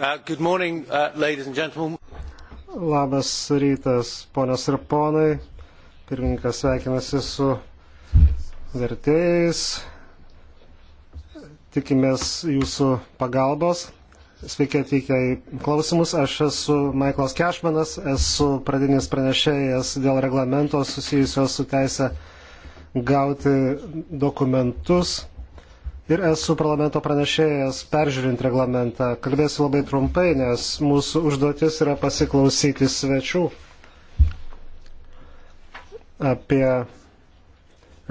Uh, good morning, uh, ladies and gentlemen. Labas rytas, ponios ir ponai. Pirmininkas sveikinasi su vertėjais. Tikimės jūsų pagalbos. Sveiki atvykę į klausimus. Aš esu Michaelas Kešmanas, esu pradinis pranešėjas dėl reglamento susijusios su teisė gauti dokumentus ir esu parlamento pranešėjas peržiūrint reglamentą. Kalbėsiu labai trumpai, nes mūsų užduotis yra pasiklausyti svečių apie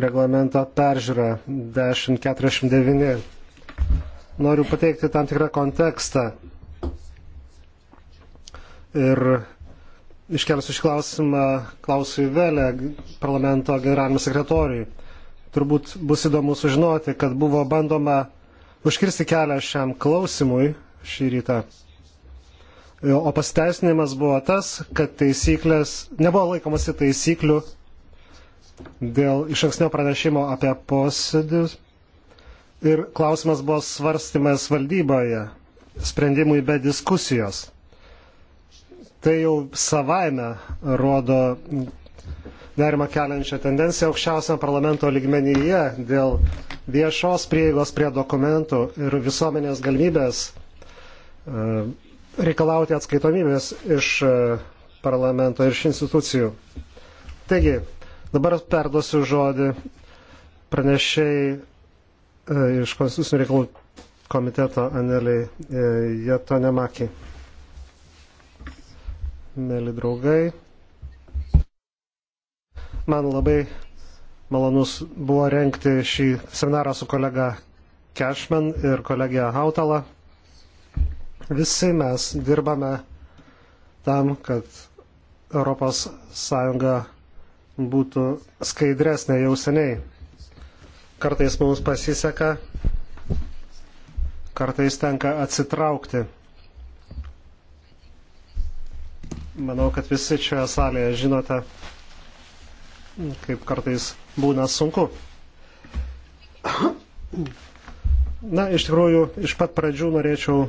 reglamento peržiūrą 1049. Noriu pateikti tam tikrą kontekstą ir iškelsiu šį klausimą Klausui Velė, parlamento generaliniam sekretoriui turbūt bus įdomu sužinoti, kad buvo bandoma užkirsti kelią šiam klausimui šį rytą. O pasiteisinimas buvo tas, kad taisyklės, nebuvo laikomasi taisyklių dėl iš anksnio pranešimo apie posėdžius ir klausimas buvo svarstymas valdyboje, sprendimui be diskusijos. Tai jau savaime rodo nerima keliančią tendenciją aukščiausiam parlamento lygmenyje dėl viešos prieigos prie dokumentų ir visuomenės galimybės e, reikalauti atskaitomybės iš e, parlamento ir iš institucijų. Taigi, dabar perduosiu žodį pranešiai e, iš konstitucinių reikalų komiteto Aneliai Jato Nemaki. Mėly draugai, Man labai malonus buvo renkti šį seminarą su kolega Cashman ir kolegija Hautala. Visi mes dirbame tam, kad ES būtų skaidresnė jau seniai. Kartais mums pasiseka, kartais tenka atsitraukti. Manau, kad visi šioje salėje žinote, kaip kartais būna sunku. Na, iš tikrųjų, iš pat pradžių norėčiau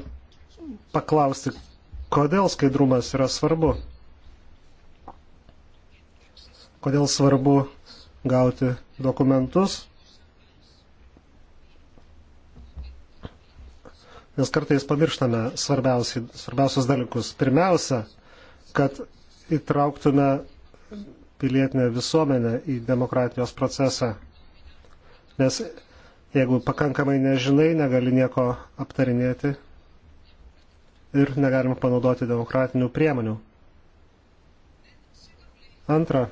paklausti, kodėl skaidrumas yra svarbu. Kodėl svarbu gauti dokumentus. Nes kartais pamirštame svarbiausius dalykus. Pirmiausia, kad įtrauktume pilietinę visuomenę į demokratijos procesą. Nes jeigu pakankamai nežinai, negali nieko aptarinėti ir negalima panaudoti demokratinių priemonių. Antra.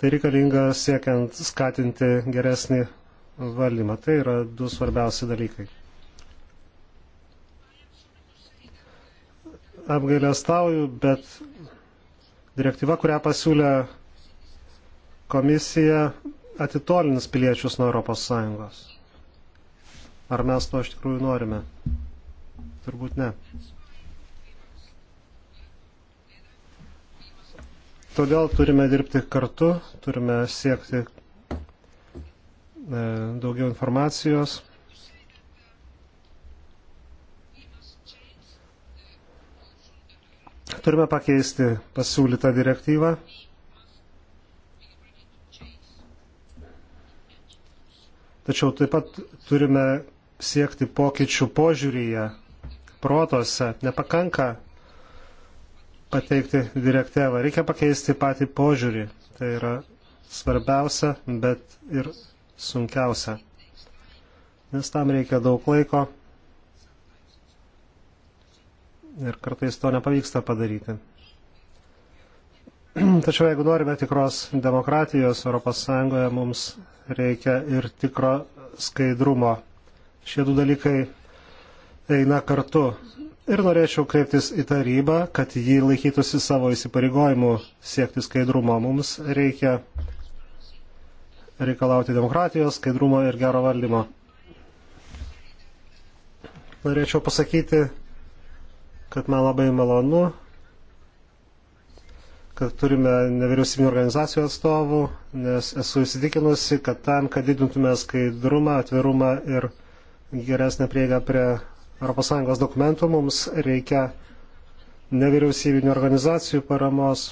Tai reikalinga siekiant skatinti geresnį valdymą. Tai yra du svarbiausi dalykai. apgailestauju, bet direktyva, kurią pasiūlė komisija, atitolins piliečius nuo ES. Ar mes to iš tikrųjų norime? Turbūt ne. Todėl turime dirbti kartu, turime siekti e, daugiau informacijos. Turime pakeisti pasiūlytą direktyvą. Tačiau taip pat turime siekti pokyčių požiūryje, protose. Nepakanka pateikti direktyvą. Reikia pakeisti patį požiūrį. Tai yra svarbiausia, bet ir sunkiausia. Nes tam reikia daug laiko ir kartais to nepavyksta padaryti. Tačiau jeigu norime tikros demokratijos ES, mums reikia ir tikro skaidrumo. Šie du dalykai eina kartu. Ir norėčiau kreiptis į tarybą, kad ji laikytųsi savo įsipareigojimų siekti skaidrumo. Mums reikia reikalauti demokratijos, skaidrumo ir gero valdymo. Norėčiau pasakyti, kad man labai malonu, kad turime nevyriausybinio organizacijų atstovų, nes esu įsitikinusi, kad tam, kad didintume skaidrumą, atvirumą ir geresnę prieigą prie ES dokumentų, mums reikia nevyriausybinio organizacijų paramos,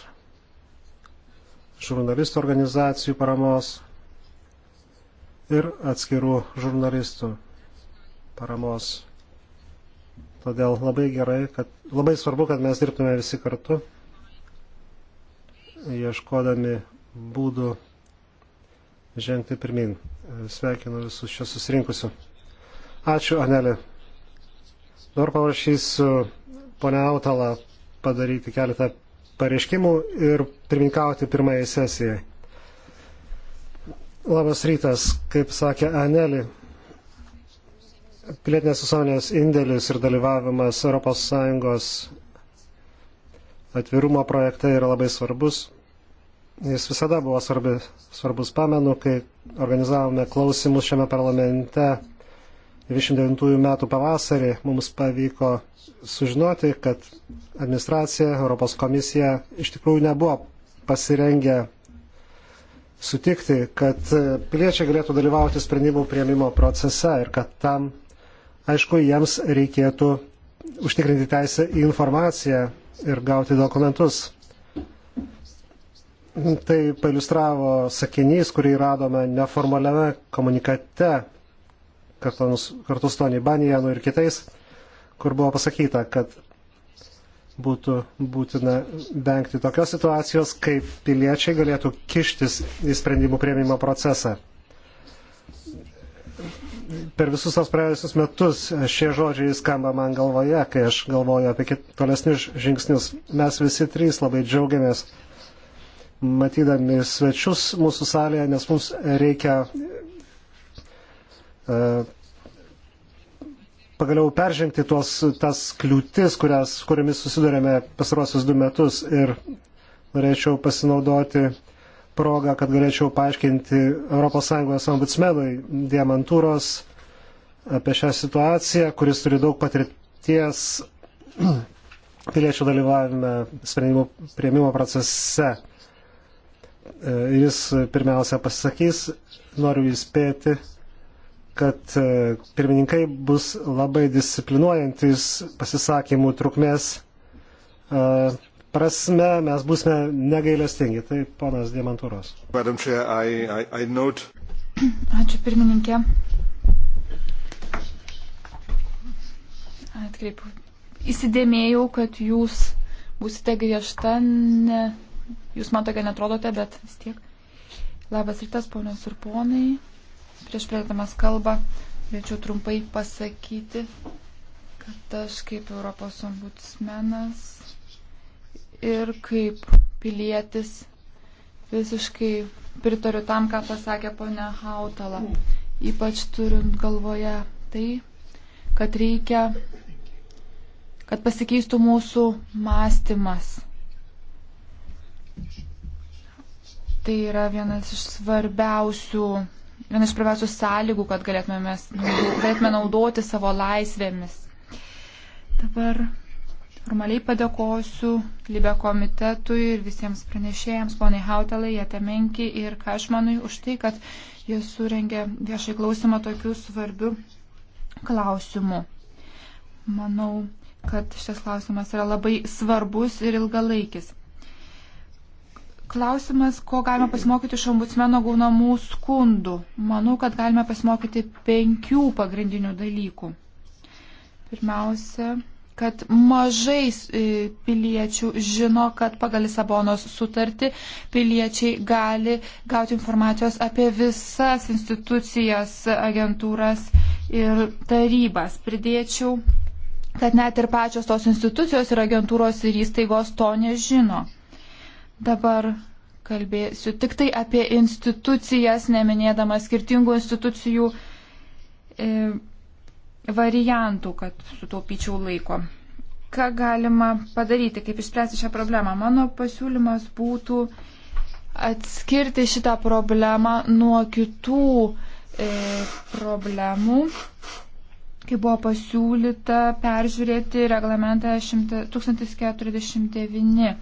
žurnalistų organizacijų paramos ir atskirų žurnalistų paramos. Todėl labai gerai, kad labai svarbu, kad mes dirbtume visi kartu, ieškodami būdų žengti pirmin. Sveikinu visus čia susirinkusiu. Ačiū, Anelė. Dabar paprašysiu ponę Autalą padaryti keletą pareiškimų ir pirminkauti pirmąją sesiją. Labas rytas, kaip sakė Anelė pilietinės visuomenės indėlis ir dalyvavimas ES atvirumo projekte yra labai svarbus. Jis visada buvo svarbi, svarbus, pamenu, kai organizavome klausimus šiame parlamente 29 metų pavasarį, mums pavyko sužinoti, kad administracija, Europos komisija iš tikrųjų nebuvo pasirengę sutikti, kad piliečiai galėtų dalyvauti sprendimų prieimimo procese ir kad tam Aišku, jiems reikėtų užtikrinti teisę į informaciją ir gauti dokumentus. Tai pailustravo sakinys, kurį radome neformaliame komunikate kartu su Tony Banijanu ir kitais, kur buvo pasakyta, kad būtų būtina vengti tokios situacijos, kaip piliečiai galėtų kištis į sprendimų prieimimo procesą per visus tas praėjusius metus šie žodžiai skamba man galvoje, kai aš galvoju apie tolesnius žingsnius. Mes visi trys labai džiaugiamės matydami svečius mūsų salėje, nes mums reikia uh, pagaliau peržengti tuos, tas kliūtis, kurias, kuriamis susidurėme pasarosius du metus ir norėčiau pasinaudoti uh, progą, kad galėčiau paaiškinti ES ombudsmenui Diamantūros apie šią situaciją, kuris turi daug patirties piliečių dalyvavime sprendimų prieimimo procese. E, jis pirmiausia pasisakys, noriu įspėti, kad e, pirmininkai bus labai disciplinuojantis pasisakymų trukmės e, prasme mes būsime negailestingi. Tai ponas Diamantūros. Ačiū pirmininkė. Atkreipiu. Įsidėmėjau, kad jūs būsite griežta, ne, jūs man tokia netrodote, bet vis tiek. Labas rytas, ponios ir ponai. Prieš pradėdamas kalbą, norėčiau trumpai pasakyti, kad aš kaip Europos ombudsmenas ir kaip pilietis visiškai pritariu tam, ką pasakė ponia Hautala. Ypač turint galvoje tai, kad reikia, kad pasikeistų mūsų mąstymas. Tai yra vienas iš svarbiausių viena iš svarbiausių sąlygų, kad galėtume, mes, galėtume naudoti savo laisvėmis. Dabar Formaliai padėkosiu Libe komitetui ir visiems pranešėjams, poniai Hautelai, Jatemenki ir Kašmanui už tai, kad jie surengė viešai klausimą tokiu svarbiu klausimu. Manau, kad šis klausimas yra labai svarbus ir ilgalaikis. Klausimas, ko galima pasimokyti iš ombudsmeno gaunamų skundų. Manau, kad galime pasimokyti penkių pagrindinių dalykų. Pirmiausia, kad mažai e, piliečių žino, kad pagal Lisabonos sutartį piliečiai gali gauti informacijos apie visas institucijas, agentūras ir tarybas. Pridėčiau, kad net ir pačios tos institucijos ir agentūros ir įstaigos to nežino. Dabar kalbėsiu tik tai apie institucijas, neminėdama skirtingų institucijų. E, variantų, kad sutaupyčiau laiko. Ką galima padaryti, kaip išspręsti šią problemą? Mano pasiūlymas būtų atskirti šitą problemą nuo kitų e, problemų, kai buvo pasiūlyta peržiūrėti reglamentą 1049.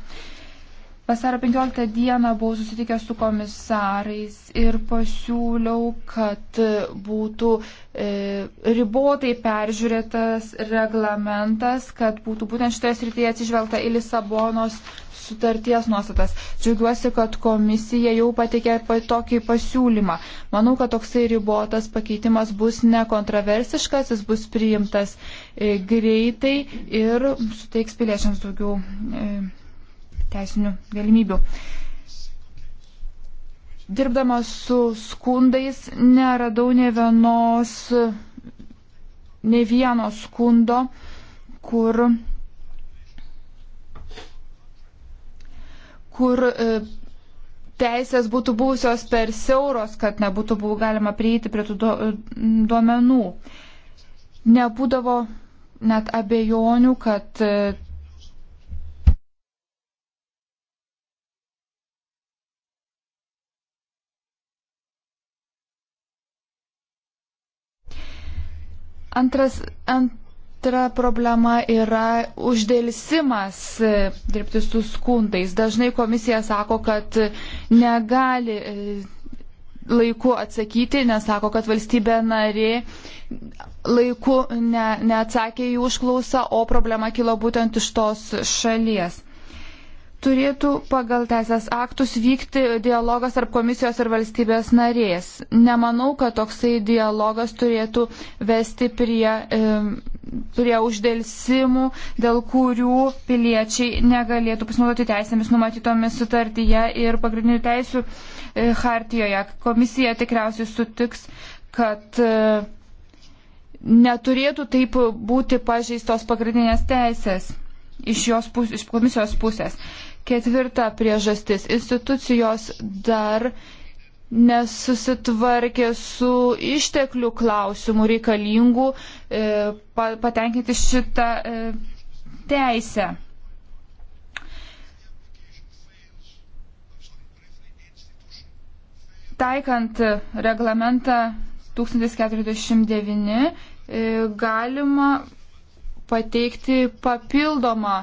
Vasaro 15 dieną buvau susitikęs su komisarais ir pasiūliau, kad būtų e, ribotai peržiūrėtas reglamentas, kad būtų būtent šitoje srityje atsižvelgta į Lisabonos sutarties nuostatas. Džiaugiuosi, kad komisija jau patikė tokį pasiūlymą. Manau, kad toksai ribotas pakeitimas bus nekontroversiškas, jis bus priimtas e, greitai ir suteiks piliečiams daugiau. E, teisinių galimybių. Dirbdamas su skundais neradau ne vienos, ne vieno skundo, kur kur e, teisės būtų būsios per siauros, kad nebūtų buvo galima prieiti prie tų e, duomenų. Nebūdavo net abejonių, kad e, Antras, antra problema yra uždėlsimas e, dirbti su skundais. Dažnai komisija sako, kad negali e, laiku atsakyti, nes sako, kad valstybė narė laiku ne, neatsakė į užklausą, o problema kilo būtent iš tos šalies turėtų pagal teisės aktus vykti dialogas tarp komisijos ir valstybės narės. Nemanau, kad toksai dialogas turėtų vesti prie, prie uždėlsimų, dėl kurių piliečiai negalėtų pasinaudoti teisėmis numatytomis sutartyje ir pagrindinių teisų e, hartijoje. Komisija tikriausiai sutiks, kad e, neturėtų taip būti pažeistos pagrindinės teisės iš, jos, pus, iš komisijos pusės. Ketvirta priežastis. Institucijos dar nesusitvarkė su išteklių klausimų reikalingų e, patenkinti šitą e, teisę. Taikant reglamentą 1049 e, galima pateikti papildomą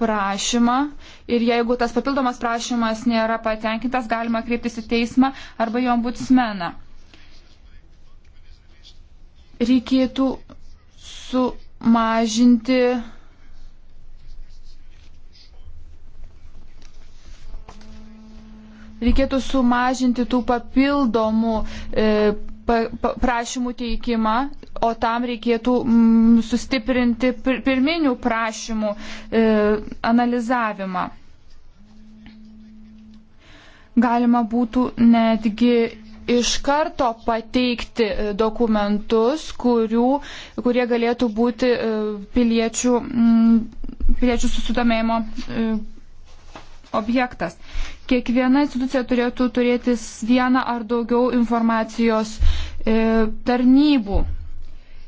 prašymą ir jeigu tas papildomas prašymas nėra patenkintas, galima kreiptis į teismą arba į ombudsmeną. Reikėtų sumažinti reikėtų sumažinti tų papildomų e, prašymų teikimą, o tam reikėtų mm, sustiprinti pirminių prašymų e, analizavimą. Galima būtų netgi iš karto pateikti e, dokumentus, kurių, kurie galėtų būti e, piliečių, mm, piliečių susidomėjimo objektas. Kiekviena institucija turėtų turėti vieną ar daugiau informacijos e, tarnybų.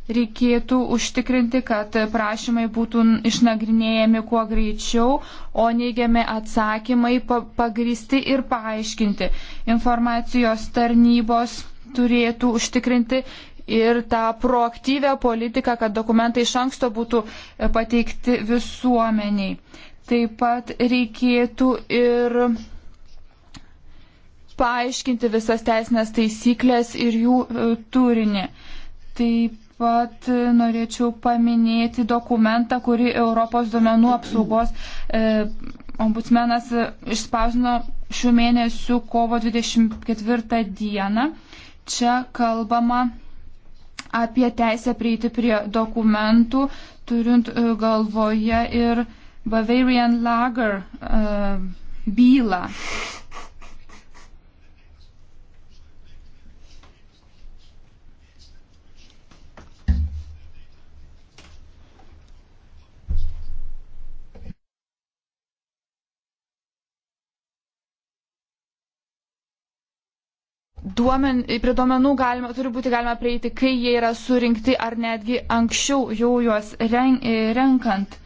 Reikėtų užtikrinti, kad prašymai būtų išnagrinėjami kuo greičiau, o neigiami atsakymai pagristi ir paaiškinti. Informacijos tarnybos turėtų užtikrinti ir tą proaktyvę politiką, kad dokumentai iš anksto būtų e, pateikti visuomeniai. Taip pat reikėtų ir paaiškinti visas teisinės taisyklės ir jų e, turinį. Taip pat e, norėčiau paminėti dokumentą, kurį Europos duomenų apsaugos e, ombudsmenas e, išspausino šių mėnesių kovo 24 dieną. Čia kalbama apie teisę prieiti prie dokumentų, turint galvoje ir e, Bavarian Lager uh, bylą. duomen, prie duomenų galima, turi būti galima prieiti, kai jie yra surinkti ar netgi anksčiau jau juos ren, e, renkant.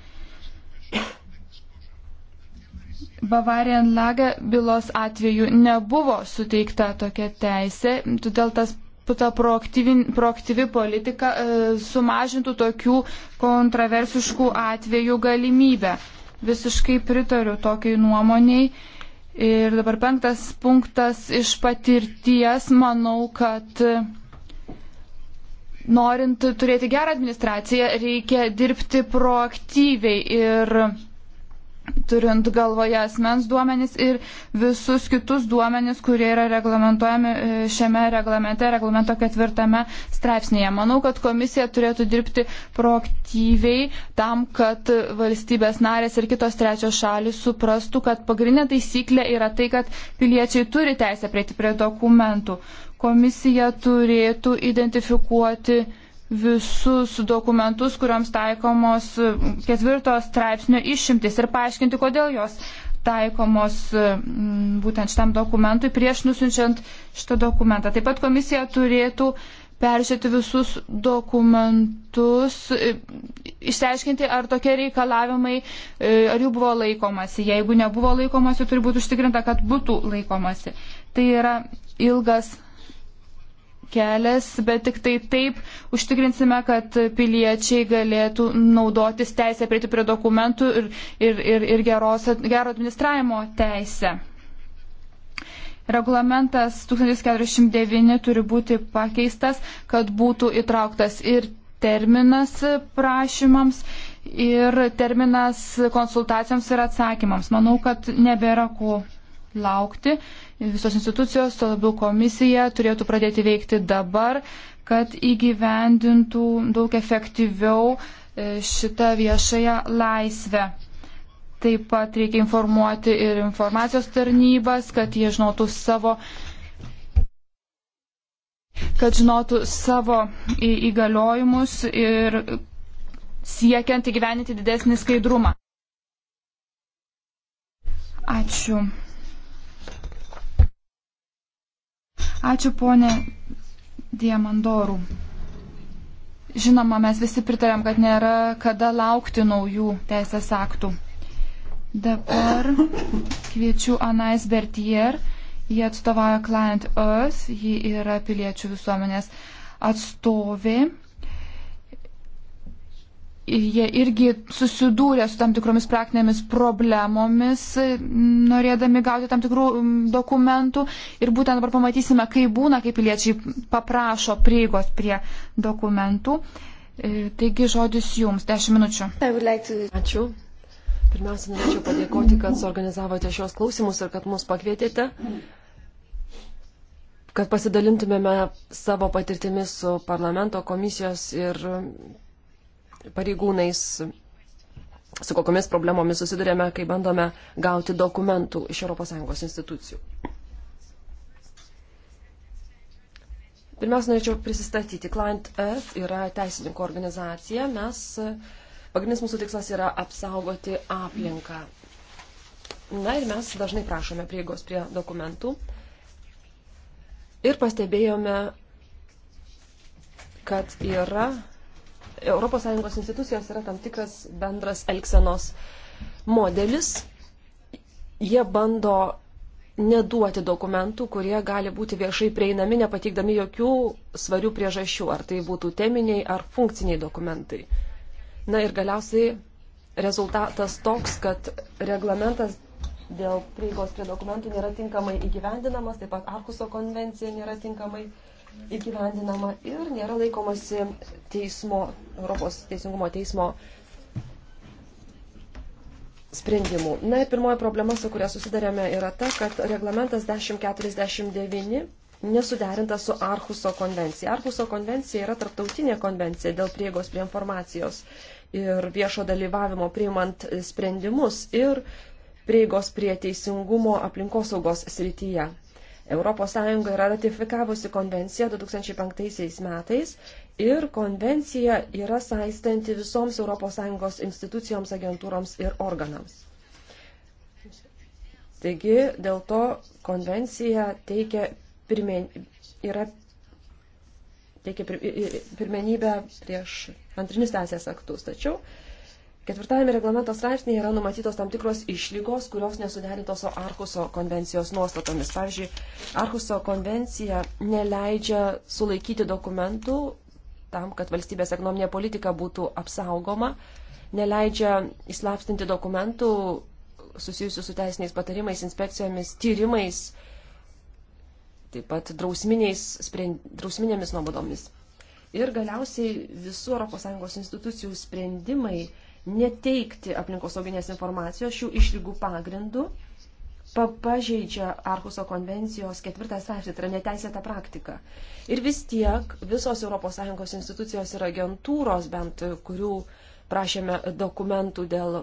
Bavarian Laga bylos atveju nebuvo suteikta tokia teisė, todėl tas ta proaktyvi, proaktyvi politika e, sumažintų tokių kontroversiškų atvejų galimybę. Visiškai pritariu tokiai nuomoniai. Ir dabar penktas punktas iš patirties, manau, kad norint turėti gerą administraciją, reikia dirbti proaktyviai ir turint galvoje asmens duomenis ir visus kitus duomenis, kurie yra reglamentojami e, šiame reglamente, reglamento ketvirtame straipsnėje. Manau, kad komisija turėtų dirbti proaktyviai tam, kad valstybės narės ir kitos trečios šalis suprastų, kad pagrindinė taisyklė yra tai, kad piliečiai turi teisę prieiti prie dokumentų. Komisija turėtų identifikuoti visus dokumentus, kuriuoms taikomos ketvirtos straipsnio išimtis ir paaiškinti, kodėl jos taikomos mm, būtent šitam dokumentui prieš nusinčiant šitą dokumentą. Taip pat komisija turėtų peržiūrėti visus dokumentus, išsiaiškinti, ar tokie reikalavimai, e, ar jų buvo laikomasi. Jeigu nebuvo laikomasi, turi būti užtikrinta, kad būtų laikomasi. Tai yra ilgas kelias, bet tik tai taip užtikrinsime, kad piliečiai galėtų naudotis teisę prieiti prie dokumentų ir, ir, ir, ir geros, gero administravimo teisę. Reglamentas 1049 turi būti pakeistas, kad būtų įtrauktas ir terminas prašymams, ir terminas konsultacijoms ir atsakymams. Manau, kad nebėra ko laukti. Visos institucijos, to labiau komisija, turėtų pradėti veikti dabar, kad įgyvendintų daug efektyviau e, šitą viešąją laisvę. Taip pat reikia informuoti ir informacijos tarnybas, kad jie žinotų savo kad žinotų savo įgaliojimus ir siekiant įgyveninti didesnį skaidrumą. Ačiū. Ačiū ponė Diamandorų. Žinoma, mes visi pritarėm, kad nėra kada laukti naujų teisės aktų. Dabar kviečiu Anais Bertier, jie atstovauja Client Earth, ji yra piliečių visuomenės atstovė jie irgi susidūrė su tam tikromis praktinėmis problemomis, norėdami gauti tam tikrų dokumentų. Ir būtent dabar pamatysime, kaip būna, kaip piliečiai paprašo prieigos prie dokumentų. E, taigi žodis jums, 10 minučių. Ačiū. Pirmiausia, norėčiau padėkoti, kad suorganizavote šios klausimus ir kad mus pakvietėte, kad pasidalintumėme savo patirtimis su parlamento komisijos ir pareigūnais, su kokiamis problemomis susidurėme, kai bandome gauti dokumentų iš ES institucijų. Pirmiausia, norėčiau prisistatyti. Client Earth yra teisininko organizacija. Mes, pagrindinis mūsų tikslas yra apsaugoti aplinką. Na ir mes dažnai prašome prieigos prie dokumentų. Ir pastebėjome, kad yra ES institucijos yra tam tikras bendras elgsenos modelis. Jie bando neduoti dokumentų, kurie gali būti viešai prieinami, nepateikdami jokių svarių priežasčių, ar tai būtų teminiai ar funkciniai dokumentai. Na ir galiausiai rezultatas toks, kad reglamentas dėl prieigos prie dokumentų nėra tinkamai įgyvendinamas, taip pat Arkuso konvencija nėra tinkamai įgyvendinama ir nėra laikomasi teismo, Europos teisingumo teismo sprendimų. Na ir pirmoji problema, su kuria susidarėme, yra ta, kad reglamentas 1049 nesuderintas su Arhuso konvencija. Arhuso konvencija yra tarptautinė konvencija dėl prieigos prie informacijos ir viešo dalyvavimo priimant sprendimus ir prieigos prie teisingumo aplinkosaugos srityje. ES yra ratifikavusi konvenciją 2005 metais ir konvencija yra saistanti visoms ES institucijoms, agentūroms ir organams. Taigi dėl to konvencija teikia, pirmen, yra, teikia pirmenybę prieš antrinius teisės aktus. Tačiau Ketvirtajame reglamento straipsnėje yra numatytos tam tikros išlygos, kurios nesuderintos su Arkuso konvencijos nuostatomis. Pavyzdžiui, Arkuso konvencija neleidžia sulaikyti dokumentų tam, kad valstybės ekonominė politika būtų apsaugoma, neleidžia įslapstinti dokumentų susijusių su teisiniais patarimais, inspekcijomis, tyrimais, taip pat sprend... drausminėmis nuobodomis. Ir galiausiai visų ES institucijų sprendimai neteikti aplinkosauginės informacijos šių išlygų pagrindų pažeidžia Arkuso konvencijos ketvirtą straipsnį, tai yra neteisėta praktika. Ir vis tiek visos ES institucijos ir agentūros, bent kurių prašėme dokumentų dėl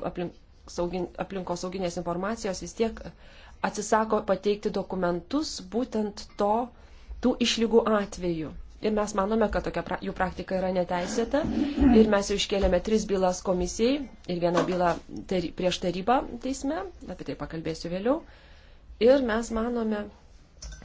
aplinkosauginės informacijos, vis tiek atsisako pateikti dokumentus būtent to, tų išlygų atveju. Ir mes manome, kad tokia pra, jų praktika yra neteisėta. Ir mes jau iškėlėme tris bylas komisijai ir vieną bylą tary, prieš tarybą teisme. Apie tai pakalbėsiu vėliau. Ir mes manome,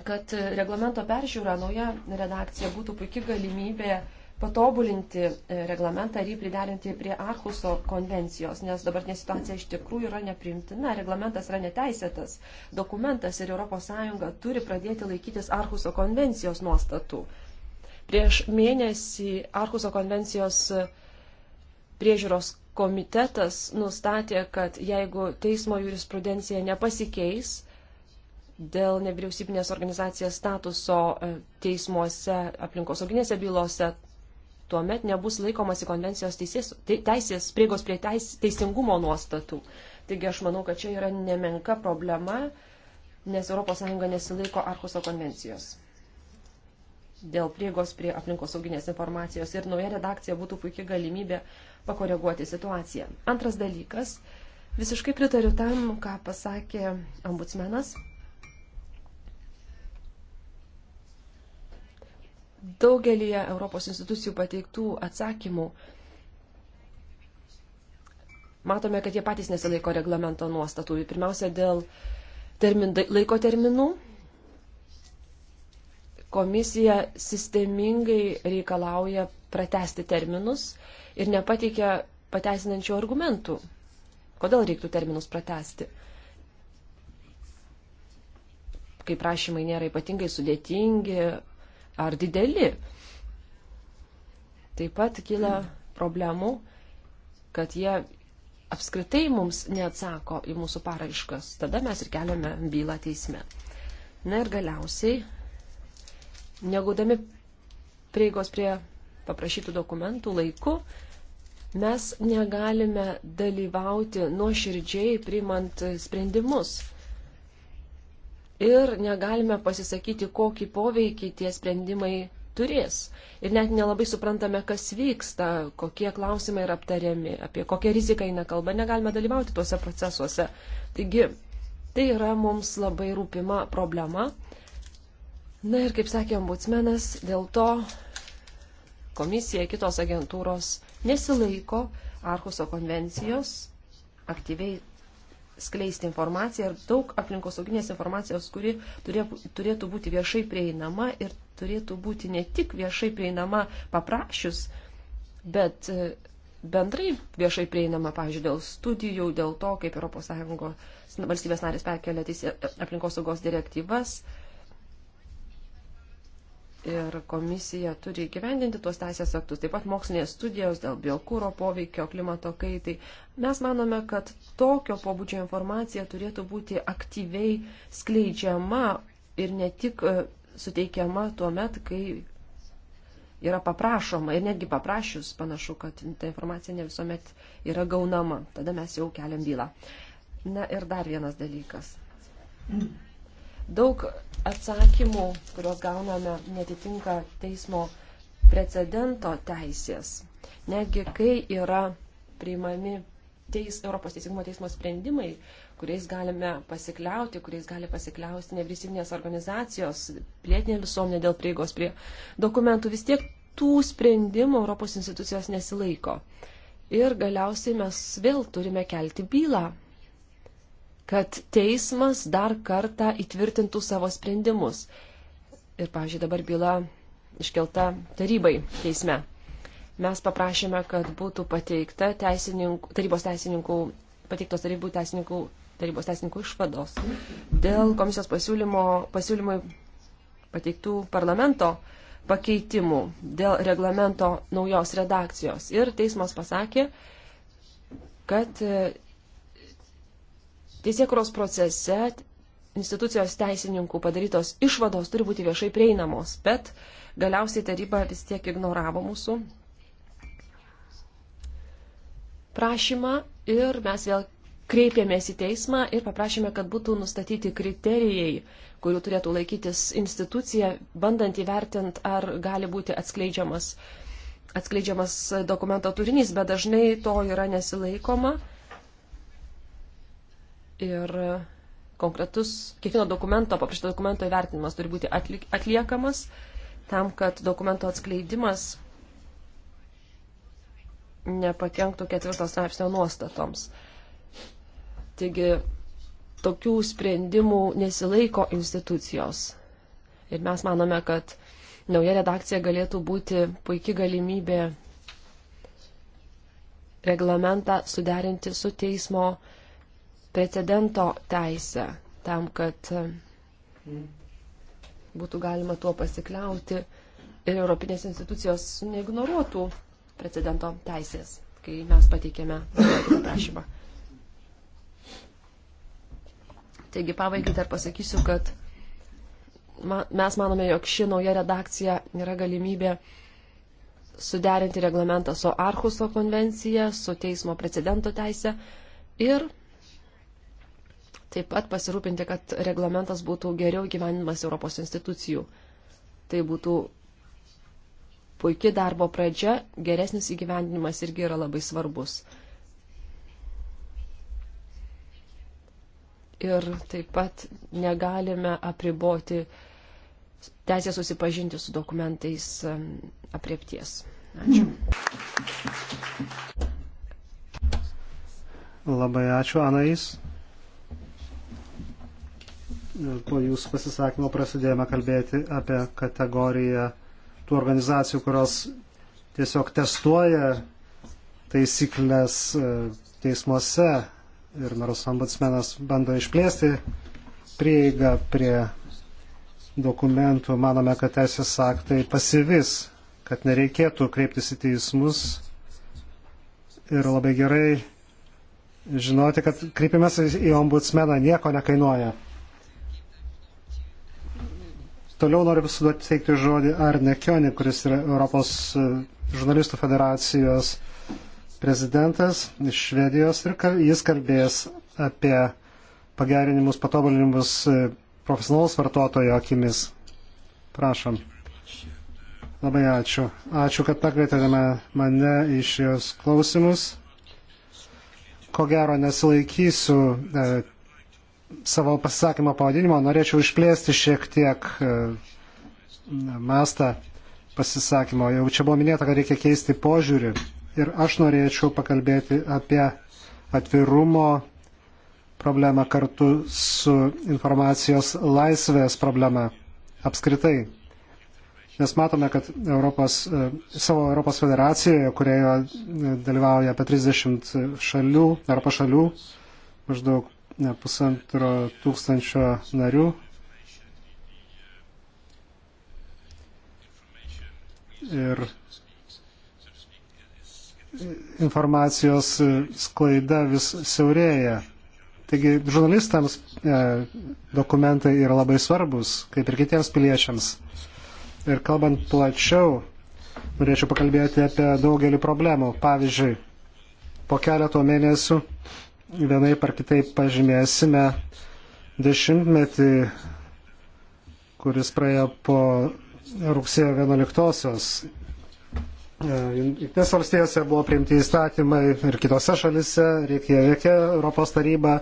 kad reglamento peržiūra, nauja redakcija būtų puikia galimybė patobulinti e, reglamentą ir jį priderinti prie Arhuso konvencijos, nes dabartinė situacija iš tikrųjų yra neprimtina, reglamentas yra neteisėtas, dokumentas ir ES turi pradėti laikytis Arhuso konvencijos nuostatų. Prieš mėnesį Arkuso konvencijos priežiūros komitetas nustatė, kad jeigu teismo jurisprudencija nepasikeis dėl nevyriausybinės organizacijos statuso e, teismuose, aplinkosauginėse bylose, tuomet nebus laikomasi konvencijos teisės, teisės priegos prie teis, teisingumo nuostatų. Taigi aš manau, kad čia yra nemenka problema, nes ES nesilaiko Arkuso konvencijos dėl priegos prie aplinkosauginės informacijos ir nauja redakcija būtų puikia galimybė pakoreguoti situaciją. Antras dalykas, visiškai pritariu tam, ką pasakė ombudsmenas. Daugelį Europos institucijų pateiktų atsakymų matome, kad jie patys nesilaiko reglamento nuostatų. Pirmiausia, dėl termin, laiko terminų Komisija sistemingai reikalauja pratesti terminus ir nepateikia pateisinančių argumentų, kodėl reiktų terminus pratesti. Kai prašymai nėra ypatingai sudėtingi ar dideli. Taip pat kyla problemų, kad jie apskritai mums neatsako į mūsų paraiškas. Tada mes ir keliame bylą teisme. Na ir galiausiai negaudami prieigos prie paprašytų dokumentų laiku, mes negalime dalyvauti nuoširdžiai priimant sprendimus. Ir negalime pasisakyti, kokį poveikį tie sprendimai turės. Ir net nelabai suprantame, kas vyksta, kokie klausimai yra aptariami, apie kokią riziką eina kalba, negalime dalyvauti tuose procesuose. Taigi, tai yra mums labai rūpima problema Na ir kaip sakė ombudsmenas, dėl to komisija kitos agentūros nesilaiko Arhuso konvencijos aktyviai skleisti informaciją ir daug aplinkosauginės informacijos, kuri turėtų būti viešai prieinama ir turėtų būti ne tik viešai prieinama paprašius, bet e, bendrai viešai prieinama, pavyzdžiui, dėl studijų, dėl to, kaip ES valstybės narės perkelia e, aplinkos saugos direktyvas, ir komisija turi gyvendinti tuos teisės aktus, taip pat mokslinės studijos dėl biokūro poveikio klimato kaitai. Mes manome, kad tokio pobūdžio informacija turėtų būti aktyviai skleidžiama ir ne tik e, suteikiama tuo met, kai yra paprašoma ir netgi paprašius panašu, kad ta informacija ne visuomet yra gaunama. Tada mes jau keliam bylą. Na ir dar vienas dalykas. Mm. Daug atsakymų, kuriuos gauname, netitinka teismo precedento teisės. Netgi kai yra priimami teis, Europos teisingumo teismo sprendimai, kuriais galime pasikliauti, kuriais gali pasikliausti nevyriausybinės organizacijos, plėtinė visuomenė dėl prieigos prie dokumentų, vis tiek tų sprendimų Europos institucijos nesilaiko. Ir galiausiai mes vėl turime kelti bylą kad teismas dar kartą įtvirtintų savo sprendimus. Ir, pavyzdžiui, dabar byla iškelta tarybai teisme. Mes paprašėme, kad būtų pateikta teisininkų, tarybos teisininkų, pateiktos tarybų teisininkų, tarybos teisininkų išvados dėl komisijos pasiūlymo, pasiūlymui pateiktų parlamento pakeitimų dėl reglamento naujos redakcijos. Ir teismas pasakė, kad Teisėkuros procese institucijos teisininkų padarytos išvados turi būti viešai prieinamos, bet galiausiai taryba vis tiek ignoravo mūsų prašymą ir mes vėl kreipėmės į teismą ir paprašėme, kad būtų nustatyti kriterijai, kurių turėtų laikytis institucija, bandant įvertint, ar gali būti atskleidžiamas, atskleidžiamas dokumento turinys, bet dažnai to yra nesilaikoma ir konkretus kiekvieno dokumento, paprašyto dokumento įvertinimas turi būti atlik, atliekamas tam, kad dokumento atskleidimas nepakenktų ketvirtos straipsnio nuostatoms. Taigi, tokių sprendimų nesilaiko institucijos. Ir mes manome, kad nauja redakcija galėtų būti puikia galimybė reglamentą suderinti su teismo uh, precedento teisę tam, kad būtų galima tuo pasikliauti ir Europinės institucijos neignoruotų precedento teisės, kai mes pateikėme prašymą. Taigi pabaigai dar pasakysiu, kad mes manome, jog ši nauja redakcija yra galimybė suderinti reglamentą su Arhuso konvencija, su teismo precedento teise ir taip pat pasirūpinti, kad reglamentas būtų geriau gyvenimas Europos institucijų. Tai būtų puikia darbo pradžia, geresnis įgyvendinimas irgi yra labai svarbus. Ir taip pat negalime apriboti teisę susipažinti su dokumentais apriepties. Ačiū. Labai ačiū, Anais po jūsų pasisakymo prasidėjome kalbėti apie kategoriją tų organizacijų, kurios tiesiog testuoja taisyklės e, teismuose ir nors ombudsmenas bando išplėsti prieigą prie dokumentų, manome, kad teisės aktai pasivis, kad nereikėtų kreiptis į teismus ir labai gerai žinoti, kad kreipimas į ombudsmeną nieko nekainuoja. Toliau noriu suteikti žodį Arne Kioni, kuris yra Europos e, žurnalistų federacijos prezidentas iš Švedijos ir jis kalbės apie pagerinimus, patobulinimus e, profesionalus vartotojo akimis. Prašom. Labai ačiū. Ačiū, kad pakvietėte mane iš jos klausimus. Ko gero nesilaikysiu e, savo pasisakymo pavadinimo norėčiau išplėsti šiek tiek e, mastą pasisakymo. Jau čia buvo minėta, kad reikia keisti požiūrį. Ir aš norėčiau pakalbėti apie atvirumo problemą kartu su informacijos laisvės problema apskritai. Nes matome, kad Europos, e, savo Europos federacijoje, kurioje e, dalyvauja apie 30 šalių, Europos šalių, maždaug pusantro tūkstančio narių. Ir informacijos sklaida vis siaurėja. Taigi žurnalistams e, dokumentai yra labai svarbus, kaip ir kitiems piliečiams. Ir kalbant plačiau, norėčiau pakalbėti apie daugelį problemų. Pavyzdžiui, po keleto mėnesių vienai par kitaip pažymėsime dešimtmetį, kuris praėjo po rugsėjo 11-osios. E, Jungtinės valstijose buvo priimti įstatymai ir kitose šalise, Reikjavike Europos taryba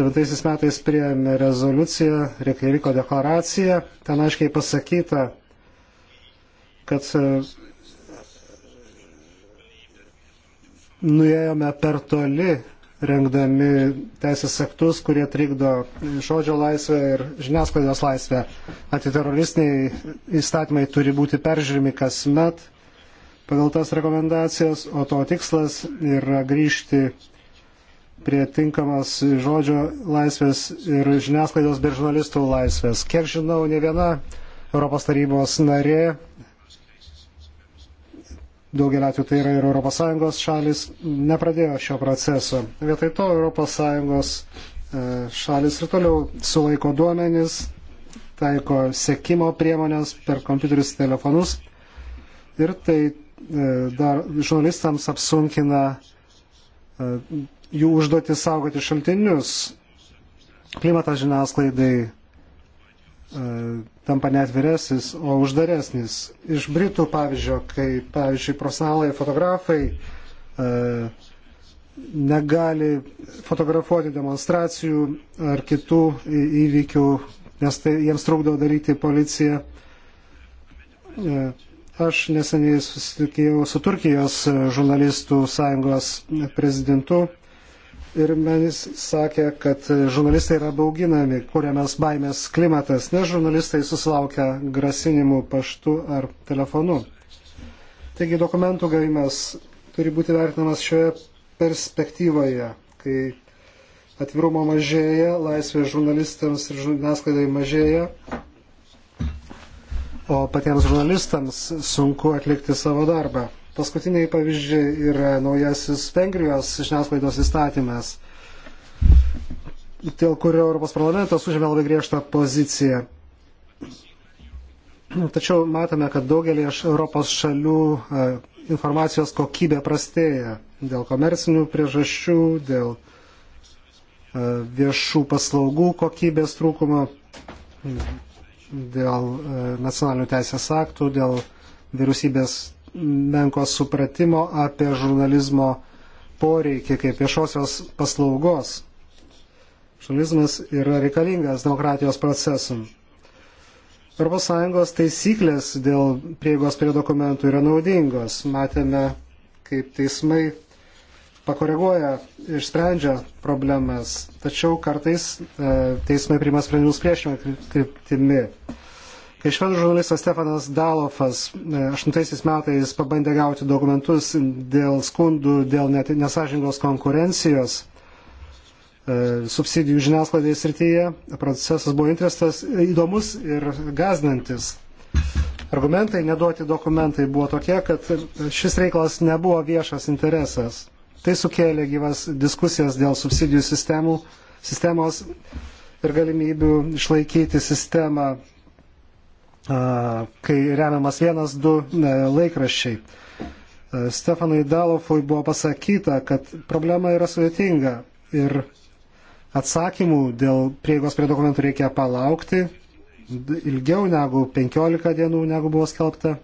9 metais priėmė rezoliuciją, Reikjaviko deklaraciją, ten aiškiai pasakyta, kad e, nuėjome per toli rengdami teisės aktus, kurie trikdo žodžio laisvę ir žiniasklaidos laisvę. Antiteroristiniai įstatymai turi būti peržiūrimi kasmet pagal tas rekomendacijas, o to tikslas yra grįžti prie tinkamos žodžio laisvės ir žiniasklaidos bei žurnalistų laisvės. Kiek žinau, ne viena Europos tarybos narė daugelį atvejų tai yra ir ES šalis, nepradėjo šio proceso. Vietai to ES e, šalis ir toliau sulaiko duomenis, taiko sekimo priemonės per kompiuterius ir telefonus ir tai e, dar žurnalistams apsunkina e, jų užduoti saugoti šaltinius. Klimatas žiniasklaidai E, tampa netviresnis, o uždaresnis. Iš Britų pavyzdžio, kai, pavyzdžiui, profesionalai fotografai e, negali fotografuoti demonstracijų ar kitų įvykių, nes tai jiems trukdo daryti policija. E, aš neseniai susitikėjau su Turkijos žurnalistų sąjungos prezidentu Ir manis sakė, kad žurnalistai yra bauginami, kuriamas baimės klimatas, nes žurnalistai susilaukia grasinimų paštu ar telefonu. Taigi dokumentų gavimas turi būti vertinamas šioje perspektyvoje, kai atvirumo mažėja, laisvė žurnalistams ir žiniasklaidai mažėja, o patiems žurnalistams sunku atlikti savo darbą. Paskutiniai pavyzdžiai yra naujasis Vengrijos žiniasklaidos įstatymas, dėl kurio Europos parlamentas užėmė labai griežtą poziciją. Tačiau matome, kad daugelį Europos šalių e, informacijos kokybė prastėja dėl komercinių priežasčių, dėl e, viešų paslaugų kokybės trūkumo, dėl e, nacionalinių teisės aktų, dėl vyriausybės menko supratimo apie žurnalizmo poreikį kaip viešosios paslaugos. Žurnalizmas yra reikalingas demokratijos procesui. ES taisyklės dėl prieigos prie dokumentų yra naudingos. Matėme, kaip teismai pakoreguoja ir sprendžia problemas, tačiau kartais e, teismai priima sprendimus priešingą kryptimi. Kri Švedų žurnalistas Stefanas Dalofas 8 e, metais pabandė gauti dokumentus dėl skundų, dėl nesažingos konkurencijos e, subsidijų žiniasklaidai srityje. Procesas buvo interesas įdomus ir gazdinantis. Argumentai, neduoti dokumentai buvo tokie, kad šis reikalas nebuvo viešas interesas. Tai sukėlė gyvas diskusijas dėl subsidijų sistemų, sistemos ir galimybių išlaikyti sistemą kai remiamas vienas, du e, laikraščiai. E, Stefanui Dalofui buvo pasakyta, kad problema yra sudėtinga ir atsakymų dėl prieigos prie dokumentų reikia palaukti ilgiau negu 15 dienų, negu buvo skelbta.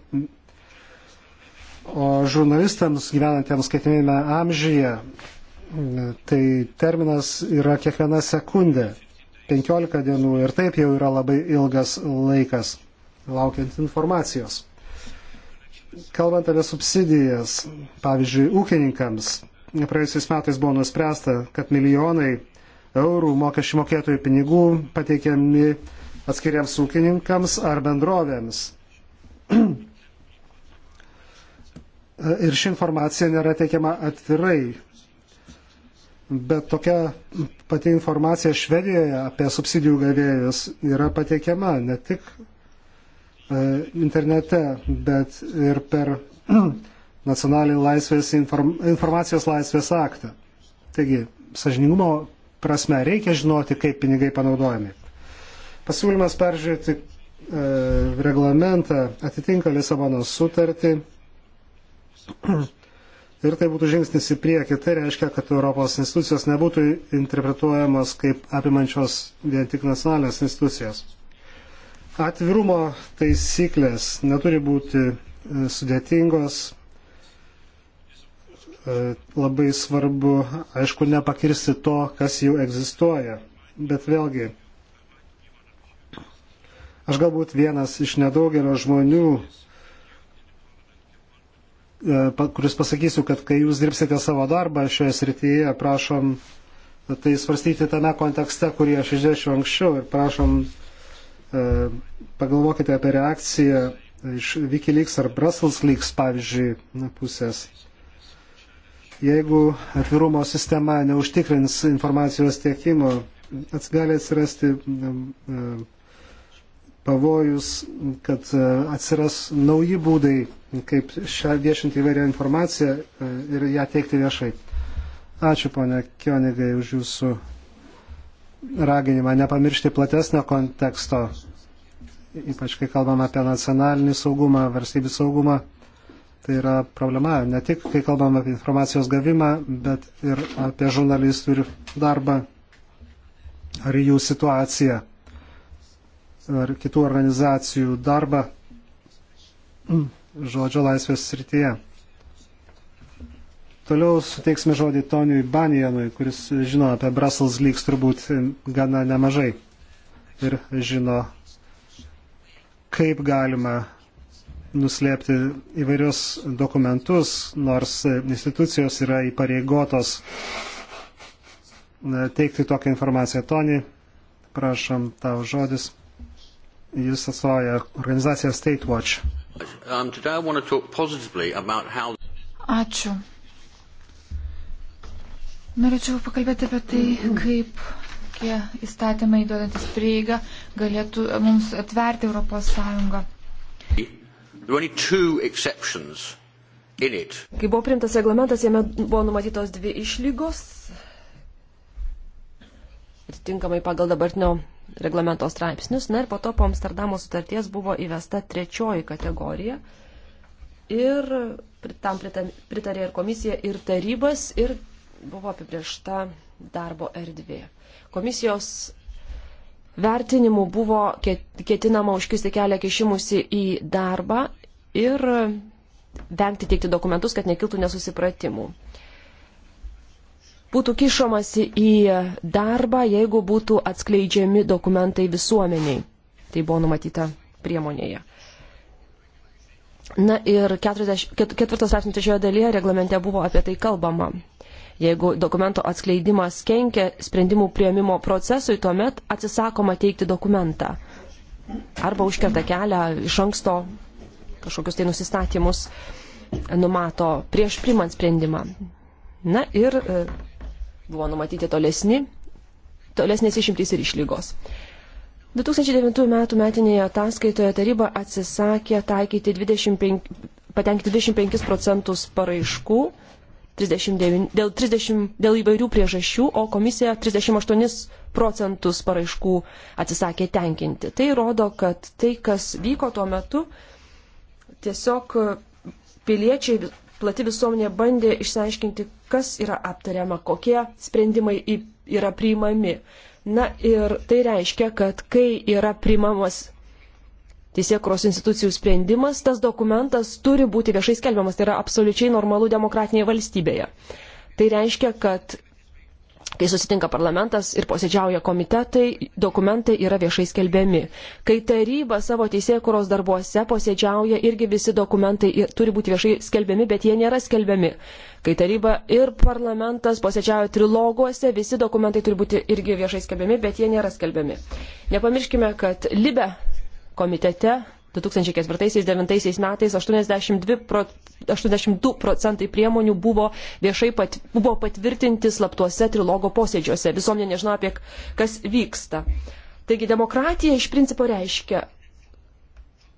O žurnalistams gyvenantiems skaitmenime amžyje, e, tai terminas yra kiekviena sekundė. 15 dienų ir taip jau yra labai ilgas laikas laukiant informacijos. Kalbant apie subsidijas, pavyzdžiui, ūkininkams, praėjusiais metais buvo nuspręsta, kad milijonai eurų mokesčių mokėtojų pinigų pateikiami atskiriams ūkininkams ar bendrovėms. Ir ši informacija nėra teikiama atvirai. Bet tokia pati informacija Švedijoje apie subsidijų gavėjus yra pateikiama ne tik E, internete, bet ir per nacionalinį laisvės inform, informacijos laisvės aktą. Taigi, sažiningumo prasme reikia žinoti, kaip pinigai panaudojami. Pasiūlymas peržiūrėti e, reglamentą atitinka Lisabonos sutartį ir tai būtų žingsnis į priekį. Tai reiškia, kad Europos institucijos nebūtų interpretuojamos kaip apimančios vien tik nacionalinės institucijos. Atvirumo taisyklės neturi būti e, sudėtingos. E, labai svarbu, aišku, nepakirsti to, kas jau egzistuoja. Bet vėlgi, aš galbūt vienas iš nedaugelio žmonių, e, kuris pasakysiu, kad kai jūs dirbsite savo darbą šioje srityje, prašom tai svarstyti tame kontekste, kurį aš išdėšiu anksčiau ir prašom E, pagalvokite apie reakciją iš Wikileaks ar Brussels Leaks, pavyzdžiui, pusės. Jeigu atvirumo sistema neužtikrins informacijos tiekimo, gali atsirasti e, pavojus, kad e, atsiras nauji būdai, kaip šią viešinti įvairią informaciją ir ją teikti viešai. Ačiū, ponia Kionigai, už jūsų raginimą nepamiršti platesnio konteksto, ypač kai kalbam apie nacionalinį saugumą, valstybių saugumą. Tai yra problema, ne tik kai kalbam apie informacijos gavimą, bet ir apie žurnalistų ir darbą ar jų situaciją ar kitų organizacijų darbą žodžio laisvės srityje. Toliau suteiksime žodį Toniui Banijanui, kuris žino apie Brussels Leaks turbūt gana nemažai ir žino, kaip galima nuslėpti įvairius dokumentus, nors institucijos yra įpareigotos e, teikti tokią informaciją. Toni, prašom tau žodis. Jis atstovauja organizaciją Statewatch. Um, Ačiū. Norėčiau pakalbėti apie tai, kaip tie įstatymai duodantis prieigą galėtų e, mums atverti Europos Sąjungą. Kai buvo primtas reglamentas, jame buvo numatytos dvi išlygos. Atitinkamai pagal dabartinio reglamento straipsnius. Na ir po to po Amsterdamo sutarties buvo įvesta trečioji kategorija. Ir tam pritarė ir komisija, ir tarybas, ir buvo apibriešta darbo erdvė. Komisijos vertinimu buvo ketinama užkisti kelią kišimusi į darbą ir vengti teikti dokumentus, kad nekiltų nesusipratimų. Būtų kišomasi į darbą, jeigu būtų atskleidžiami dokumentai visuomeniai. Tai buvo numatyta priemonėje. Na ir ketvirtas straipsnis trečioje dalyje reglamente buvo apie tai kalbama. Jeigu dokumento atskleidimas kenkia sprendimų prieimimo procesui, tuomet atsisakoma teikti dokumentą. Arba užkerta kelią iš anksto kažkokius tai nusistatymus numato prieš primant sprendimą. Na ir e, buvo numatyti tolesni, tolesnės išimtys ir išlygos. 2009 metų metinėje ataskaitoje taryba atsisakė taikyti 25, patenkti 25 procentus paraiškų 39, dėl, 30, dėl įvairių priežasčių, o komisija 38 procentus paraiškų atsisakė tenkinti. Tai rodo, kad tai, kas vyko tuo metu, tiesiog piliečiai, plati visuomenė bandė išsiaiškinti, kas yra aptariama, kokie sprendimai yra priimami. Na ir tai reiškia, kad kai yra priimamas teisėkros institucijų sprendimas, tas dokumentas turi būti viešai skelbiamas. Tai yra absoliučiai normalu demokratinėje valstybėje. Tai reiškia, kad kai susitinka parlamentas ir posėdžiauja komitetai, dokumentai yra viešai skelbiami. Kai taryba savo teisėkuros darbuose posėdžiauja, irgi visi dokumentai turi būti viešai skelbiami, bet jie nėra skelbiami. Kai taryba ir parlamentas posėdžiauja triloguose, visi dokumentai turi būti irgi viešai skelbiami, bet jie nėra skelbiami. Nepamirškime, kad Libe komitete 2004-2009 metais 82, pro, 82 procentai priemonių buvo viešai pat, buvo patvirtinti slaptuose trilogo posėdžiuose. Visuomenė nežino apie kas vyksta. Taigi demokratija iš principo reiškia,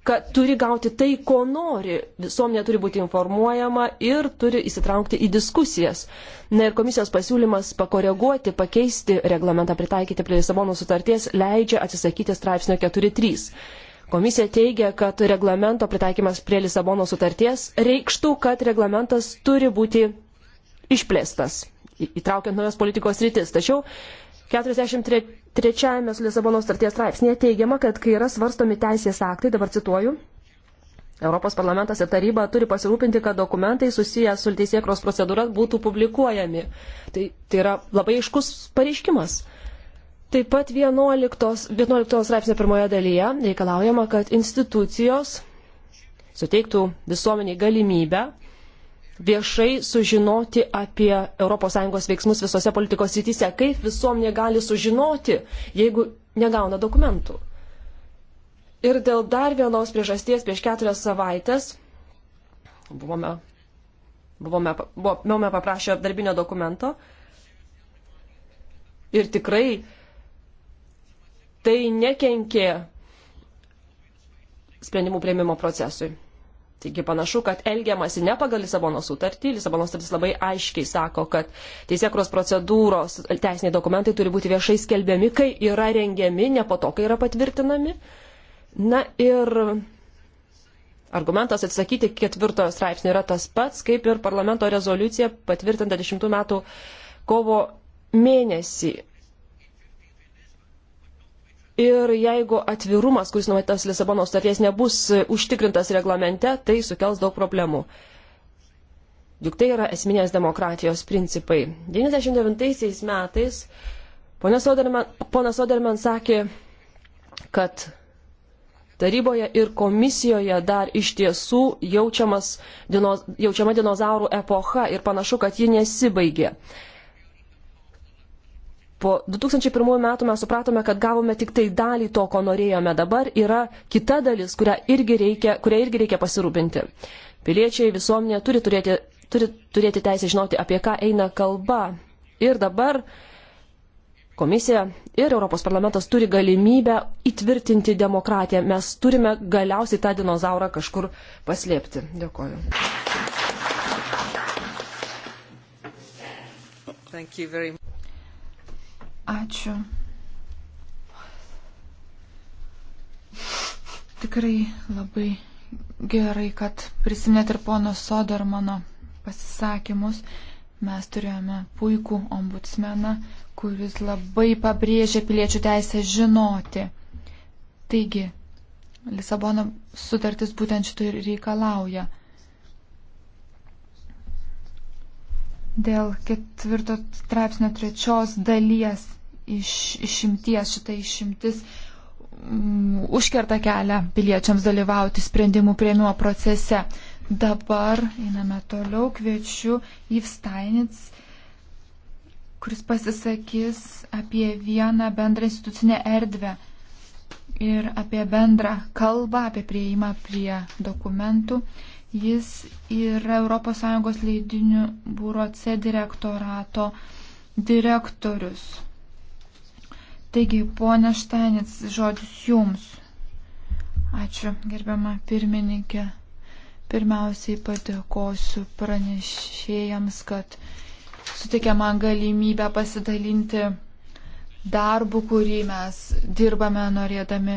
kad turi gauti tai, ko nori. Visuomenė turi būti informuojama ir turi įsitraukti į diskusijas. Na ir komisijos pasiūlymas pakoreguoti, pakeisti reglamentą, pritaikyti prie Lisabono sutarties leidžia atsisakyti straipsnio 43 Komisija teigia, kad reglamento pritaikymas prie Lisabono sutarties reikštų, kad reglamentas turi būti išplėstas, įtraukiant naujas politikos rytis. Tačiau 43-ame Lisabono sutarties straipsnėje teigiama, kad kai yra svarstomi teisės aktai, dabar cituoju, Europos parlamentas ir taryba turi pasirūpinti, kad dokumentai susiję su teisėkros procedūra būtų publikuojami. Tai, tai yra labai iškus pareiškimas. Taip pat 11, 11 straipsnio pirmoje dalyje reikalaujama, kad institucijos suteiktų visuomeniai galimybę viešai sužinoti apie ES veiksmus visose politikos rytise. Kaip visuomenė gali sužinoti, jeigu negauna dokumentų? Ir dėl dar vienos priežasties prieš keturias savaitės buvome, buvome, buvome paprašę darbinio dokumento. Ir tikrai tai nekenkė sprendimų prieimimo procesui. Taigi panašu, kad elgiamasi ne pagal Lisabono sutartį. Lisabono sutartis labai aiškiai sako, kad teisėkros procedūros teisiniai dokumentai turi būti viešai skelbiami, kai yra rengiami, ne po to, kai yra patvirtinami. Na ir argumentas atsakyti ketvirtojo straipsnio yra tas pats, kaip ir parlamento rezoliucija patvirtinta 10 metų kovo mėnesį. Ir jeigu atvirumas, kuris numatytas Lisabonos starties, nebus e, užtikrintas reglamente, tai sukels daug problemų. Juk tai yra esminės demokratijos principai. 99 metais ponas Oderman, ponas Oderman sakė, kad taryboje ir komisijoje dar iš tiesų jaučiamas, dinoz, jaučiama dinozaurų epocha ir panašu, kad ji nesibaigė po 2001 metų mes supratome, kad gavome tik tai dalį to, ko norėjome. Dabar yra kita dalis, kurią irgi reikia, kurią irgi reikia pasirūpinti. Piliečiai, visuomenė turi turėti, turi turėti teisę žinoti, apie ką eina kalba. Ir dabar komisija ir Europos parlamentas turi galimybę įtvirtinti demokratiją. Mes turime galiausiai tą dinozaurą kažkur paslėpti. Dėkoju. Thank you very much. Ačiū. Tikrai labai gerai, kad prisiminėt ir pono Sodermano pasisakymus. Mes turėjome puikų ombudsmeną, kuris labai pabrėžė piliečių teisę žinoti. Taigi, Lisabono sutartis būtent šito ir reikalauja. Dėl ketvirto straipsnio trečios dalies iš, išimties, šita išimtis mm, užkerta kelią piliečiams dalyvauti sprendimų prieimimo procese. Dabar einame toliau, kviečiu Yvstainits, kuris pasisakys apie vieną bendrą institucinę erdvę ir apie bendrą kalbą, apie prieimą prie dokumentų. Jis yra ES leidinių būro C direktorato direktorius. Taigi, ponia Štainits, žodis jums. Ačiū, gerbiama pirmininkė. Pirmiausiai padėkosiu pranešėjams, kad sutikė man galimybę pasidalinti darbu, kurį mes dirbame norėdami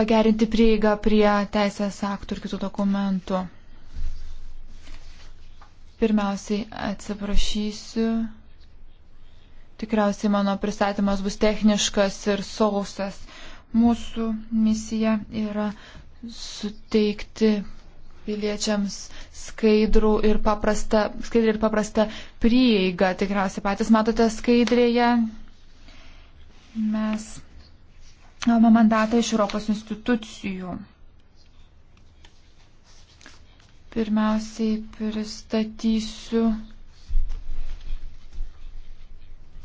pagerinti prieigą prie teisės aktų ir kitų dokumentų. Pirmiausiai atsiprašysiu Tikriausiai mano pristatymas bus techniškas ir sausas. Mūsų misija yra suteikti piliečiams skaidrų ir paprastą, skaidrį ir paprastą prieigą. Tikriausiai patys matote skaidrėje. Mes gavome mandatą iš Europos institucijų. Pirmiausiai pristatysiu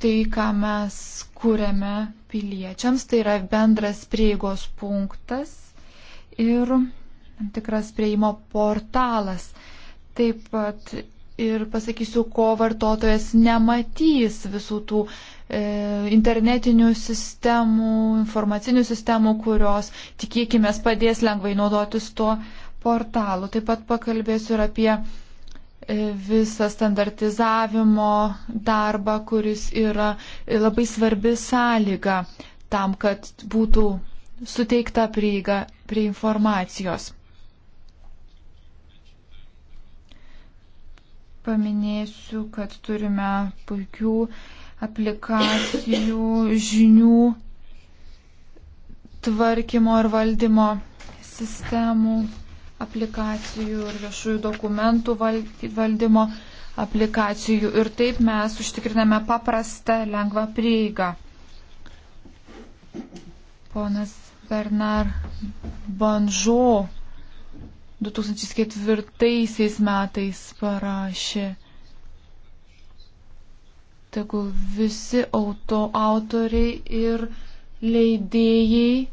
tai, ką mes kūrėme piliečiams, tai yra bendras prieigos punktas ir tam tikras prieimo portalas. Taip pat ir pasakysiu, ko vartotojas nematys visų tų e, internetinių sistemų, informacinių sistemų, kurios tikėkime padės lengvai naudotis tuo portalu. Taip pat pakalbėsiu ir apie E, visą standartizavimo darbą, kuris yra labai svarbi sąlyga tam, kad būtų suteikta prieiga prie informacijos. Paminėsiu, kad turime puikių aplikacijų, žinių, tvarkymo ir valdymo sistemų aplikacijų ir viešųjų dokumentų valdymo aplikacijų. Ir taip mes užtikriname paprastą, lengvą prieigą. Ponas Bernard Banžo 2004 metais parašė, tegul visi auto autoriai ir leidėjai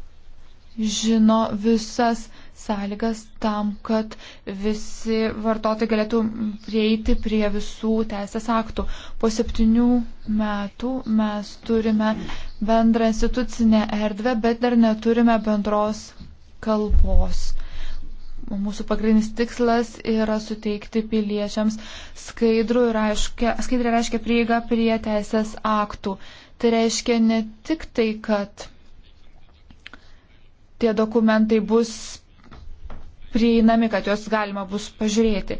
žino visas sąlygas tam, kad visi vartotojai galėtų prieiti prie visų teisės aktų. Po septynių metų mes turime bendrą institucinę erdvę, bet dar neturime bendros kalbos. Mūsų pagrindinis tikslas yra suteikti piliečiams skaidrų ir aiškia, skaidrį reiškia prieigą prie teisės aktų. Tai reiškia ne tik tai, kad tie dokumentai bus prieinami, kad juos galima bus pažiūrėti.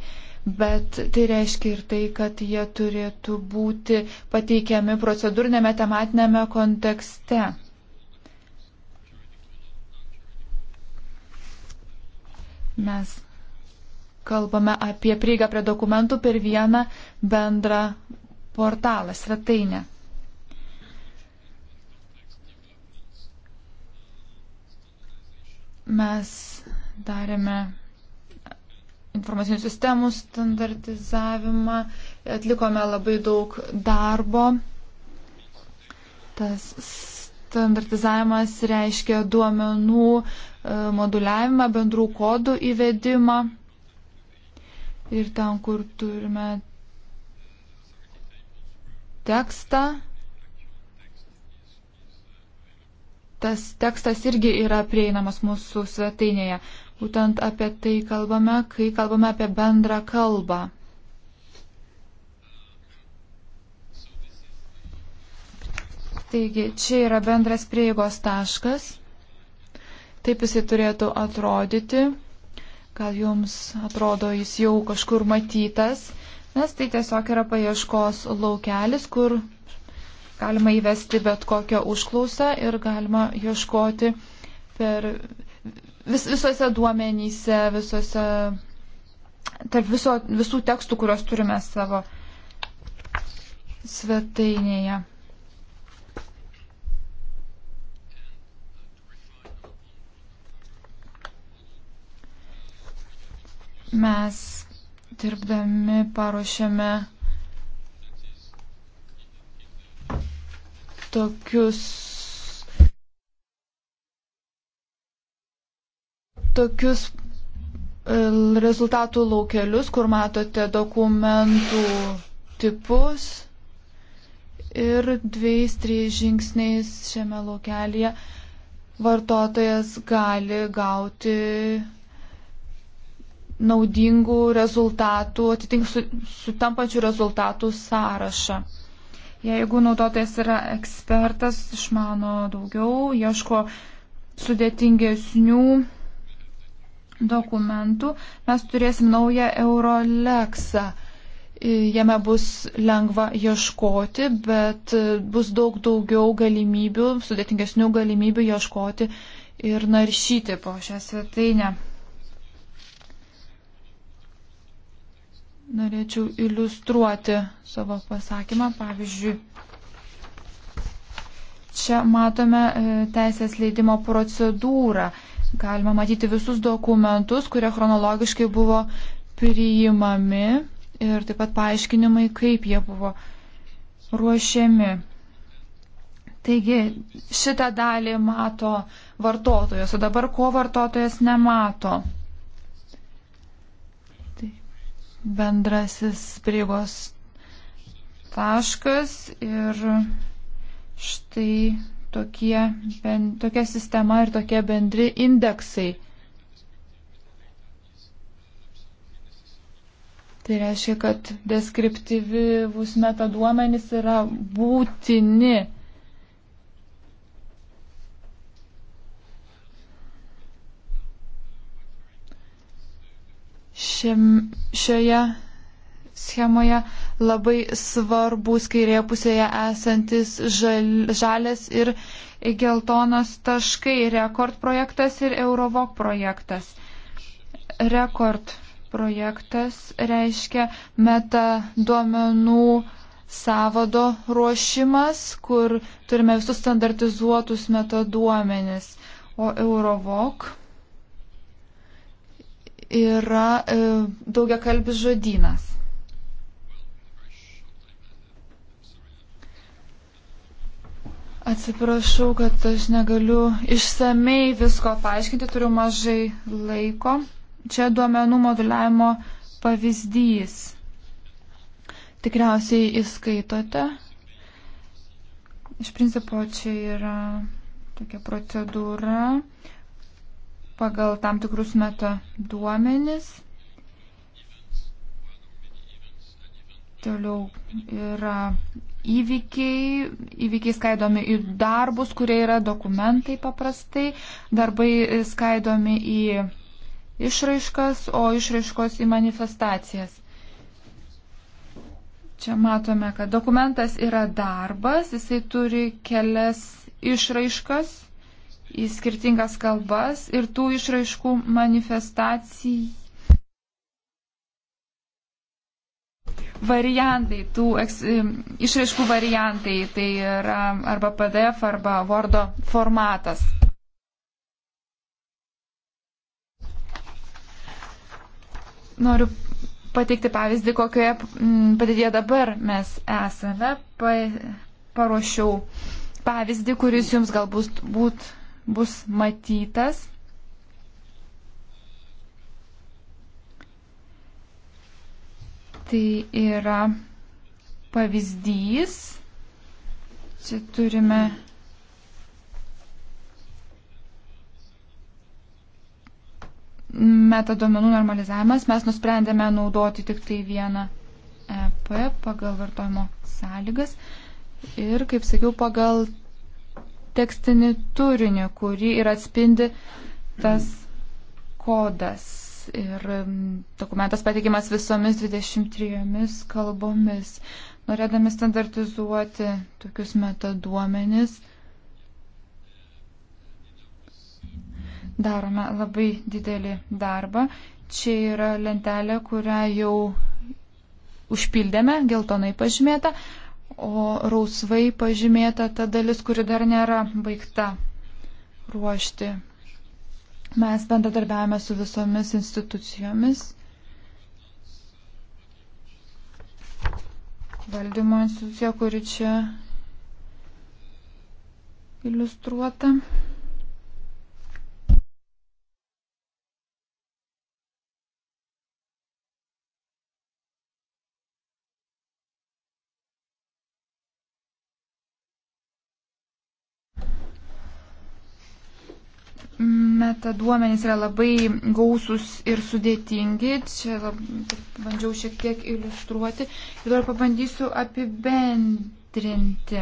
Bet tai reiškia ir tai, kad jie turėtų būti pateikiami procedūrinėme tematinėme kontekste. Mes kalbame apie prieigą prie dokumentų per vieną bendrą portalą, svetainę. Mes darėme informacinių sistemų standartizavimą, atlikome labai daug darbo. Tas standartizavimas reiškia duomenų e, moduliavimą, bendrų kodų įvedimą. Ir ten, kur turime tekstą, tas tekstas irgi yra prieinamas mūsų svetainėje. Būtent apie tai kalbame, kai kalbame apie bendrą kalbą. Taigi, čia yra bendras prieigos taškas. Taip jisai turėtų atrodyti. Gal jums atrodo, jis jau kažkur matytas, nes tai tiesiog yra paieškos laukelis, kur galima įvesti bet kokią užklausą ir galima ieškoti per vis, visose duomenyse, visose, tarp viso, visų tekstų, kuriuos turime savo svetainėje. Mes dirbdami paruošėme tokius tokius e, rezultatų laukelius, kur matote dokumentų tipus ir dviejais, trys žingsniais šiame laukelėje vartotojas gali gauti naudingų rezultatų, atitink su, sutampančių rezultatų sąrašą. Jeigu naudotojas yra ekspertas, išmano daugiau, ieško sudėtingesnių dokumentų mes turėsim naują Euroleksą. Jame bus lengva ieškoti, bet bus daug daugiau galimybių, sudėtingesnių galimybių ieškoti ir naršyti po šią svetainę. Norėčiau iliustruoti savo pasakymą. Pavyzdžiui, čia matome e, teisės leidimo procedūrą galima matyti visus dokumentus, kurie chronologiškai buvo priimami ir taip pat paaiškinimai, kaip jie buvo ruošiami. Taigi šitą dalį mato vartotojas, o dabar ko vartotojas nemato. Tai bendrasis prieigos taškas ir štai tokie, ben, tokia sistema ir tokie bendri indeksai. Tai reiškia, kad deskriptyvus metaduomenys yra būtini. Šiam, šioje schemoje labai svarbus kairėje pusėje esantis žal, žalės ir geltonos taškai - rekord projektas ir Eurovok projektas. Rekord projektas reiškia meta duomenų savado ruošimas, kur turime visus standartizuotus metaduomenis, o Eurovok yra e, daugiakalbis žodynas. Atsiprašau, kad aš negaliu išsamei visko paaiškinti, turiu mažai laiko. Čia duomenų moduliavimo pavyzdys. Tikriausiai įskaitote. Iš principo čia yra tokia procedūra pagal tam tikrus meta duomenis. Toliau yra įvykiai, įvykiai skaidomi į darbus, kurie yra dokumentai paprastai, darbai skaidomi į išraiškas, o išraiškos į manifestacijas. Čia matome, kad dokumentas yra darbas, jisai turi kelias išraiškas į skirtingas kalbas ir tų išraiškų manifestacijai variantai, tų išraiškų variantai, tai yra arba PDF arba Wordo formatas. Noriu pateikti pavyzdį, kokioje padėtyje dabar mes esame. Pa, paruošiau pavyzdį, kuris jums galbūt būt, bus matytas. Tai yra pavyzdys. Čia turime metadomenų normalizavimas. Mes nusprendėme naudoti tik tai vieną EP pagal vartojimo sąlygas ir, kaip sakiau, pagal tekstinį turinį, kurį ir atspindi tas kodas ir dokumentas pateikimas visomis 23 kalbomis. Norėdami standartizuoti tokius metaduomenis, darome labai didelį darbą. Čia yra lentelė, kurią jau užpildėme, geltonai pažymėta, o rausvai pažymėta ta dalis, kuri dar nėra baigta ruošti Mes bendradarbiavame su visomis institucijomis, valdymo institucija, kuri čia iliustruota. kad duomenys yra labai gausus ir sudėtingi. Čia lab, bandžiau šiek tiek iliustruoti ir dabar pabandysiu apibendrinti.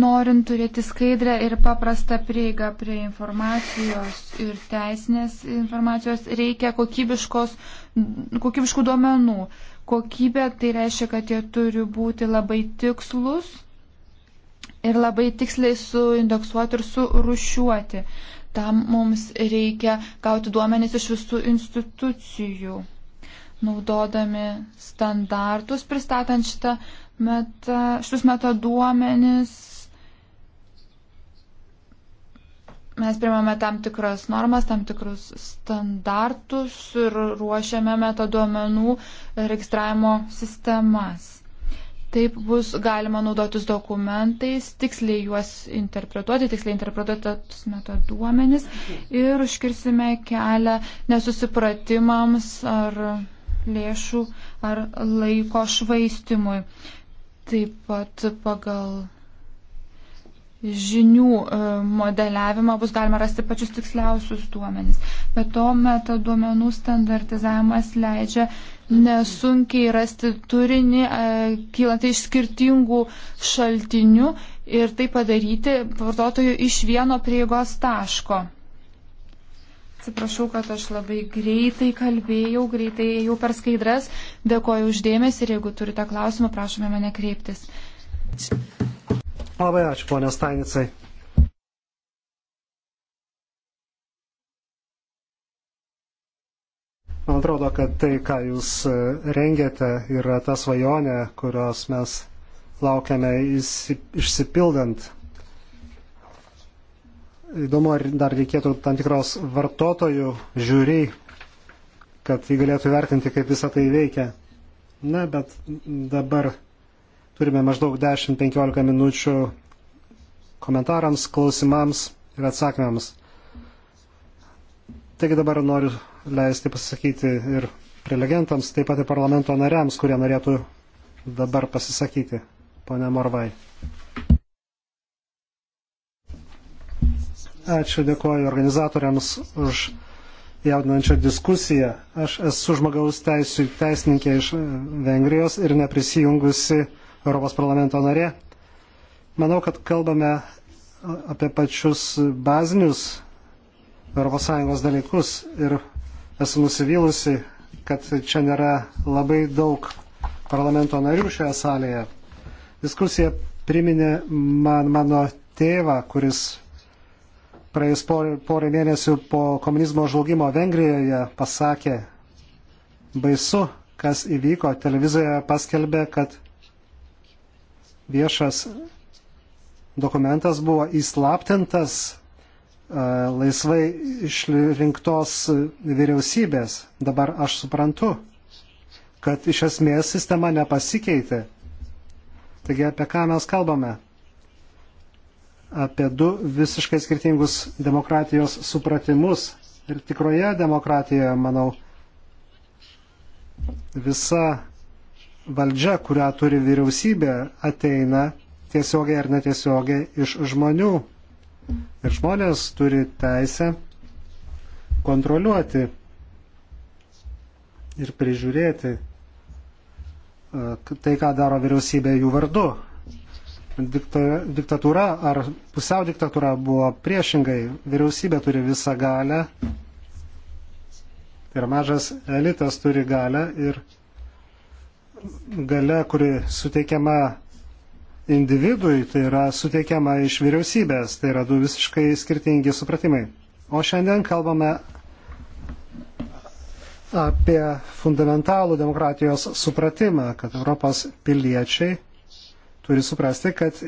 Norint turėti skaidrę ir paprastą prieigą prie informacijos ir teisinės informacijos, reikia kokybiškų duomenų. Kokybė tai reiškia, kad jie turi būti labai tikslus ir labai tiksliai suindeksuoti ir surušiuoti. Tam mums reikia gauti duomenys iš visų institucijų. Naudodami standartus, pristatant šitą meta, šitus metaduomenis, mes primame tam tikras normas, tam tikrus standartus ir ruošiame metaduomenų registravimo sistemas. Taip bus galima naudotis dokumentais, tiksliai juos interpretuoti, tiksliai interpretuotis metaduomenis ir užkirsime kelią nesusipratimams ar lėšų ar laiko švaistimui. Taip pat pagal žinių e, modeliavimą bus galima rasti pačius tiksliausius duomenys. Bet to metaduomenų standartizavimas leidžia nesunkiai rasti turinį, e, kylanti iš skirtingų šaltinių ir tai padaryti vartotojų iš vieno prieigos taško. Atsiprašau, kad aš labai greitai kalbėjau, greitai ėjau per skaidras. Dėkoju uždėmesi ir jeigu turite klausimą, prašome mane kreiptis. Labai ačiū, ponė Stainicai. Man atrodo, kad tai, ką jūs e, rengiate, yra ta svajonė, kurios mes laukiame išsipildant. Įdomu, ar dar reikėtų tam tikros vartotojų žiūri, kad jį galėtų vertinti, kaip visą tai veikia. Na, bet dabar turime maždaug 10-15 minučių komentarams, klausimams ir atsakymams. Taigi dabar noriu leisti pasisakyti ir prelegentams, taip pat ir parlamento nariams, kurie norėtų dabar pasisakyti. Pone Morvai. Ačiū, dėkoju organizatoriams už jaudinančią diskusiją. Aš esu žmogaus teisų teisininkė iš Vengrijos ir neprisijungusi Europos parlamento narė. Manau, kad kalbame apie pačius bazinius ES dalykus ir esu nusivylusi, kad čia nėra labai daug parlamento narių šioje salėje. Diskusija priminė man mano tėvą, kuris praėjus porą mėnesių po komunizmo žlugimo Vengrijoje pasakė, baisu, kas įvyko, televizijoje paskelbė, kad viešas dokumentas buvo įslaptintas E, laisvai išrinktos vyriausybės. Dabar aš suprantu, kad iš esmės sistema nepasikeitė. Taigi apie ką mes kalbame? Apie du visiškai skirtingus demokratijos supratimus. Ir tikroje demokratijoje, manau, visa valdžia, kurią turi vyriausybė, ateina tiesiogiai ar netiesiogiai iš žmonių Ir žmonės turi teisę kontroliuoti ir prižiūrėti e, tai, ką daro vyriausybė jų vardu. Dikta, diktatūra ar pusiau diktatūra buvo priešingai. Vyriausybė turi visą galę ir mažas elitas turi galę ir galę, kuri suteikiama individui, tai yra suteikiama iš vyriausybės, tai yra du visiškai skirtingi supratimai. O šiandien kalbame apie fundamentalų demokratijos supratimą, kad Europos piliečiai turi suprasti, kad,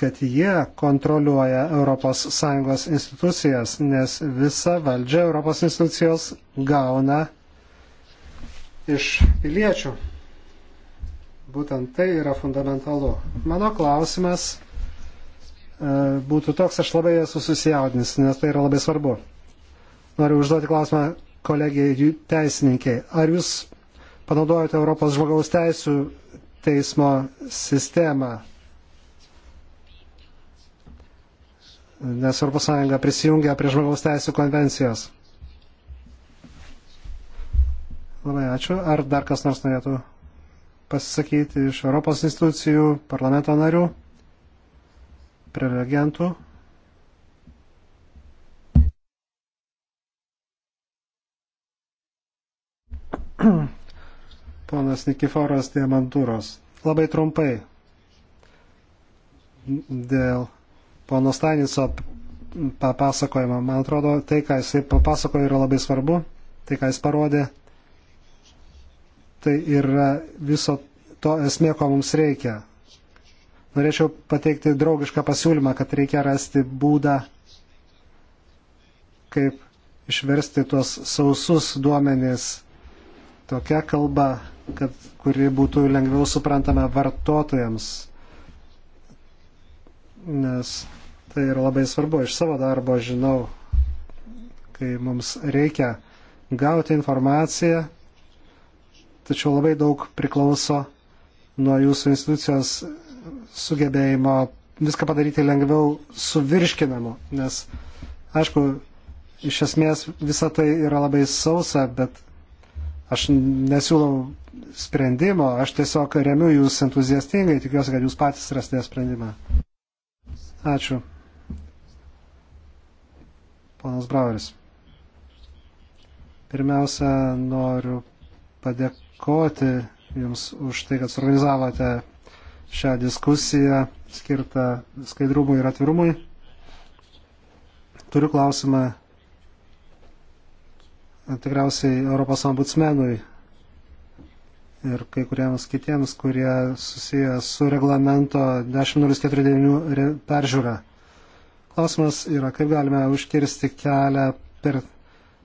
kad jie kontroliuoja ES institucijas, nes visa valdžia ES institucijos gauna iš piliečių. Būtent tai yra fundamentalu. Mano klausimas e, būtų toks, aš labai esu susijaudinęs, nes tai yra labai svarbu. Noriu užduoti klausimą kolegijai teisininkiai. Ar jūs panaudojate Europos žmogaus teisų teismo sistemą? Nes Europos Sąjunga prisijungia prie žmogaus teisų konvencijos. Labai ačiū. Ar dar kas nors norėtų pasisakyti iš Europos institucijų, parlamento narių, prelegentų. Ponas Nikiforas Diamantūros. Labai trumpai dėl pono Stanico papasakojimą. Man atrodo, tai, ką jisai papasakojo, yra labai svarbu. Tai, ką jis parodė, Tai yra viso to esmė, ko mums reikia. Norėčiau pateikti draugišką pasiūlymą, kad reikia rasti būdą, kaip išversti tuos sausus duomenys tokia kalba, kad, kuri būtų lengviau suprantama vartotojams. Nes tai yra labai svarbu. Iš savo darbo žinau, kai mums reikia gauti informaciją tačiau labai daug priklauso nuo jūsų institucijos sugebėjimo viską padaryti lengviau suvirškinamu, nes, aišku, iš esmės visa tai yra labai sausa, bet aš nesiūlau sprendimo, aš tiesiog remiu jūs entuziastingai, tikiuosi, kad jūs patys rasite sprendimą. Ačiū. Ponas Braueris. Pirmiausia, noriu padėk padėkoti Jums už tai, kad suorganizavote šią diskusiją skirtą skaidrumui ir atvirumui. Turiu klausimą tikriausiai Europos ombudsmenui ir kai kuriems kitiems, kurie susiję su reglamento 1049 peržiūra. Klausimas yra, kaip galime užkirsti kelią per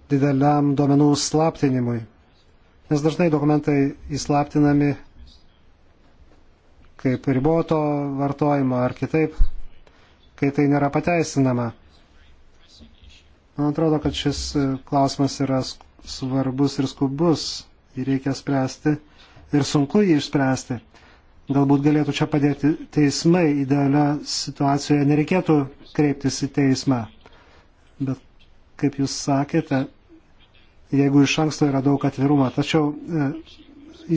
dideliam duomenų slaptinimui nes dažnai dokumentai įslaptinami kaip riboto vartojimo ar kitaip, kai tai nėra pateisinama. Man atrodo, kad šis e, klausimas yra svarbus ir skubus, jį reikia spręsti ir sunku jį išspręsti. Galbūt galėtų čia padėti teismai, idealio situacijoje nereikėtų kreiptis į teismą. Bet, kaip jūs sakėte, jeigu iš anksto yra daug atvirumo. Tačiau e,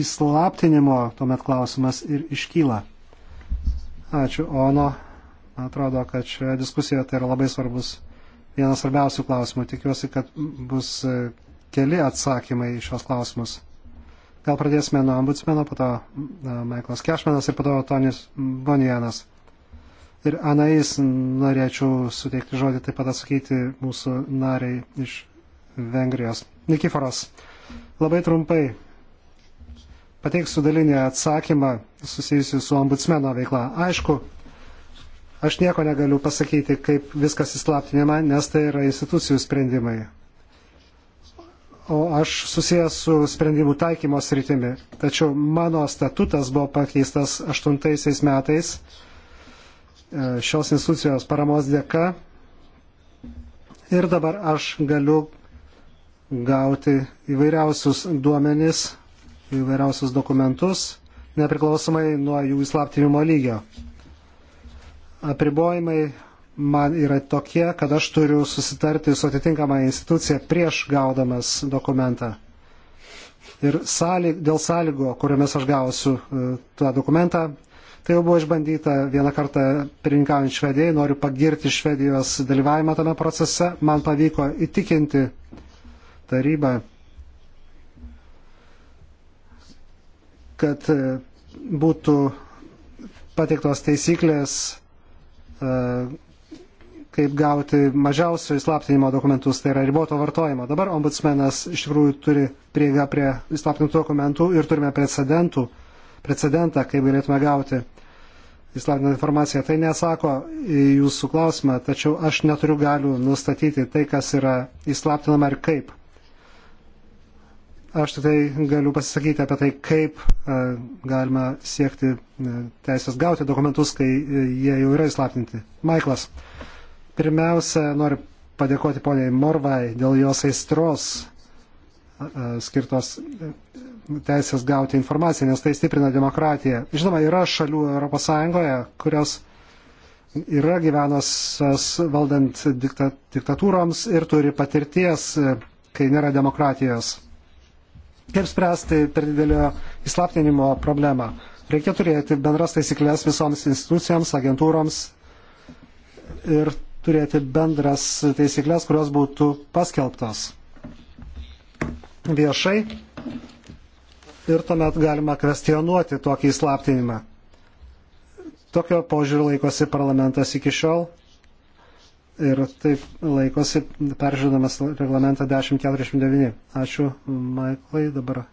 įslaptinimo tuomet klausimas ir iškyla. Ačiū, Ono. Man atrodo, kad šioje diskusijoje tai yra labai svarbus vienas svarbiausių klausimų. Tikiuosi, kad bus e, keli atsakymai į šios klausimus. Gal pradėsime nuo ombudsmeno, po to e, Michaelas Kešmanas ir po to Tonis Bonijanas. Ir Anais norėčiau suteikti žodį taip pat atsakyti mūsų nariai iš Vengrijos. Nikiforas, labai trumpai pateiksiu dalinį atsakymą susijusiu su ombudsmeno veikla. Aišku, aš nieko negaliu pasakyti, kaip viskas įslaptinima, nes tai yra institucijų sprendimai. O aš susijęs su sprendimų taikymo sritimi. Tačiau mano statutas buvo pakeistas 8 metais e, šios institucijos paramos dėka. Ir dabar aš galiu gauti įvairiausius duomenis, įvairiausius dokumentus, nepriklausomai nuo jų įslaptinimo lygio. Apribojimai man yra tokie, kad aš turiu susitarti su atitinkama institucija prieš gaudamas dokumentą. Ir sąlyg, dėl sąlygo, kuriomis aš gausiu e, tą dokumentą, tai jau buvo išbandyta vieną kartą pirinkaujant Švedijai, noriu pagirti Švedijos dalyvavimą tame procese, man pavyko įtikinti taryba, kad e, būtų pateiktos taisyklės, e, kaip gauti mažiausio įslaptinimo dokumentus, tai yra riboto vartojimo. Dabar ombudsmenas iš tikrųjų turi prieigą prie įslaptintų dokumentų ir turime precedentų, precedentą, kaip galėtume gauti įslaptintą informaciją. Tai nesako į jūsų klausimą, tačiau aš neturiu galių nustatyti tai, kas yra įslaptinama ir kaip. Aš tik tai galiu pasisakyti apie tai, kaip e, galima siekti e, teisės gauti dokumentus, kai e, jie jau yra įslaptinti. Maiklas, pirmiausia, noriu padėkoti poniai Morvai dėl jos aistros skirtos teisės gauti informaciją, nes tai stiprina demokratiją. Žinoma, yra šalių ES, kurios yra gyvenosios valdant dikta, diktatūroms ir turi patirties, kai nėra demokratijos kaip spręsti per didelio įslaptinimo problemą. Reikia turėti bendras taisyklės visoms institucijoms, agentūroms ir turėti bendras taisyklės, kurios būtų paskelbtos viešai ir tuomet galima kvestionuoti tokį įslaptinimą. Tokio požiūrį laikosi parlamentas iki šiol ir taip laikosi peržiūrėdamas reglamentą 1049. Ačiū, Maiklai, dabar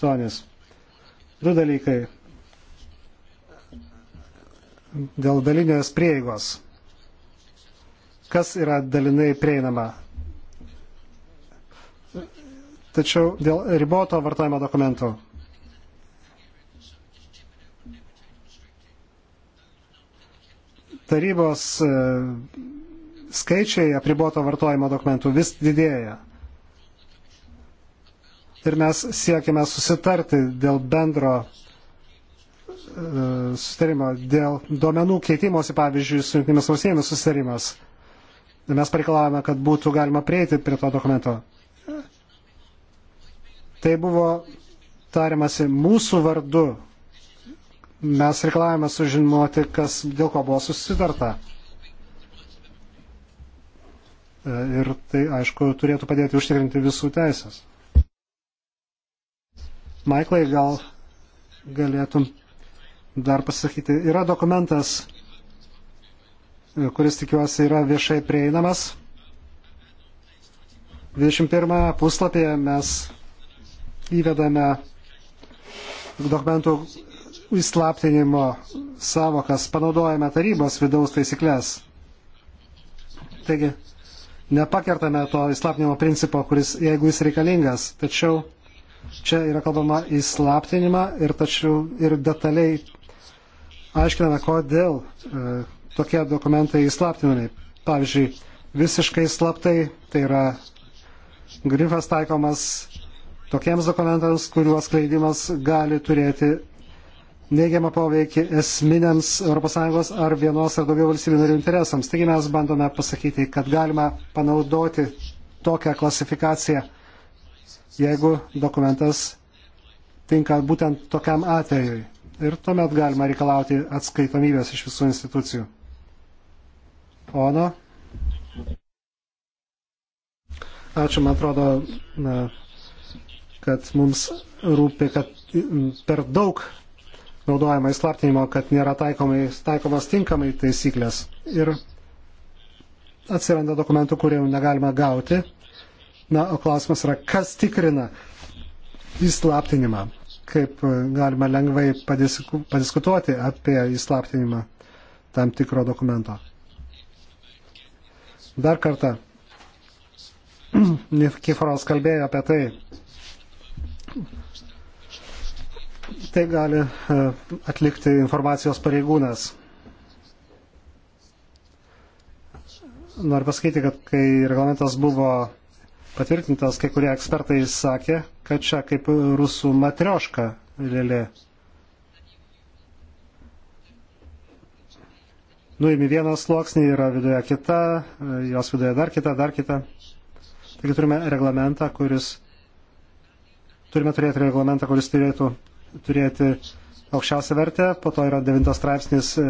Tonis. Du dalykai. Dėl dalinės prieigos. Kas yra dalinai prieinama? Tačiau dėl riboto vartojimo dokumentų. Tarybos e, skaičiai apriboto vartojimo dokumentų vis didėja. Ir mes siekime susitarti dėl bendro e, susitarimo, dėl duomenų keitimosi, pavyzdžiui, su jungtinėmis valstybėmis susitarimas. Mes pareikalavome, kad būtų galima prieiti prie to dokumento. Tai buvo tariamasi mūsų vardu. Mes reikalavome sužinoti, kas, dėl ko buvo susitarta. E, ir tai, aišku, turėtų padėti užtikrinti visų teisės. Maiklai, gal galėtum dar pasakyti. Yra dokumentas, e, kuris tikiuosi yra viešai prieinamas. 21 puslapyje mes įvedame dokumentų įslaptinimo savokas, panaudojame tarybos vidaus taisyklės. Taigi, nepakertame to įslaptinimo principo, kuris, jeigu jis reikalingas. Tačiau čia yra kalbama įslaptinimą ir, tačiau, ir detaliai aiškiname, kodėl e, tokie dokumentai įslaptinami. Pavyzdžiui, visiškai slaptai tai yra grifas taikomas tokiems dokumentams, kuriuos skleidimas gali turėti neigiamą poveikį esminiams ES ar vienos ar daugiau valstybių narių interesams. Taigi mes bandome pasakyti, kad galima panaudoti tokią klasifikaciją, jeigu dokumentas tinka būtent tokiam atvejui. Ir tuomet galima reikalauti atskaitomybės iš visų institucijų. Ono. Ačiū, man atrodo, na, kad mums rūpi, kad per daug naudojama įslaptinimo, kad nėra taikomai, taikomas tinkamai taisyklės. Ir atsiranda dokumentų, kurių negalima gauti. Na, o klausimas yra, kas tikrina įslaptinimą, kaip e, galima lengvai padisku, padiskutuoti apie įslaptinimą tam tikro dokumento. Dar kartą, Nikiforos kalbėjo apie tai, Tai gali e, atlikti informacijos pareigūnas. Noriu pasakyti, kad kai reglamentas buvo patvirtintas, kai kurie ekspertai sakė, kad čia kaip rusų matrioška lėlė. Nuimi vieną sluoksnį, yra viduje kita, jos viduje dar kita, dar kita. Taigi turime reglamentą, kuris. Turime turėti reglamentą, kuris turėtų turėti aukščiausią vertę, po to yra devintas straipsnis e,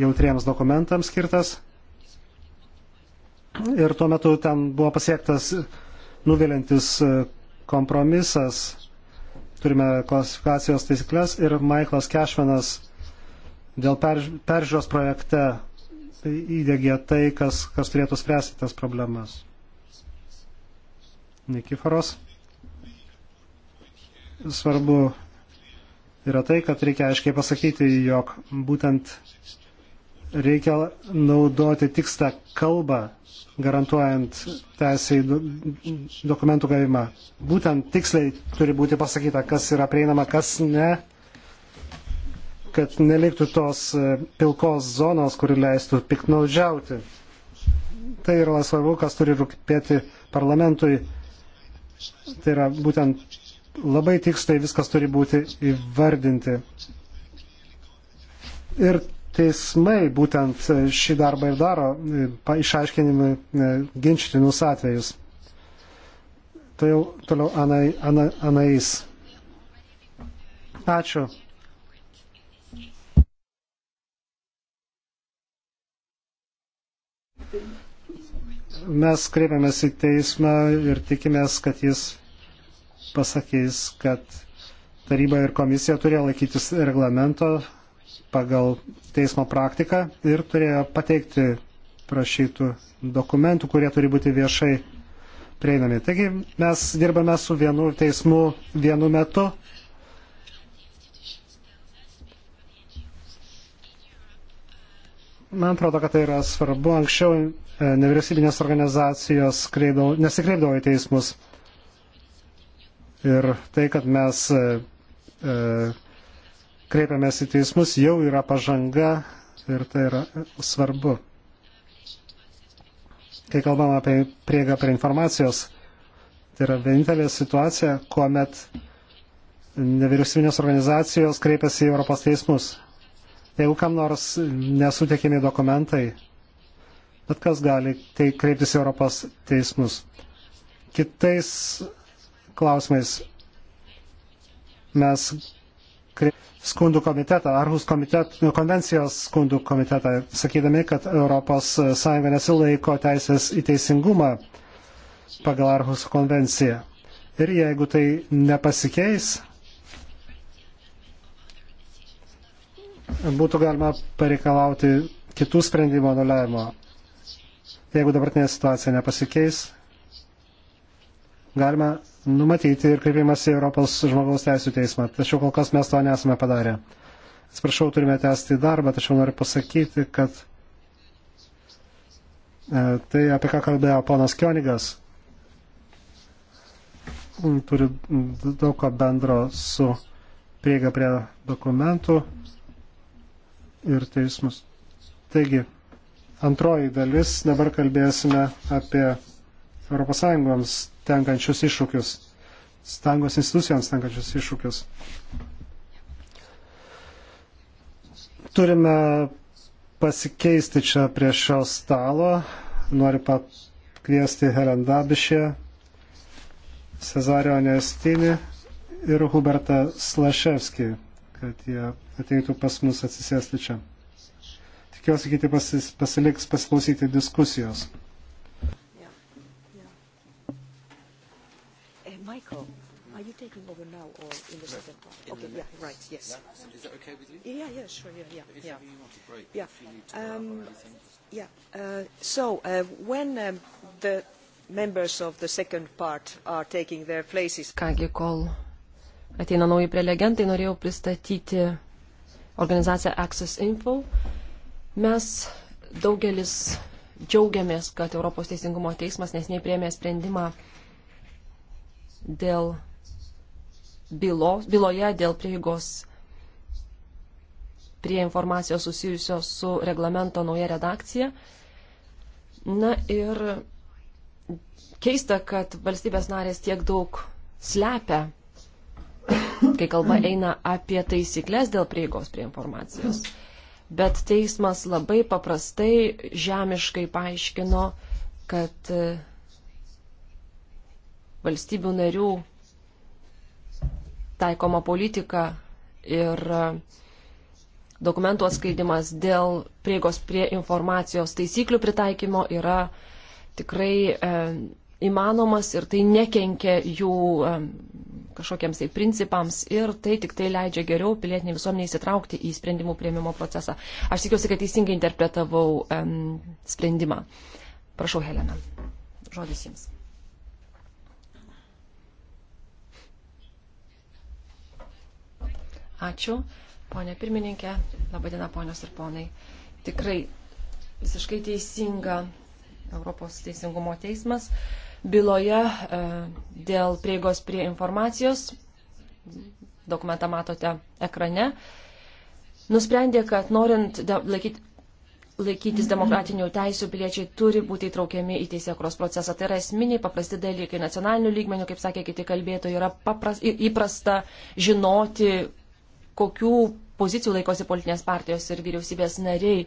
jautriems dokumentams skirtas. Ir tuo metu ten buvo pasiektas nuvilintis e, kompromisas, turime klasifikacijos taisyklės ir Michaelas Kešvenas dėl peržiūros projekte įdėgė tai, kas, kas turėtų spręsti tas problemas. Nikiforos. Svarbu yra tai, kad reikia aiškiai pasakyti, jog būtent reikia naudoti tikstą kalbą, garantuojant teisę į dokumentų gavimą. Būtent tiksliai turi būti pasakyta, kas yra prieinama, kas ne, kad neliktų tos e, pilkos zonos, kuri leistų piknaudžiauti. Tai yra svarbu, kas turi rūpėti parlamentui. Tai yra būtent labai tiksliai viskas turi būti įvardinti. Ir teismai būtent šį darbą ir daro, e, išaiškinimui e, ginčytinus atvejus. Tai jau toliau Anai, Ana, Anais. Ačiū. Mes kreipiamės į teismą ir tikimės, kad jis pasakys, kad taryba ir komisija turėjo laikytis reglamento pagal teismo praktiką ir turėjo pateikti prašytų dokumentų, kurie turi būti viešai prieinami. Taigi mes dirbame su vienu teismu vienu metu. Man atrodo, kad tai yra svarbu. Anksčiau e, nevyriausybinės organizacijos kreidavo, nesikreipdavo į teismus Ir tai, kad mes e, e, kreipiamės į teismus, jau yra pažanga ir tai yra svarbu. Kai kalbam apie prieigą prie informacijos, tai yra vienintelė situacija, kuomet nevyriausybinės organizacijos kreipiasi į Europos teismus. Jeigu kam nors nesutikimi dokumentai, bet kas gali kreiptis į Europos teismus. Kitais klausimais mes skundų komitetą, Arhus komitet, konvencijos skundų komitetą, sakydami, kad ES nesilaiko teisės į teisingumą pagal Arhus konvenciją. Ir jeigu tai nepasikeis, būtų galima pareikalauti kitų sprendimo nuleimo. Jeigu dabartinė situacija nepasikeis, galima numatyti ir kreipimas į Europos žmogaus teisų teismą. Tačiau kol kas mes to nesame padarę. Atsiprašau, turime tęsti darbą, tačiau noriu pasakyti, kad e, tai, apie ką kalbėjo ponas Kionigas, turi daug ko bendro su prieiga prie dokumentų ir teismus. Taigi, antroji dalis, dabar kalbėsime apie ES tenkančius iššūkius, stangos institucijoms tenkančius iššūkius. Turime pasikeisti čia prie šio stalo. Noriu pakviesti Herendabišę, Cezario Nestinį ir Hubertą Slaševskį, kad jie ateitų pas mus atsisėsti čia. Tikiuosi, kiti pasiliks pasiklausyti diskusijos. taking over now or in the no, second part? In okay, the yeah, next. right, yes. No, is that okay with you? Yeah, yeah, sure, yeah, yeah. If yeah. you want to break, yeah. if you need to um, Yeah, uh, so uh, when um, the members of the second part are taking their places... Kągi, kol ateina nauji prelegentai, norėjau pristatyti organizaciją Access Info. Mes daugelis džiaugiamės, kad Europos Teisingumo teismas nesnei priemė sprendimą dėl bylos, byloje dėl prieigos prie informacijos susijusios su reglamento nauja redakcija. Na ir keista, kad valstybės narės tiek daug slepia, kai kalba eina apie taisyklės dėl prieigos prie informacijos. Bet teismas labai paprastai žemiškai paaiškino, kad e, valstybių narių taikoma politika ir dokumentų atskaidimas dėl prieigos prie informacijos taisyklių pritaikymo yra tikrai e, įmanomas ir tai nekenkia jų e, kažkokiems tai principams ir tai tik tai leidžia geriau pilietiniai visuomeniai įsitraukti į sprendimų prieimimo procesą. Aš tikiuosi, kad teisingai interpretavau e, sprendimą. Prašau, Helena. Žodis jums. Ačiū, ponė pirmininkė. Labadiena, ponios ir ponai. Tikrai visiškai teisinga Europos teisingumo teismas byloje e, dėl prieigos prie informacijos, dokumentą matote ekrane, nusprendė, kad norint laikyti, laikytis demokratinių teisų piliečiai turi būti įtraukiami į teisėkros procesą. Tai yra esminiai paprasti dalykai. Nacionalinių lygmenių, kaip sakė kiti kalbėtojai, yra papras, įprasta žinoti, kokių pozicijų laikosi politinės partijos ir vyriausybės nariai,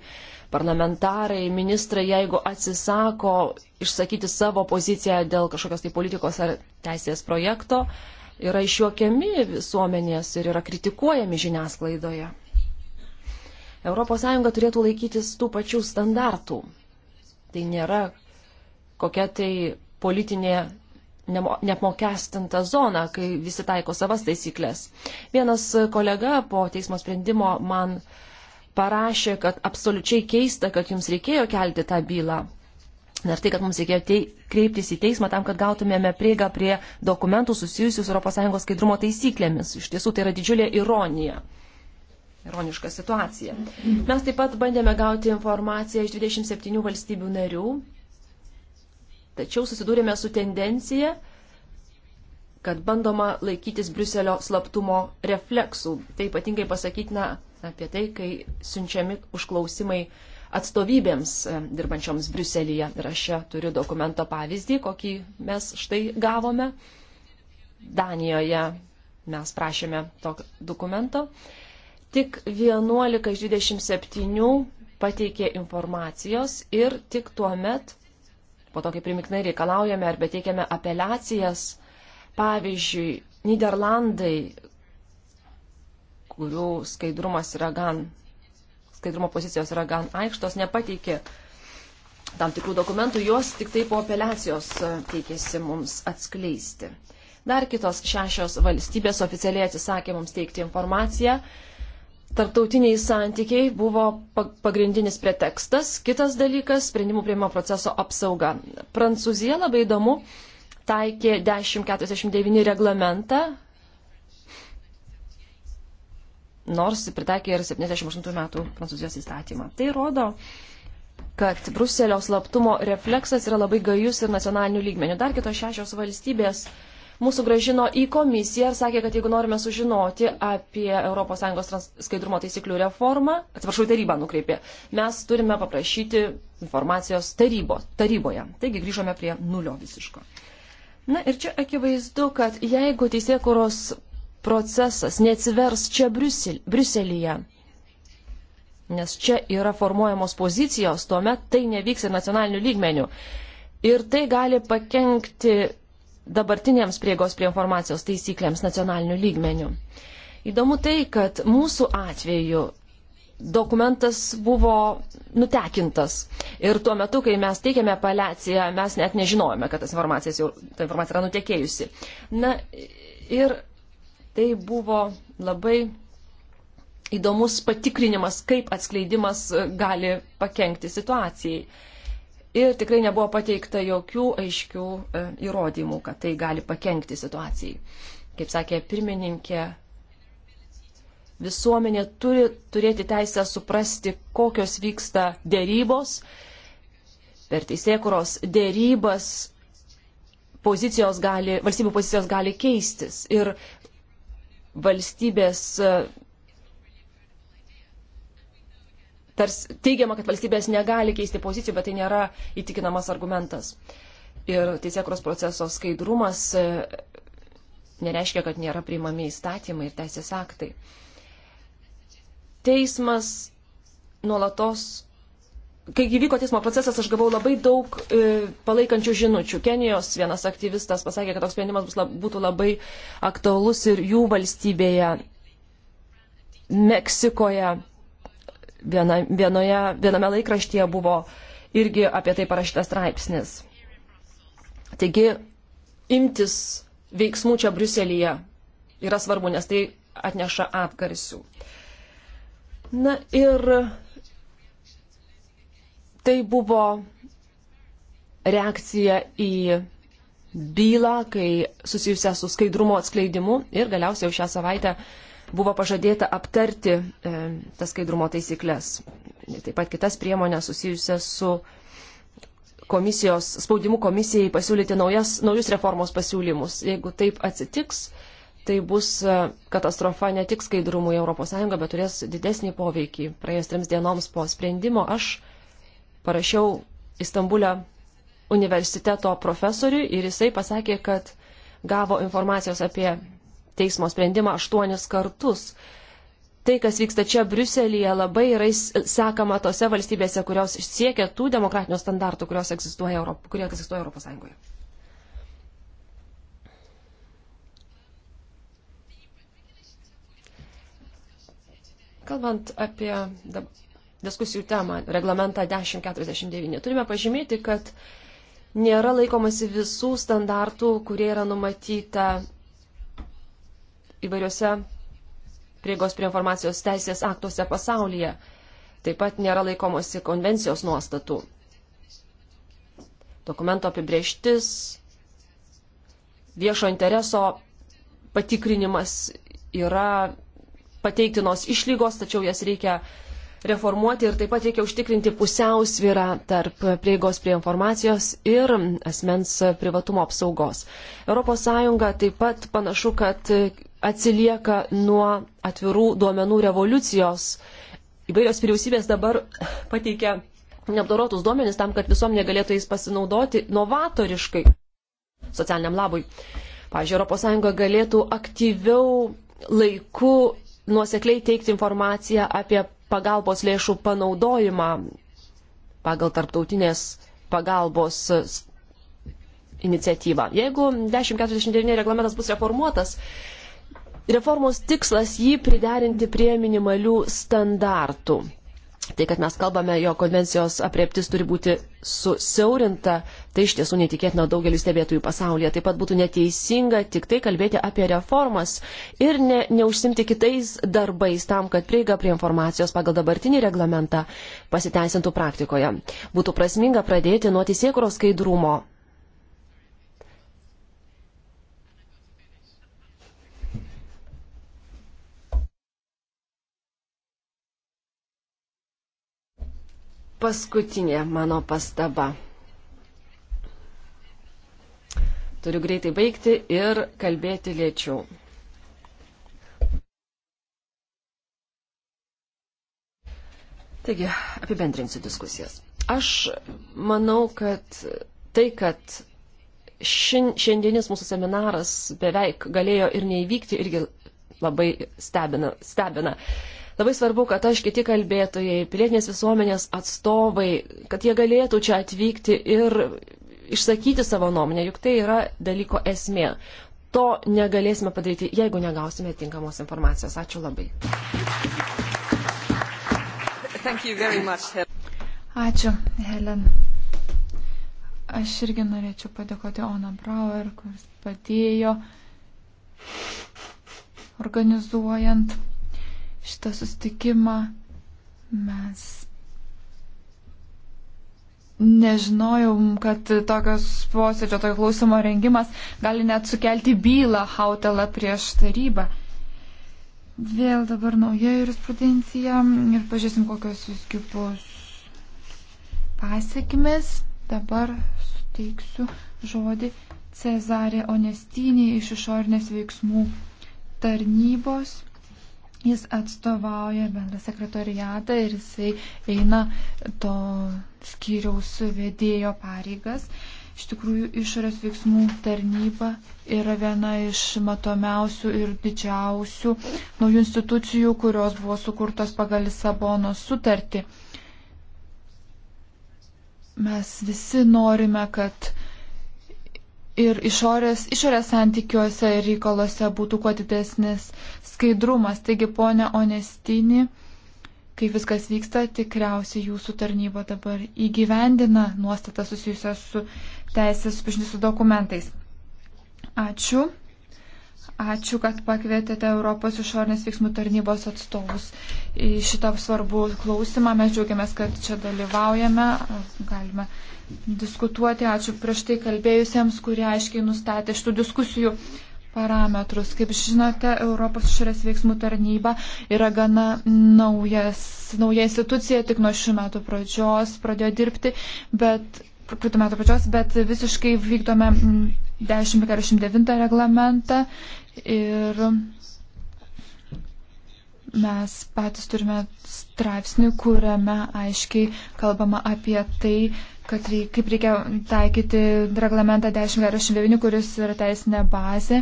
parlamentarai, ministrai, jeigu atsisako išsakyti savo poziciją dėl kažkokios tai politikos ar teisės projekto, yra išjuokiami visuomenės ir yra kritikuojami žiniasklaidoje. ES turėtų laikytis tų pačių standartų. Tai nėra kokia tai politinė neapmokestintą zoną, kai visi taiko savas taisyklės. Vienas kolega po teismo sprendimo man parašė, kad absoliučiai keista, kad jums reikėjo kelti tą bylą. Ir tai, kad mums reikėjo tei, kreiptis į teismą tam, kad gautumėme prieigą prie dokumentų susijusių su ES skaidrumo taisyklėmis. Iš tiesų tai yra didžiulė ironija. Ironiška situacija. Mes taip pat bandėme gauti informaciją iš 27 valstybių narių Tačiau susidūrėme su tendencija, kad bandoma laikytis Briuselio slaptumo refleksų. Tai ypatingai pasakytina apie tai, kai siunčiami užklausimai atstovybėms e, dirbančioms Briuselyje. Ir aš čia turiu dokumento pavyzdį, kokį mes štai gavome. Danijoje mes prašėme to dokumento. Tik 11 iš 27 pateikė informacijos ir tik tuo met po to, kai primiknai reikalaujame arba teikiame apeliacijas. Pavyzdžiui, Niderlandai, kurių skaidrumas yra gan, skaidrumo pozicijos yra gan aikštos, nepateikė tam tikrų dokumentų, jos tik tai po apeliacijos e, teikėsi mums atskleisti. Dar kitos šešios valstybės oficialiai atsisakė mums teikti informaciją, tarptautiniai santykiai buvo pagrindinis pretekstas. Kitas dalykas - sprendimų prieimo proceso apsauga. Prancūzija labai įdomu taikė 1049 reglamentą, nors pritaikė ir 78 metų Prancūzijos įstatymą. Tai rodo, kad Bruselio slaptumo refleksas yra labai gajus ir nacionalinių lygmenių. Dar kitos šešios valstybės mūsų gražino į komisiją ir sakė, kad jeigu norime sužinoti apie ES skaidrumo taisyklių reformą, atsiprašau, tarybą nukreipė, mes turime paprašyti informacijos tarybo, taryboje. Taigi grįžome prie nulio visiško. Na ir čia akivaizdu, kad jeigu teisėkuros procesas neatsivers čia Briusel, Briuselyje, nes čia yra formuojamos pozicijos, tuomet tai nevyks ir nacionaliniu lygmeniu. Ir tai gali pakengti dabartinėms priegos prie informacijos taisyklėms nacionaliniu lygmeniu. Įdomu tai, kad mūsų atveju dokumentas buvo nutekintas. Ir tuo metu, kai mes teikėme apeliaciją, mes net nežinojome, kad jau, ta informacija yra nutekėjusi. Na ir tai buvo labai įdomus patikrinimas, kaip atskleidimas gali pakengti situacijai ir tikrai nebuvo pateikta jokių aiškių e, įrodymų, kad tai gali pakengti situacijai. Kaip sakė pirmininkė, visuomenė turi turėti teisę suprasti, kokios vyksta dėrybos. Per teisėkuros dėrybas pozicijos gali, valstybių pozicijos gali keistis ir valstybės e, tarsi teigiama, kad valstybės negali keisti pozicijų, bet tai nėra įtikinamas argumentas. Ir teisėkros proceso skaidrumas e, nereiškia, kad nėra priimami įstatymai ir teisės aktai. Teismas nuolatos. Kai įvyko teismo procesas, aš gavau labai daug e, palaikančių žinučių. Kenijos vienas aktyvistas pasakė, kad toks sprendimas bus, lab, būtų labai aktualus ir jų valstybėje, Meksikoje, viena, vienoje, viename laikraštyje buvo irgi apie tai parašytas straipsnis. Taigi, imtis veiksmų čia Briuselėje yra svarbu, nes tai atneša atgarsių. Na ir tai buvo reakcija į bylą, kai susijusia su skaidrumo atskleidimu ir galiausiai jau šią savaitę uh, buvo pažadėta aptarti e, tas skaidrumo taisyklės. Taip pat kitas priemonės susijusias su komisijos, spaudimu komisijai pasiūlyti naujas, naujus reformos pasiūlymus. Jeigu taip atsitiks, tai bus e, katastrofa ne tik skaidrumui ES, bet turės didesnį poveikį. Praėjus trims dienoms po sprendimo aš parašiau Istambulę universiteto profesoriui ir jisai pasakė, kad gavo informacijos apie teismo sprendimą aštuonis kartus. Tai, kas vyksta čia Briuselėje, labai yra sekama tose valstybėse, kurios siekia tų demokratinių standartų, egzistuoja Europ, kurie egzistuoja Europos Sąjungoje. Kalbant apie diskusijų temą, reglamentą 1049, turime pažymėti, kad nėra laikomasi visų standartų, kurie yra numatyta įvairiuose prieigos prie informacijos teisės aktuose pasaulyje. Taip pat nėra laikomosi konvencijos nuostatų. Dokumento apibrieštis, viešo intereso patikrinimas yra pateiktinos išlygos, tačiau jas reikia reformuoti ir taip pat reikia užtikrinti pusiausvyrą tarp prieigos prie informacijos ir asmens privatumo apsaugos. ES taip pat panašu, kad atsilieka nuo atvirų duomenų revoliucijos. Įvairios vyriausybės dabar pateikia neapdorotus duomenis tam, kad visuomenė galėtų jais pasinaudoti novatoriškai socialiniam labui. Pavyzdžiui, ES galėtų aktyviau laiku nuosekliai teikti informaciją apie pagalbos lėšų panaudojimą pagal tarptautinės pagalbos iniciatyvą. Jeigu 1049 reglamentas bus reformuotas, Reformos tikslas jį priderinti prie minimalių standartų. Tai, kad mes kalbame, jo konvencijos apriektis turi būti susiaurinta, tai iš tiesų netikėtina daugeliu stebėtojų pasaulyje. Taip pat būtų neteisinga tik tai kalbėti apie reformas ir ne, neužsimti kitais darbais tam, kad prieiga prie informacijos pagal dabartinį reglamentą pasiteisintų praktikoje. Būtų prasminga pradėti nuo teisėkuros skaidrumo paskutinė mano pastaba. Turiu greitai baigti ir kalbėti lėčiau. Taigi, apibendrinsiu diskusijas. Aš manau, kad tai, kad šiandienis mūsų seminaras beveik galėjo ir neįvykti, irgi labai stebina. stebina. Labai svarbu, kad aš kiti kalbėtojai, pilietinės visuomenės atstovai, kad jie galėtų čia atvykti ir išsakyti savo nuomonę, juk tai yra dalyko esmė. To negalėsime padaryti, jeigu negausime tinkamos informacijos. Ačiū labai. Much, Helen. Ačiū, Helen. Aš irgi norėčiau padėkoti Ona Brauer, kuris padėjo organizuojant šitą sustikimą. Mes nežinojom, kad tokios posėdžio, tokio klausimo rengimas gali net sukelti bylą Hautelą prieš tarybą. Vėl dabar nauja jurisprudencija ir pažiūrėsim, kokios visgi bus pasiekmes. Dabar suteiksiu žodį Cezarė Onestinį iš išornės veiksmų tarnybos. Jis atstovauja bendrą sekretoriatą ir jisai eina to skyriaus vedėjo pareigas. Iš tikrųjų, išorės veiksmų tarnyba yra viena iš matomiausių ir didžiausių naujų institucijų, kurios buvo sukurtos pagal Lisabono sutartį. Mes visi norime, kad uh, ir išorės, išorės santykiuose ir reikalose būtų kuo didesnis skaidrumas. Taigi, ponė Onestini, kaip viskas vyksta, tikriausiai jūsų tarnyba dabar įgyvendina nuostatą susijusią su teisės susipažinti su dokumentais. Ačiū. Ačiū, kad pakvietėte Europos išorinės veiksmų tarnybos atstovus į šitą svarbų klausimą. Mes džiaugiamės, kad čia dalyvaujame. Galime diskutuoti. Ačiū prieš tai kalbėjusiems, kurie aiškiai nustatė šitų diskusijų parametrus. Kaip žinote, Europos išorės veiksmų tarnyba yra gana naujas, nauja institucija, tik nuo šių metų pradžios pradėjo dirbti, bet, praeitų metų pradžios, bet visiškai vykdome 1049 reglamentą ir mes patys turime straipsnį, kuriame aiškiai kalbama apie tai, kad reik, kaip reikia taikyti reglamentą 1049, kuris yra teisinė bazė.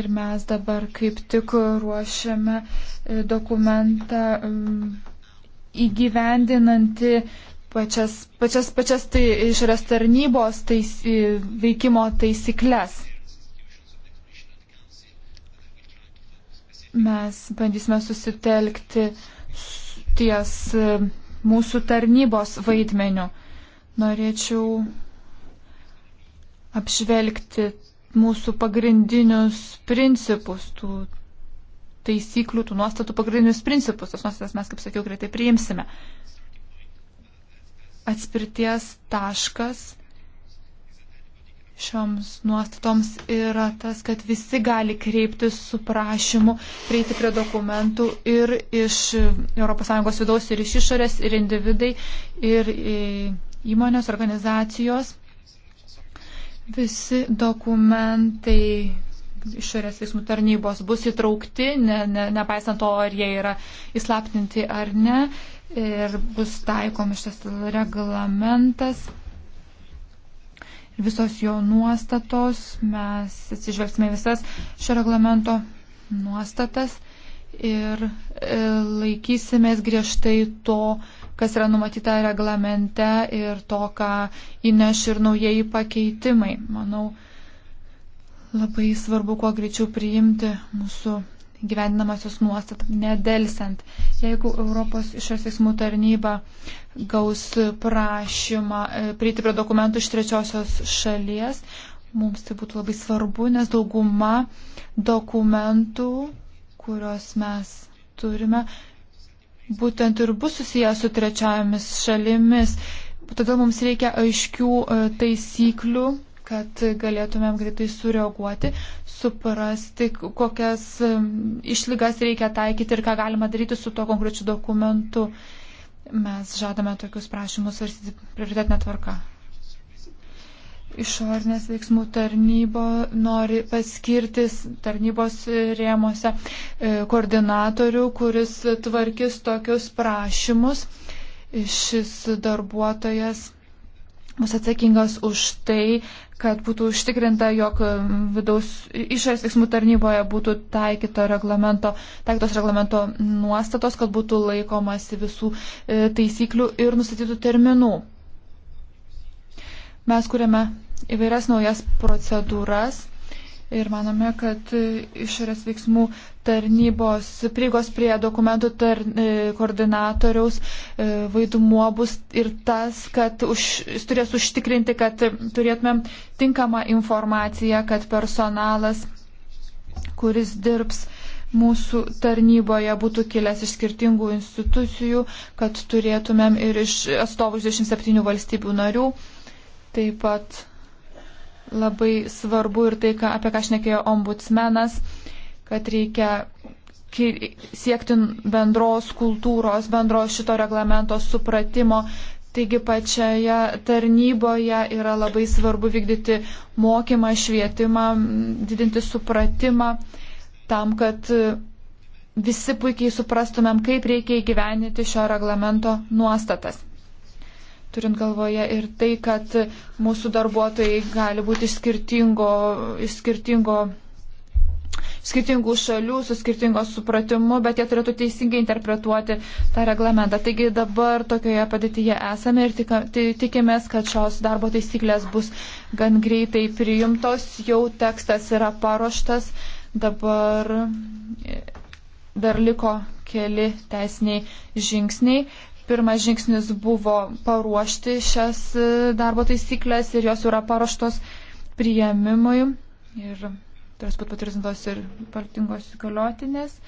Ir mes dabar kaip tik ruošiame e, dokumentą įgyvendinanti pačias, pačias, pačias tai, išras tarnybos tais, veikimo taisyklės. Mes bandysime susitelkti ties e, mūsų tarnybos vaidmeniu norėčiau apžvelgti mūsų pagrindinius principus, tų taisyklių, tų nuostatų pagrindinius principus. Tas nuostatas mes, kaip sakiau, greitai priimsime. Atspirties taškas šioms nuostatoms yra tas, kad visi gali kreiptis su prašymu prieiti prie dokumentų ir iš ES vidaus, ir iš išorės, ir individai, ir įmonės, organizacijos. Visi dokumentai išorės veiksmų tarnybos bus įtraukti, ne, ne, nepaisant to, ar jie yra įslaptinti ar ne. Ir bus taikomi šitas reglamentas. Ir visos jo nuostatos, mes atsižvelgsime visas šio reglamento nuostatas ir e, laikysimės griežtai to, kas yra numatyta reglamente ir to, ką įneš ir naujieji pakeitimai. Manau, labai svarbu kuo greičiau priimti mūsų gyvendinamasios nuostat, nedelsiant. Jeigu Europos išorės veiksmų tarnyba gaus prašymą e, prieiti prie dokumentų iš trečiosios šalies, mums tai būtų labai svarbu, nes dauguma dokumentų kuriuos mes turime, būtent ir bus susijęs su trečiajomis šalimis. Todėl mums reikia aiškių e, taisyklių, kad galėtumėm greitai sureaguoti, suprasti, kokias e, išlygas reikia taikyti ir ką galima daryti su tuo konkrečiu dokumentu. Mes žadame tokius prašymus svarstyti prioritetinę tvarką išorinės veiksmų tarnybo nori paskirtis tarnybos rėmose e, koordinatorių, kuris tvarkis tokius prašymus. Šis darbuotojas bus atsakingas už tai, kad būtų užtikrinta, jog vidaus išorės veiksmų tarnyboje būtų taikyto reglamento, taikytos reglamento nuostatos, kad būtų laikomasi visų e, taisyklių ir nustatytų terminų. Mes kuriame įvairias naujas procedūras ir manome, kad išorės veiksmų tarnybos prigos prie dokumentų tar, e, koordinatoriaus e, vaidumuo bus ir tas, kad už, jis turės užtikrinti, kad turėtumėm tinkamą informaciją, kad personalas, kuris dirbs mūsų tarnyboje būtų kilęs iš skirtingų institucijų, kad turėtumėm ir iš atstovų 27 valstybių narių. Taip pat Labai svarbu ir tai, ką, apie ką šnekėjo ombudsmenas, kad reikia siekti bendros kultūros, bendros šito reglamento supratimo. Taigi pačioje tarnyboje yra labai svarbu vykdyti mokymą, švietimą, didinti supratimą tam, kad visi puikiai suprastumėm, kaip reikia įgyveninti šio reglamento nuostatas turint galvoje ir tai, kad mūsų darbuotojai gali būti skirtingo, skirtingo, skirtingų šalių, su skirtingo supratimu, bet jie turėtų teisingai interpretuoti tą reglamentą. Taigi dabar tokioje padėtyje esame ir tikimės, kad šios darbo taisyklės bus gan greitai priimtos, jau tekstas yra paruoštas, dabar e, dar liko keli teisiniai žingsniai Pirmas žingsnis buvo paruošti šias e, darbo taisyklės ir jos yra paruoštos priėmimui ir turės būti patvirtintos ir partingos įgaliotinės.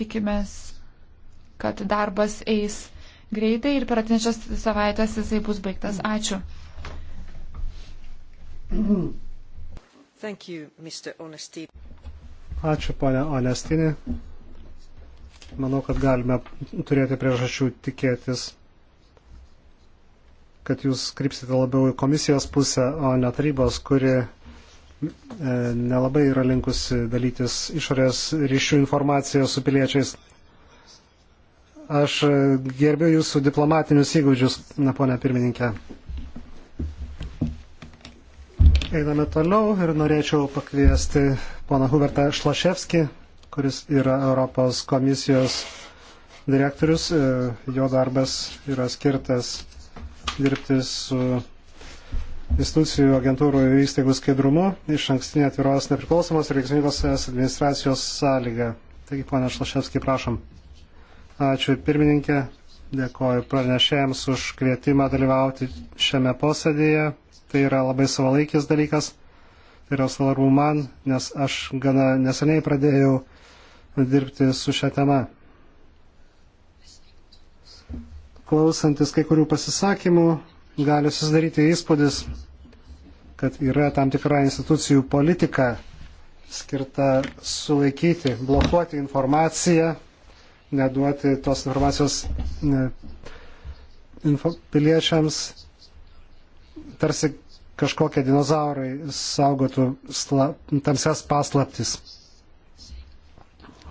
Tikimės, kad darbas eis greitai ir per atinčias savaitės jisai bus baigtas. Ačiū. Thank you, Mr. Honesty. Ačiū, ponia Onestinė manau, kad galime turėti priežasčių tikėtis, kad jūs krypsite labiau į komisijos pusę, o ne tarybos, kuri e, nelabai yra linkusi dalytis išorės ryšių informaciją su piliečiais. Aš e, gerbiu jūsų diplomatinius įgūdžius, na, ponia pirmininkė. Einame toliau ir norėčiau pakviesti poną Hubertą Šlaševskį, kuris yra Europos komisijos direktorius. E, jo darbas yra skirtas dirbti su institucijų agentūrų ir įstaigų skaidrumu iš ankstinė atviros nepriklausomos ir veiksmingos administracijos sąlyga. Taigi, ponia Šlaševski, prašom. Ačiū pirmininkė, dėkoju pranešėjams už kvietimą dalyvauti šiame posėdėje. Tai yra labai savalaikis dalykas. Tai yra svarbu man, nes aš gana neseniai pradėjau dirbti su šią temą. Klausantis kai kurių pasisakymų, gali susidaryti įspūdis, kad yra tam tikra institucijų politika skirta sulaikyti, blokuoti informaciją, neduoti tos informacijos ne, info, piliečiams, tarsi kažkokie dinozaurai saugotų sla, tamsias paslaptis.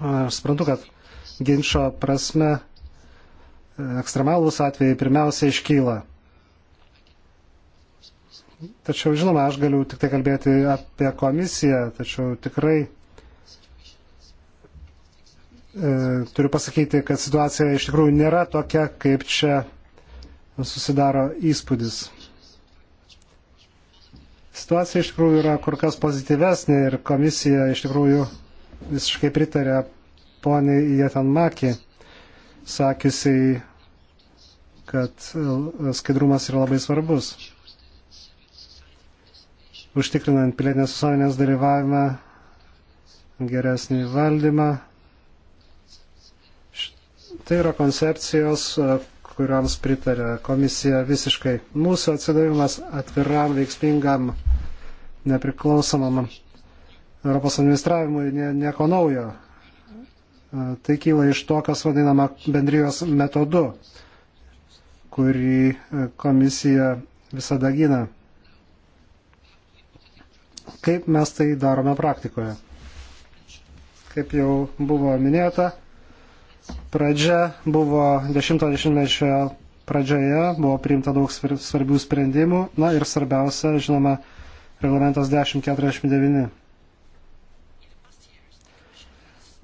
Aš suprantu, kad ginčio prasme ekstremalūs atvejai pirmiausia iškyla. Tačiau, žinoma, aš galiu tik tai kalbėti apie komisiją, tačiau tikrai e, turiu pasakyti, kad situacija iš tikrųjų nėra tokia, kaip čia susidaro įspūdis. Situacija iš tikrųjų yra kur kas pozityvesnė ir komisija iš tikrųjų visiškai pritarė poniai Jetanmaki, sakysiai, kad e, skaidrumas yra labai svarbus. Užtikrinant pilietinės visuomenės dalyvavimą, geresnį valdymą. Tai yra koncepcijos, e, kuriams pritarė komisija visiškai. Mūsų atsidavimas atviram, veiksmingam, nepriklausomam Europos administravimui nieko naujo. E, tai kyla iš to, kas vadinama bendrijos metodu, kurį e, komisija visada gina. Kaip mes tai darome praktikoje? Kaip jau buvo minėta, pradžia buvo 10-mečio pradžioje, buvo priimta daug svarbių sprendimų, na ir svarbiausia, žinoma, reglamentas 1049.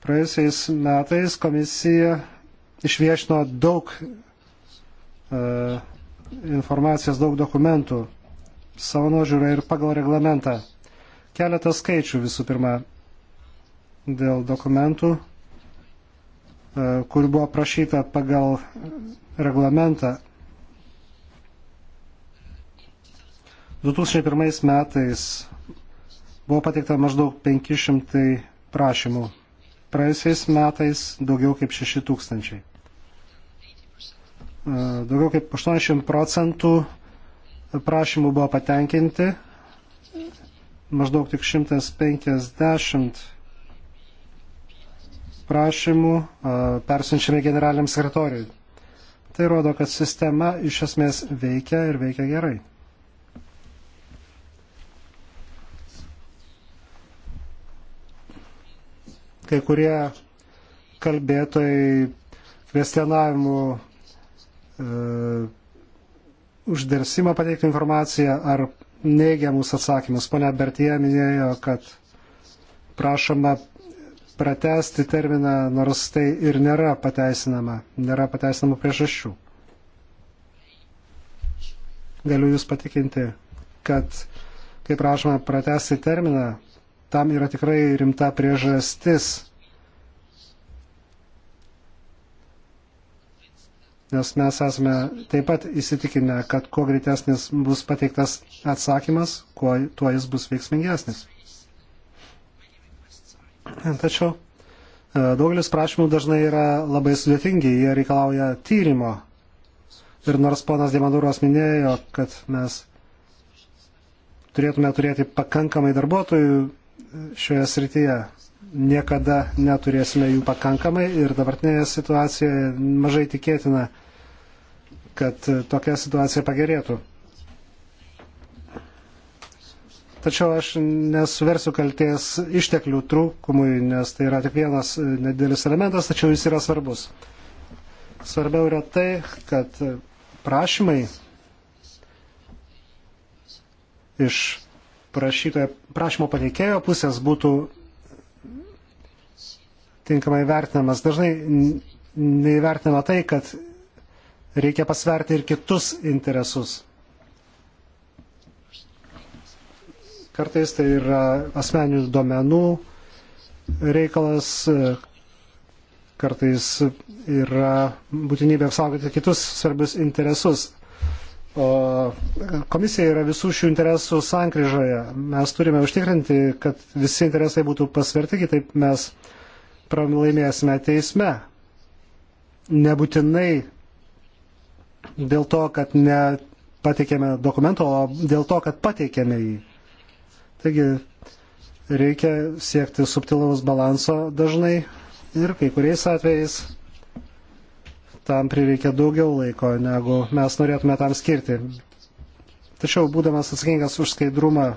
Praėjusiais metais komisija išviešino daug e, informacijos, daug dokumentų savo nuožiūrą ir pagal reglamentą. Keletas skaičių visų pirma dėl dokumentų, e, kur buvo prašyta pagal reglamentą. 2001 metais buvo pateikta maždaug 500 prašymų praėjusiais metais daugiau kaip 6 tūkstančiai. E, daugiau kaip 80 procentų prašymų buvo patenkinti, maždaug tik 150 prašymų e, persiunčiame generaliniam sekretoriui. Tai rodo, kad sistema iš esmės veikia ir veikia gerai. kai kurie kalbėtojai kvestionavimų e, uždarsimą pateikti informaciją ar neigiamus atsakymus. Pone Bertie minėjo, kad prašoma pratesti terminą, nors tai ir nėra pateisinama, nėra pateisinama priežasčių. Galiu Jūs patikinti, kad kai prašoma pratesti terminą, tam yra tikrai rimta priežastis. Nes mes esame taip pat įsitikinę, kad kuo greitesnis bus pateiktas atsakymas, kuo, tuo jis bus veiksmingesnis. Tačiau e, daugelis prašymų dažnai yra labai sudėtingi, jie reikalauja tyrimo. Ir nors ponas Dimaduros minėjo, kad mes turėtume turėti pakankamai darbuotojų, šioje srityje. Niekada neturėsime jų pakankamai ir dabartinėje situacijoje mažai tikėtina, kad e, tokia situacija pagerėtų. Tačiau aš nesuversiu kalties išteklių trūkumui, nes tai yra tik vienas e, nedidelis elementas, tačiau jis yra svarbus. Svarbiau yra tai, kad e, prašymai iš prašytojo, prašymo pateikėjo pusės būtų tinkamai vertinamas. Dažnai neįvertinama tai, kad reikia pasverti ir kitus interesus. Kartais tai yra asmeninių duomenų reikalas, kartais yra būtinybė apsaugoti kitus svarbius interesus. O komisija yra visų šių interesų sankryžoje. Mes turime užtikrinti, kad visi interesai būtų pasverti, kitaip mes pralaimėsime teisme. Nebūtinai dėl to, kad nepateikėme dokumento, o dėl to, kad pateikėme jį. Taigi reikia siekti subtilaus balanso dažnai ir kai kuriais atvejais tam prireikia daugiau laiko, negu mes norėtume tam skirti. Tačiau, būdamas atsakingas už skaidrumą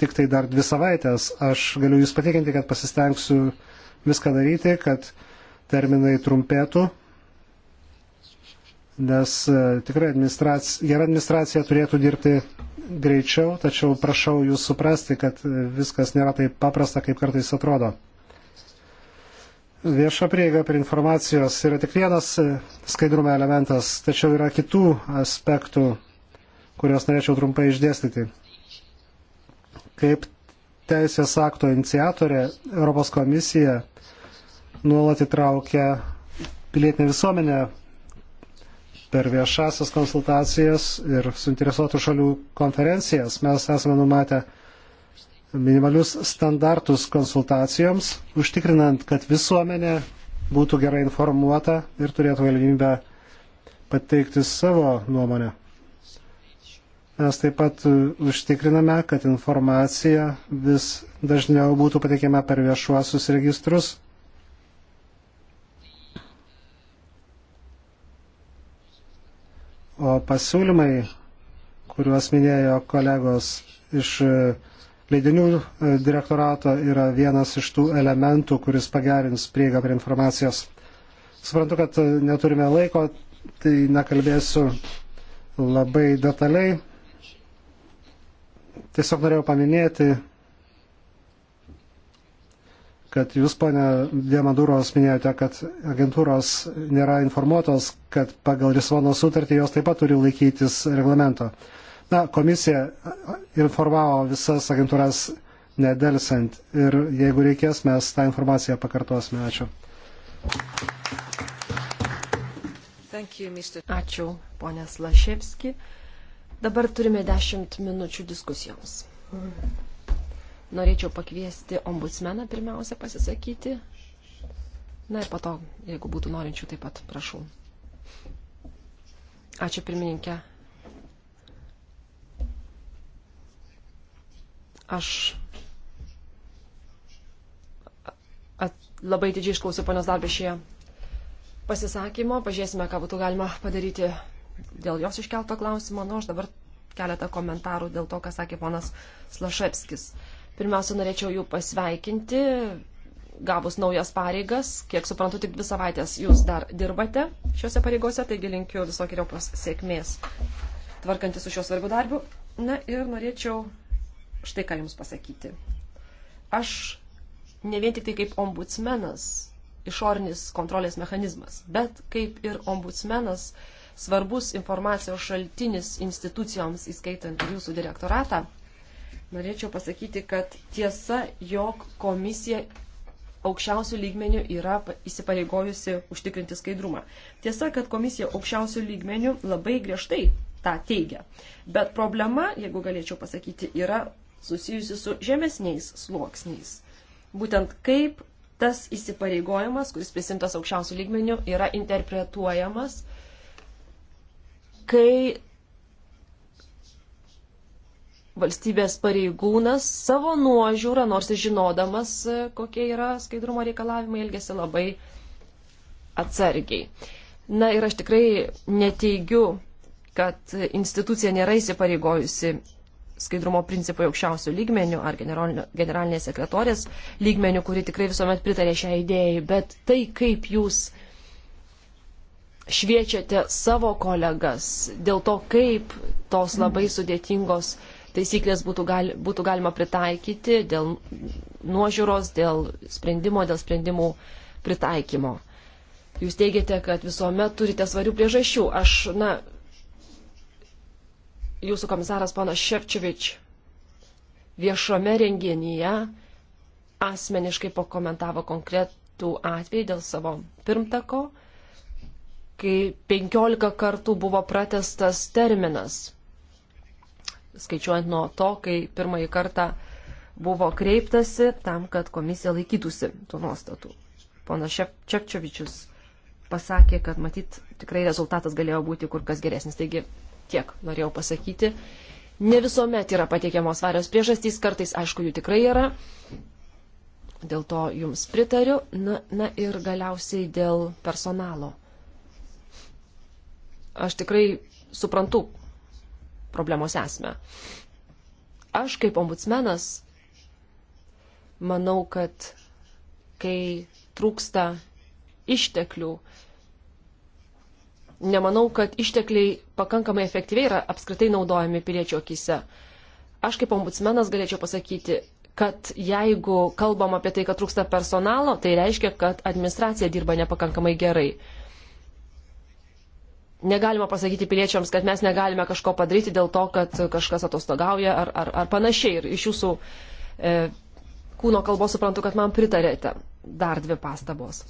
tik tai dar dvi savaitės, aš galiu Jūs patikinti, kad pasistengsiu viską daryti, kad terminai trumpėtų, nes e, tikrai administracija, gera administracija turėtų dirbti greičiau, tačiau prašau Jūs suprasti, kad e, viskas nėra taip paprasta, kaip kartais atrodo. Vieša prieiga prie informacijos yra tik vienas e, skaidrumo elementas, tačiau yra kitų aspektų, kuriuos norėčiau trumpai išdėstyti. Kaip teisės akto iniciatorė Europos komisija nuolat įtraukia pilietinę visuomenę per viešasias konsultacijas ir suinteresuotų šalių konferencijas. Mes esame numatę minimalius standartus konsultacijoms, užtikrinant, kad visuomenė būtų gerai informuota ir turėtų galimybę pateikti savo nuomonę. Mes taip pat užtikriname, kad informacija vis dažniau būtų pateikiama per viešuosius registrus. O pasiūlymai, kuriuos minėjo kolegos iš Leidinių e, direktorato yra vienas iš tų elementų, kuris pagerins prieigą prie informacijos. Suprantu, kad e, neturime laiko, tai nekalbėsiu labai detaliai. Tiesiog norėjau paminėti, kad jūs, ponė Diamanduros, minėjote, kad agentūros nėra informuotos, kad pagal Lisvono sutartį jos taip pat turi laikytis reglamento. Na, komisija informavo visas agentūras nedelsant ir jeigu reikės, mes tą informaciją pakartosime. Ačiū. You, Ačiū, ponės Laševski. Dabar turime 10 minučių diskusijoms. Norėčiau pakviesti ombudsmeną pirmiausia pasisakyti. Na ir po to, jeigu būtų norinčių, taip pat prašau. Ačiū pirmininkė. Aš at, labai didžiai išklausiu ponios Darbešėje pasisakymo. Pažiūrėsime, ką būtų galima padaryti dėl jos iškelto klausimo. Nu, aš dabar keletą komentarų dėl to, ką sakė ponas Slaševskis. Pirmiausia, norėčiau jų pasveikinti, gavus naujas pareigas. Kiek suprantu, tik dvi savaitės jūs dar dirbate šiuose pareigose, taigi linkiu visokiojo sėkmės tvarkantis su šiuo svarbiu darbu. Na ir norėčiau štai ką Jums pasakyti. Aš ne vien tik tai kaip ombudsmenas, išorinis kontrolės mechanizmas, bet kaip ir ombudsmenas svarbus informacijos šaltinis institucijoms, įskaitant Jūsų direktoratą, norėčiau pasakyti, kad tiesa, jog komisija aukščiausių lygmenių yra įsipareigojusi užtikrinti skaidrumą. Tiesa, kad komisija aukščiausių lygmenių labai griežtai tą teigia. Bet problema, jeigu galėčiau pasakyti, yra susijusi su žemesniais sluoksniais. Būtent kaip tas įsipareigojimas, kuris prisimtas aukščiausių lygmenių, yra interpretuojamas, kai valstybės pareigūnas savo nuožiūrą, nors ir žinodamas, e, kokie yra skaidrumo reikalavimai, elgesi labai atsargiai. Na ir aš tikrai neteigiu, kad institucija nėra įsipareigojusi skaidrumo principai aukščiausių lygmenių ar generalinės sekretorės lygmenių, kuri tikrai visuomet pritarė šią idėją, bet tai, kaip jūs šviečiate savo kolegas dėl to, kaip tos labai sudėtingos taisyklės būtų, gali, būtų galima pritaikyti dėl nuožiūros, dėl sprendimo, dėl sprendimų pritaikymo. Jūs teigiate, kad visuomet turite svarių priežasčių. Aš, na, jūsų komisaras panas Šepčevič viešame renginyje asmeniškai pakomentavo konkretų atvejį dėl savo pirmtako, kai 15 kartų buvo pratestas terminas, skaičiuojant nuo to, kai pirmąjį kartą buvo kreiptasi tam, kad komisija laikytųsi tų nuostatų. Pana Šepčiovičius pasakė, kad matyt tikrai rezultatas galėjo būti kur kas geresnis. Taigi Tiek norėjau pasakyti. Ne visuomet yra pateikiamos svarios priežastys, kartais, aišku, jų tikrai yra. Dėl to jums pritariu. Na, na ir galiausiai dėl personalo. Aš tikrai suprantu problemos esmę. Aš kaip ombudsmenas manau, kad kai trūksta išteklių, nemanau, kad ištekliai pakankamai efektyviai yra apskritai naudojami piliečio akise. Aš kaip ombudsmenas galėčiau pasakyti, kad jeigu kalbam apie tai, kad trūksta personalo, tai reiškia, kad administracija dirba nepakankamai gerai. Negalima pasakyti piliečiams, kad mes negalime kažko padaryti dėl to, kad kažkas atostogauja ar, ar, ar panašiai. Ir iš jūsų e, kūno kalbos suprantu, kad man pritarėte. Dar dvi pastabos.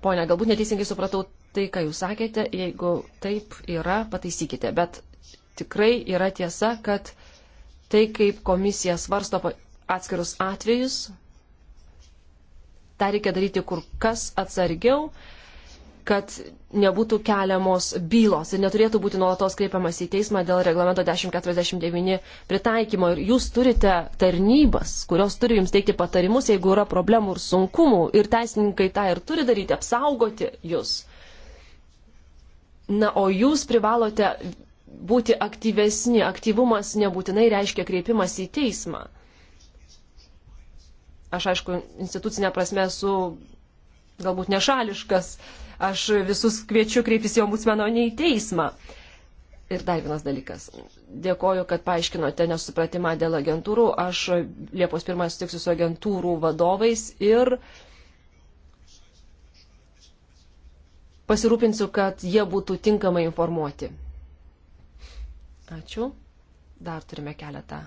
Pone, galbūt neteisingai supratau tai, ką jūs sakėte, jeigu taip yra, pataisykite. Bet tikrai yra tiesa, kad tai, kaip komisija svarsto atskirus atvejus, tą reikia daryti kur kas atsargiau, kad nebūtų keliamos bylos ir neturėtų būti nuolatos kreipiamas į teismą dėl reglamento 1049 pritaikymo. Ir jūs turite tarnybas, kurios turi jums teikti patarimus, jeigu yra problemų ir sunkumų. Ir teisininkai tą ir turi daryti, apsaugoti jūs. Na, o jūs privalote būti aktyvesni. Aktyvumas nebūtinai reiškia kreipimas į teismą. Aš, aišku, institucinė prasme esu galbūt nešališkas. Aš visus kviečiu kreiptis į ombudsmeno, o ne į teismą. Ir dar vienas dalykas. Dėkoju, kad paaiškinote nesupratimą dėl agentūrų. Aš Liepos 1 sutiksiu su agentūrų vadovais ir uh, pasirūpinsiu, kad jie būtų tinkamai informuoti. Ačiū. Dar turime keletą.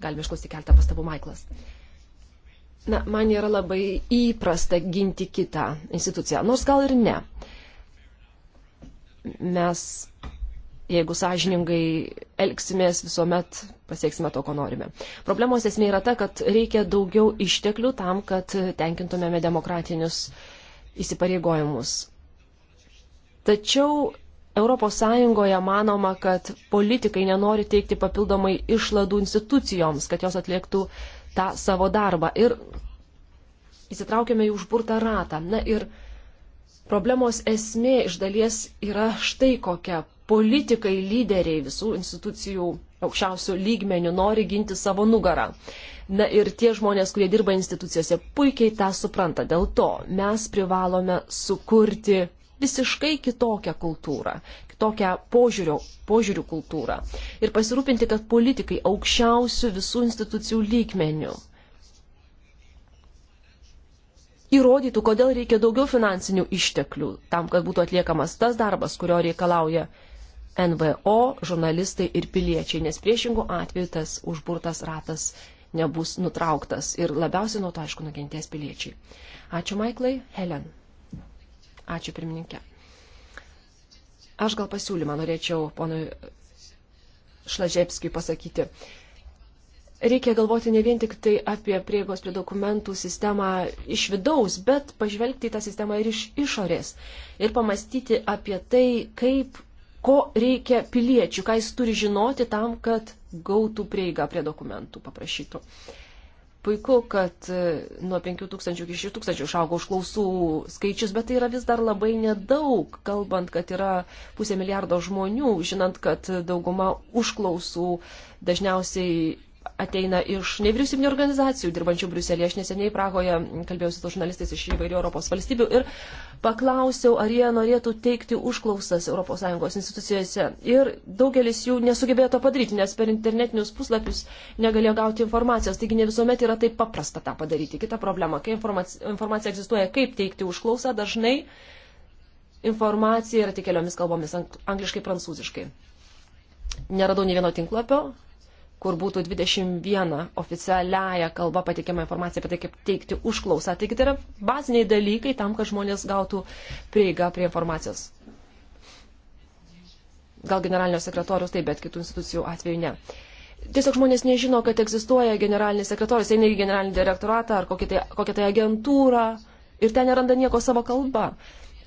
Galime išklausyti keletą pastabų, Maiklas. Na, man yra labai įprasta ginti kitą instituciją, nors gal ir ne. Mes, jeigu sąžiningai elgsimės, visuomet pasieksime to, ko norime. Problemos esmė yra ta, kad reikia daugiau išteklių tam, kad tenkintumėme demokratinius įsipareigojimus. Tačiau ES manoma, kad politikai nenori teikti papildomai išladų institucijoms, kad jos atliektų tą savo darbą. Ir įsitraukėme į užburtą ratą. Na ir problemos esmė iš dalies yra štai kokia. Politikai, lyderiai visų institucijų aukščiausių lygmenių nori ginti savo nugarą. Na ir tie žmonės, kurie dirba institucijose, puikiai tą supranta. Dėl to mes privalome sukurti visiškai kitokią kultūrą, kitokią požiūrio, požiūrių kultūrą ir pasirūpinti, kad politikai aukščiausių visų institucijų lygmenių įrodytų, kodėl reikia daugiau finansinių išteklių tam, kad būtų atliekamas tas darbas, kurio reikalauja NVO, žurnalistai ir piliečiai, nes priešingų atveju tas užburtas ratas nebus nutrauktas ir labiausiai nuo to, aišku, nukentės piliečiai. Ačiū, Maiklai. Helen. Ačiū pirmininkė. Aš gal pasiūlymą norėčiau ponui Šlažėpskijui pasakyti. Reikia galvoti ne vien tik tai apie prieigos prie dokumentų sistemą iš vidaus, bet pažvelgti į tą sistemą ir iš išorės. Ir pamastyti apie tai, kaip, ko reikia piliečių, ką jis turi žinoti tam, kad gautų prieigą prie dokumentų, paprašytų. Uh, Puiku, kad e, nuo 5000 iki 6000 išaugo užklausų skaičius, bet tai yra vis dar labai nedaug, kalbant, kad yra pusė milijardo žmonių, žinant, kad dauguma užklausų dažniausiai ateina iš nevyriausybinio organizacijų, dirbančių Briuselėje. Aš neseniai Pragoje kalbėjausi su žurnalistais iš įvairių Europos valstybių ir paklausiau, ar jie norėtų teikti užklausas ES institucijose. Ir daugelis jų nesugebėjo to padaryti, nes per internetinius puslapius negalėjo gauti informacijos. Taigi ne visuomet yra taip paprasta tą padaryti. Kita problema, kai informacija, informacija egzistuoja, kaip teikti užklausą, dažnai informacija yra tik keliomis kalbomis, angliškai, prancūziškai. Neradau ne vieno tinklapio, kur būtų 21 oficialiaja kalba pateikiama informacija apie tai, kaip teikti užklausą. Taigi tai yra baziniai dalykai tam, kad žmonės gautų prieigą prie informacijos. Gal generalinio sekretorius taip, bet kitų institucijų atveju ne. Tiesiog žmonės nežino, kad egzistuoja generalinis sekretorius, eina į generalinį direktoratą ar kokią tai, kokią tai agentūrą ir ten neranda nieko savo kalba.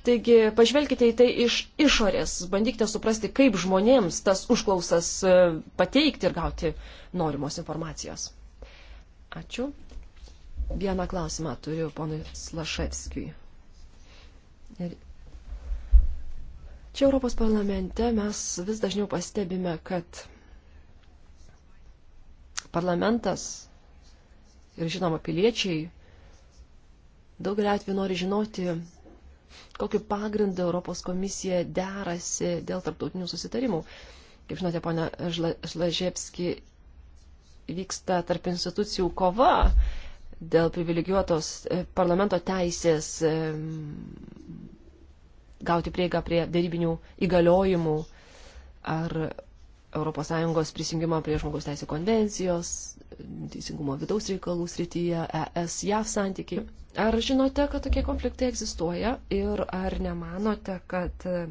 Taigi pažvelkite į tai iš išorės, bandykite suprasti, kaip žmonėms tas užklausas e, pateikti ir gauti norimos informacijos. Ačiū. Vieną klausimą turiu ponui Slaševskijui. Ir čia Europos parlamente mes vis dažniau pastebime, kad parlamentas ir žinoma piliečiai daugelį atvejų nori žinoti, kokiu pagrindu Europos komisija derasi dėl tarptautinių susitarimų. Kaip žinote, ponia Žlažėpski, vyksta tarp institucijų kova dėl privilegijuotos e, parlamento teisės e, gauti prieigą prie dėrybinių įgaliojimų ar ES prisijungimo prie žmogaus teisų konvencijos, teisingumo vidaus reikalų srityje, ES JAV santykiai. Ar žinote, kad tokie konfliktai egzistuoja ir ar nemanote, kad e,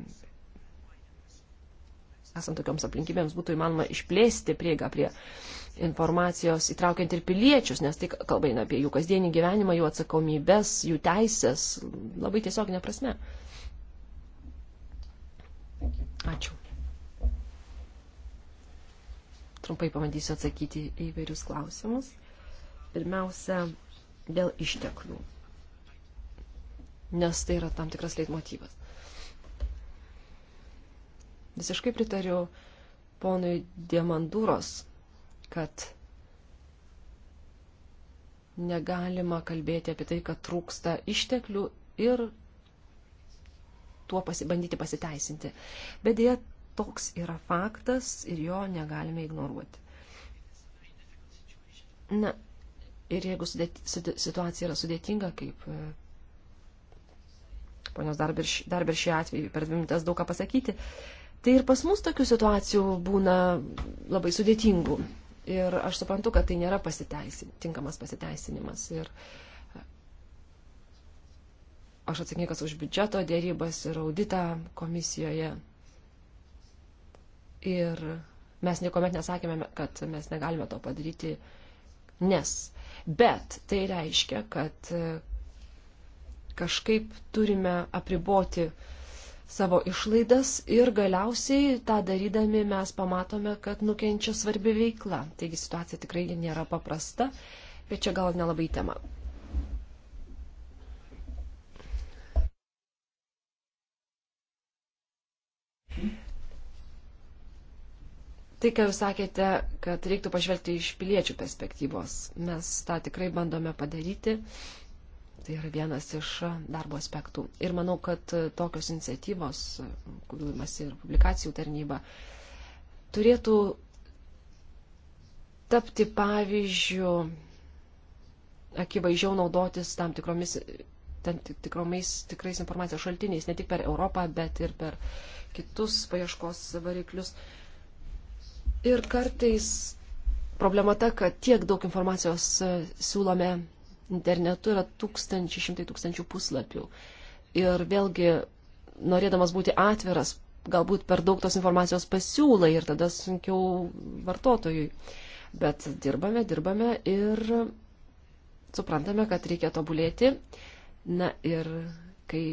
esant tokioms aplinkybėms būtų įmanoma išplėsti prieigą prie informacijos, įtraukiant ir piliečius, nes tai kalba eina apie jų kasdienį gyvenimą, jų atsakomybės, jų teisės, labai tiesiog neprasme. Ačiū trumpai pabandysiu atsakyti į vairius klausimus. Pirmiausia, dėl išteklių, nes tai yra tam tikras leitmotyvas. Visiškai pritariu ponui Diamandūros, kad negalima kalbėti apie tai, kad trūksta išteklių ir tuo pasibandyti pasiteisinti. Bet dėja, toks yra faktas ir jo negalime ignoruoti. Na, ir jeigu sudėti, situacija yra sudėtinga, kaip e, ponios Darberš, Darberšį atveju per dvi minutės daug ką pasakyti, tai ir pas mus tokių situacijų būna labai sudėtingų. Ir aš suprantu, kad tai nėra pasiteisin, tinkamas pasiteisinimas. Ir e, aš atsakingas už biudžeto dėrybas ir auditą komisijoje. Ir mes niekuomet nesakėme, kad mes negalime to padaryti, nes. Bet tai reiškia, kad e, kažkaip turime apriboti savo išlaidas ir galiausiai tą darydami mes pamatome, kad nukenčia svarbi veikla. Taigi situacija tikrai nėra paprasta, bet čia gal nelabai tema. tai, ką jūs sakėte, kad reiktų pažvelgti iš piliečių perspektyvos. Mes tą tikrai bandome padaryti. Tai yra vienas iš darbo aspektų. Ir manau, kad tokios iniciatyvos, kurių imasi ir publikacijų tarnyba, turėtų tapti pavyzdžių, akivaizdžiau naudotis tam tikromis, tam tikromis tikrais informacijos šaltiniais, ne tik per Europą, bet ir per kitus paieškos variklius. Uh, Ir kartais problema ta, kad tiek daug informacijos e, siūlome internetu yra tūkstančiai, šimtai tūkstančių puslapių. Ir vėlgi, norėdamas būti atviras, galbūt per daug tos informacijos pasiūlai ir tada sunkiau vartotojui. Bet dirbame, dirbame ir suprantame, kad reikia tobulėti. Na ir kai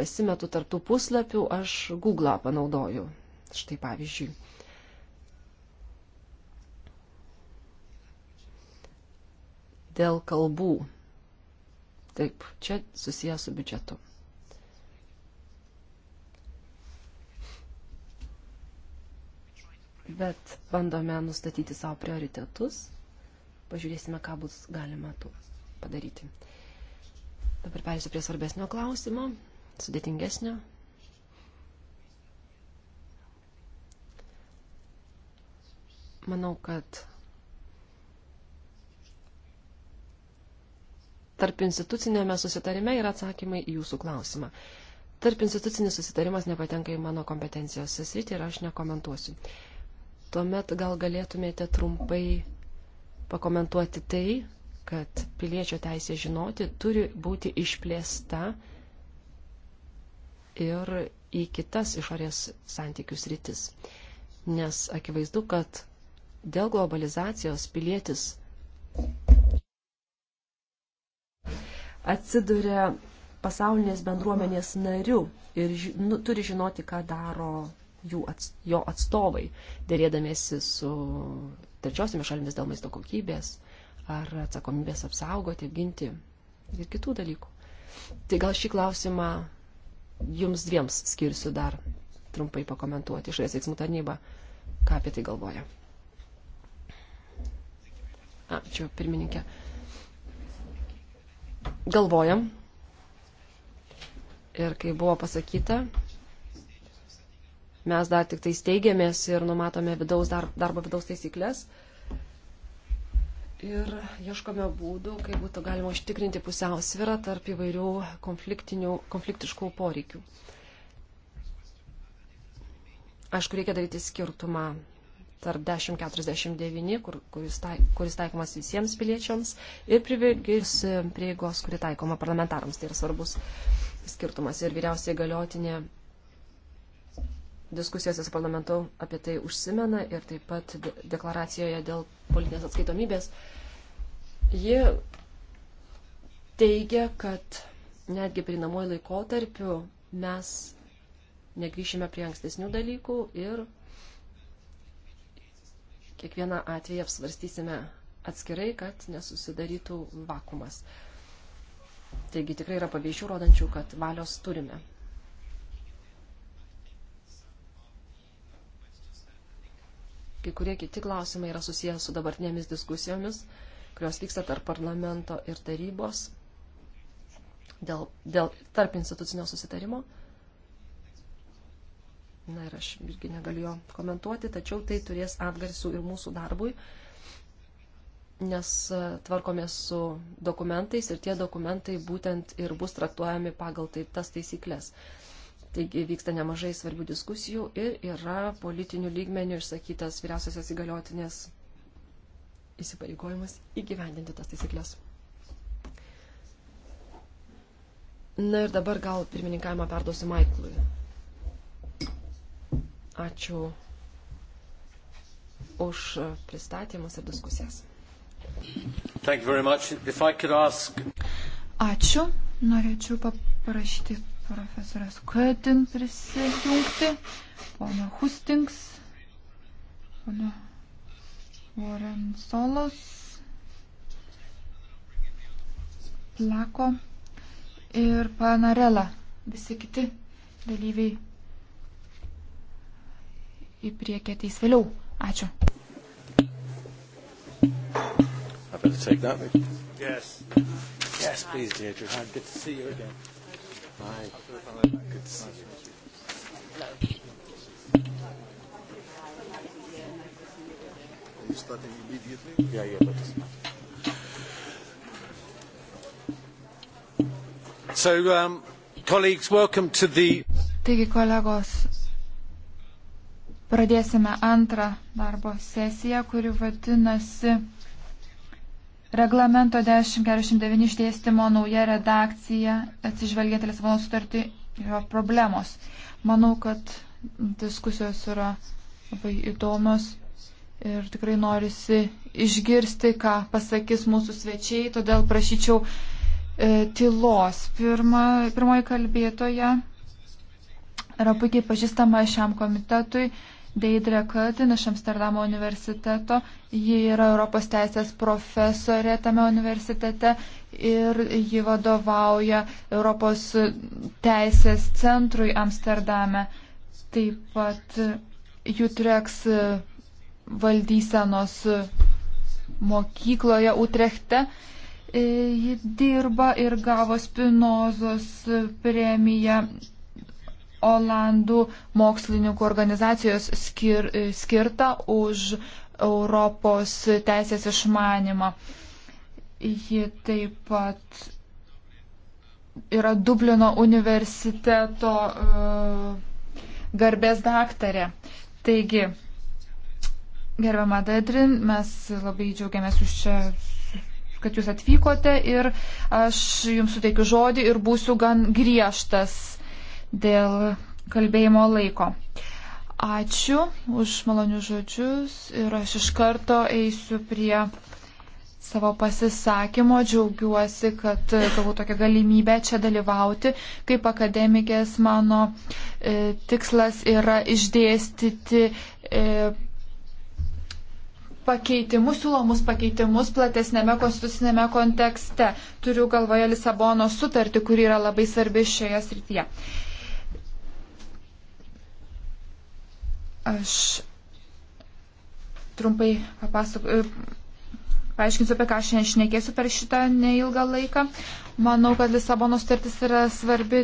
pasimetu tarptų puslapių, aš Google panaudoju. Štai pavyzdžiui. dėl kalbų. Taip, čia susijęs su biudžetu. Bet bandome nustatyti savo prioritetus. Pažiūrėsime, ką bus galima tų padaryti. Dabar perėsiu prie svarbesnio klausimo, sudėtingesnio. Manau, kad tarp institucinėme susitarime yra atsakymai į jūsų klausimą. Tarp institucinis susitarimas nepatenka į mano kompetencijos sritį ir aš nekomentuosiu. Tuomet gal galėtumėte trumpai pakomentuoti tai, kad piliečio teisė žinoti turi būti išplėsta ir į kitas išorės santykius rytis. Nes akivaizdu, kad dėl globalizacijos pilietis atsiduria pasaulinės bendruomenės narių ir nu, turi žinoti, ką daro jų, ats, jo atstovai, dėrėdamėsi su trečiosiomis šalimis dėl maisto kokybės ar atsakomybės apsaugoti, apginti ir kitų dalykų. Tai gal šį klausimą jums dviems skirsiu dar trumpai pakomentuoti išorės veiksmų tarnybą, ką apie tai galvoja. Ačiū, pirmininkė. Uh, galvojam. Ir kai buvo pasakyta, mes dar tik tai steigiamės ir numatome vidaus dar, darbo vidaus taisyklės. Ir ieškome būdų, kaip būtų galima užtikrinti pusiausvyrą tarp įvairių konfliktiškų poreikių. Aišku, reikia daryti skirtumą tarp 1049, kur, kuris, taik, kuris taikomas visiems piliečiams, ir privilegijus prieigos, kuri taikoma parlamentarams. Tai yra svarbus skirtumas. Ir vyriausiai galiotinė diskusijose su parlamentu apie tai užsimena ir taip pat deklaracijoje dėl politinės atskaitomybės. Ji teigia, kad netgi prieinamuoju laikotarpiu mes negryšime prie ankstesnių dalykų ir Kiekvieną atvejį apsvarstysime atskirai, kad nesusidarytų vakumas. Taigi tikrai yra pavyzdžių rodančių, kad valios turime. Kai kurie kiti klausimai yra susijęs su dabartinėmis diskusijomis, kurios vyksta tarp parlamento ir tarybos dėl, dėl tarp institucinio susitarimo. Na ir aš irgi negaliu jo komentuoti, tačiau tai turės atgarsių ir mūsų darbui, nes e, tvarkomės su dokumentais ir tie dokumentai būtent ir bus traktuojami pagal tai, tas taisyklės. Taigi vyksta nemažai svarbių diskusijų ir yra politinių lygmenių išsakytas vyriausiosios įgaliotinės įsipareigojimas įgyvendinti tas taisyklės. Na ir dabar gal pirmininkavimą perduosiu Maiklui. Ačiū už pristatymus ir diskusijas. Ask... Ačiū. Norėčiau paprašyti profesorės Kuetin prisijungti, pono Hustings, pono Warren Solos, Plako ir panarela. Visi kiti dalyviai į priekį ateis vėliau. Ačiū. I better take that. Yes. Yes, please, Deirdre. Hi, good to see you again. Hi. Good to see you. Are you starting immediately? Yeah, yeah, but it's not. So, um, colleagues, welcome to the... Taigi, kolegos, Pradėsime antrą darbo sesiją, kuri vadinasi Reglamento 1049 išdėstymo nauja redakcija atsižvelgiant į Lisabono sutartį jo problemos. Manau, kad diskusijos yra labai įdomios ir tikrai norisi išgirsti, ką pasakys mūsų svečiai, todėl prašyčiau e, tylos. Pirma, pirmoji kalbėtoja yra puikiai pažįstama šiam komitetui, Deidre Katin iš Amsterdamo universiteto. Ji yra Europos teisės profesorė tame universitete ir ji vadovauja Europos teisės centrui Amsterdame. Taip pat Jutreks valdysenos mokykloje Utrechte. Ji dirba ir gavo Spinozos premiją Olandų mokslininkų organizacijos skir, skirta už Europos teisės išmanimą. Ji taip pat yra Dublino universiteto uh, garbės daktarė. Taigi, gerbiama Dedrin, mes labai džiaugiamės už čia kad jūs atvykote ir aš jums suteikiu žodį ir būsiu gan griežtas dėl kalbėjimo laiko. Ačiū už malonius žodžius ir aš iš karto eisiu prie savo pasisakymo. Džiaugiuosi, kad gavau tokią galimybę čia dalyvauti. Kaip akademikės mano e, tikslas yra išdėstyti. E, pakeitimus, siūlomus pakeitimus platesnėme konstitucinėme kontekste. Turiu galvoje Lisabono sutartį, kuri yra labai svarbi šioje srityje. Aš trumpai papasakosiu, e, paaiškinsiu, apie ką šiandien šnekėsiu per šitą neilgą laiką. Manau, kad Lisabono sutartis yra svarbi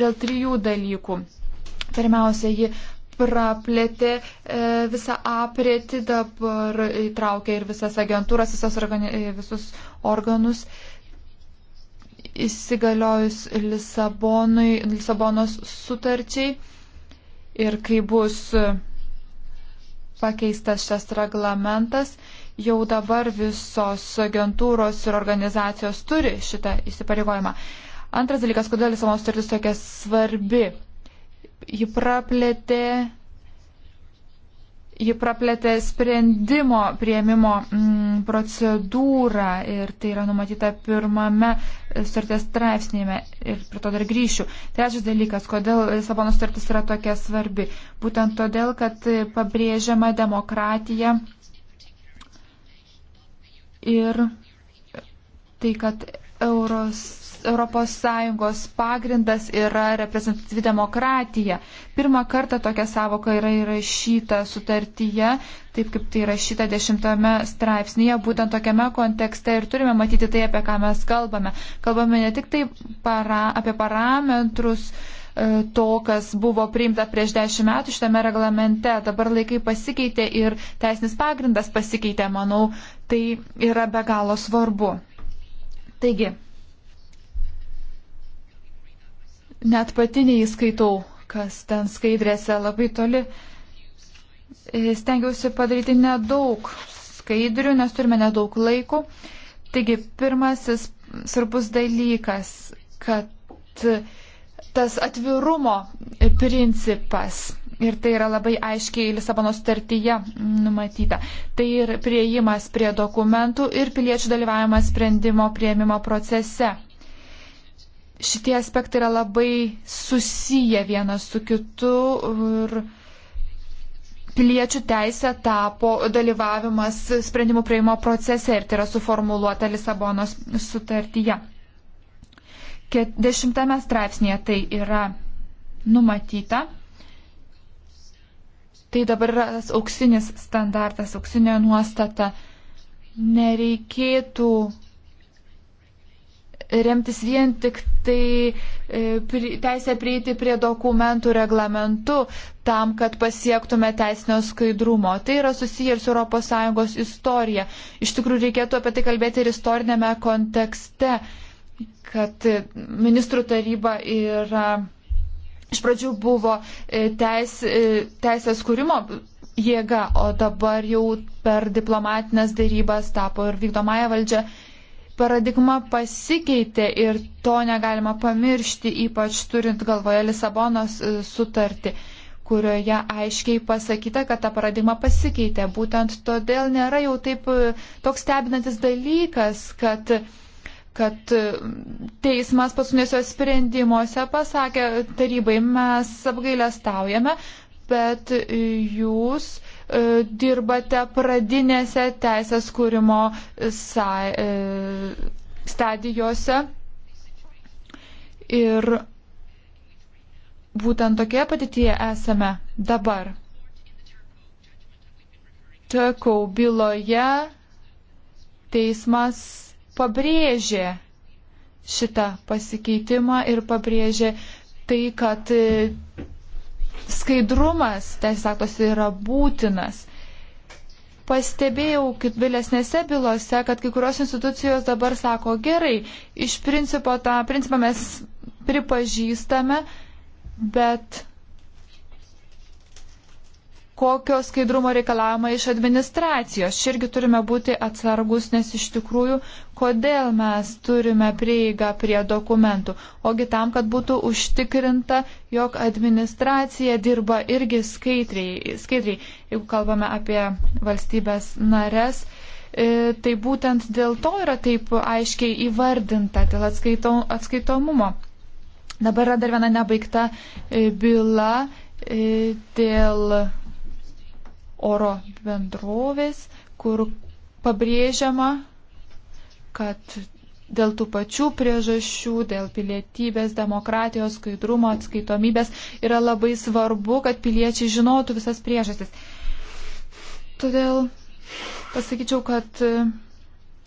dėl trijų dalykų. Pirmiausia, ji praplėtė e, visą aprėti, dabar įtraukė ir visas agentūras, visas organi, e, visus organus. Įsigaliojus Lisabonui, Lisabonos sutarčiai ir kai bus pakeistas šias reglamentas, jau dabar visos agentūros ir organizacijos turi šitą įsipareigojimą. Antras dalykas, kodėl Lisabonos sutartis tokia svarbi. Ji praplėtė Ji praplėtė sprendimo prieimimo m, mm, procedūrą ir tai yra numatyta pirmame sutarties straipsnėme ir prie to dar grįšiu. Trečias dalykas, kodėl Lisabono sutartis yra tokia svarbi. Būtent todėl, kad pabrėžiama demokratija ir tai, kad Euros ES pagrindas yra reprezentatyvi demokratija. Pirmą kartą tokia savoka yra įrašyta sutartyje, taip kaip tai įrašyta dešimtame straipsnėje, būtent tokiame kontekste ir turime matyti tai, apie ką mes kalbame. Kalbame ne tik tai para, apie parametrus e, to, kas buvo priimta prieš dešimt metų šitame reglamente. Dabar laikai pasikeitė ir teisinis pagrindas pasikeitė, manau, tai yra be galo svarbu. Taigi, net pati neįskaitau, kas ten skaidrėse labai toli. E, stengiausi padaryti nedaug skaidrių, nes turime nedaug laiko. Taigi, pirmasis svarbus dalykas, kad tas atvirumo principas. Ir tai yra labai aiškiai Lisabono sutartyje numatyta. Tai ir prieimas prie dokumentų ir piliečių dalyvavimas sprendimo prieimimo procese šitie aspektai yra labai susiję vienas su kitu ir piliečių teisė tapo dalyvavimas sprendimų prieimo procese ir tai yra suformuoluota Lisabonos sutartyje. Dešimtame straipsnėje tai yra numatyta. Tai dabar yra tas auksinis standartas, auksinė nuostata. Nereikėtų remtis vien tik tai e, teisę prieiti prie dokumentų reglamentų tam, kad pasiektume teisinio skaidrumo. Tai yra susiję ir su ES istorija. Iš tikrųjų, reikėtų apie tai kalbėti ir istorinėme kontekste, kad ministrų taryba yra. Iš pradžių buvo e, teis, e, teisės kūrimo jėga, o dabar jau per diplomatinės dėrybas tapo ir vykdomąją valdžią paradigma pasikeitė ir to negalima pamiršti, ypač turint galvoje Lisabonos e, sutartį, kurioje aiškiai pasakyta, kad ta paradigma pasikeitė. Būtent todėl nėra jau taip e, toks stebinantis dalykas, kad kad e, teismas paskutinėse sprendimuose pasakė tarybai, mes apgailę staujame, bet jūs E, dirbate pradinėse teisės kūrimo e, stadijose. Ir būtent tokie patityje esame dabar. Tekau byloje teismas pabrėžė šitą pasikeitimą ir pabrėžė tai, kad skaidrumas teisės aktuose yra būtinas. Pastebėjau kaip vėlesnėse bylose, kad kai kurios institucijos dabar sako gerai, iš principo tą principą mes pripažįstame, bet kokio skaidrumo reikalavimą iš administracijos. Čia irgi turime būti atsargus, nes iš tikrųjų, kodėl mes turime prieigą prie dokumentų. Ogi tam, kad būtų užtikrinta, jog administracija dirba irgi skaidriai. skaidriai. Jeigu kalbame apie valstybės nares, e, tai būtent dėl to yra taip aiškiai įvardinta, dėl atskaito, atskaitomumo. Dabar yra dar viena nebaigta e, byla e, dėl oro bendrovės, kur pabrėžiama, kad dėl tų pačių priežasčių, dėl pilietybės, demokratijos, skaidrumo, atskaitomybės yra labai svarbu, kad piliečiai žinotų visas priežastis. Todėl pasakyčiau, kad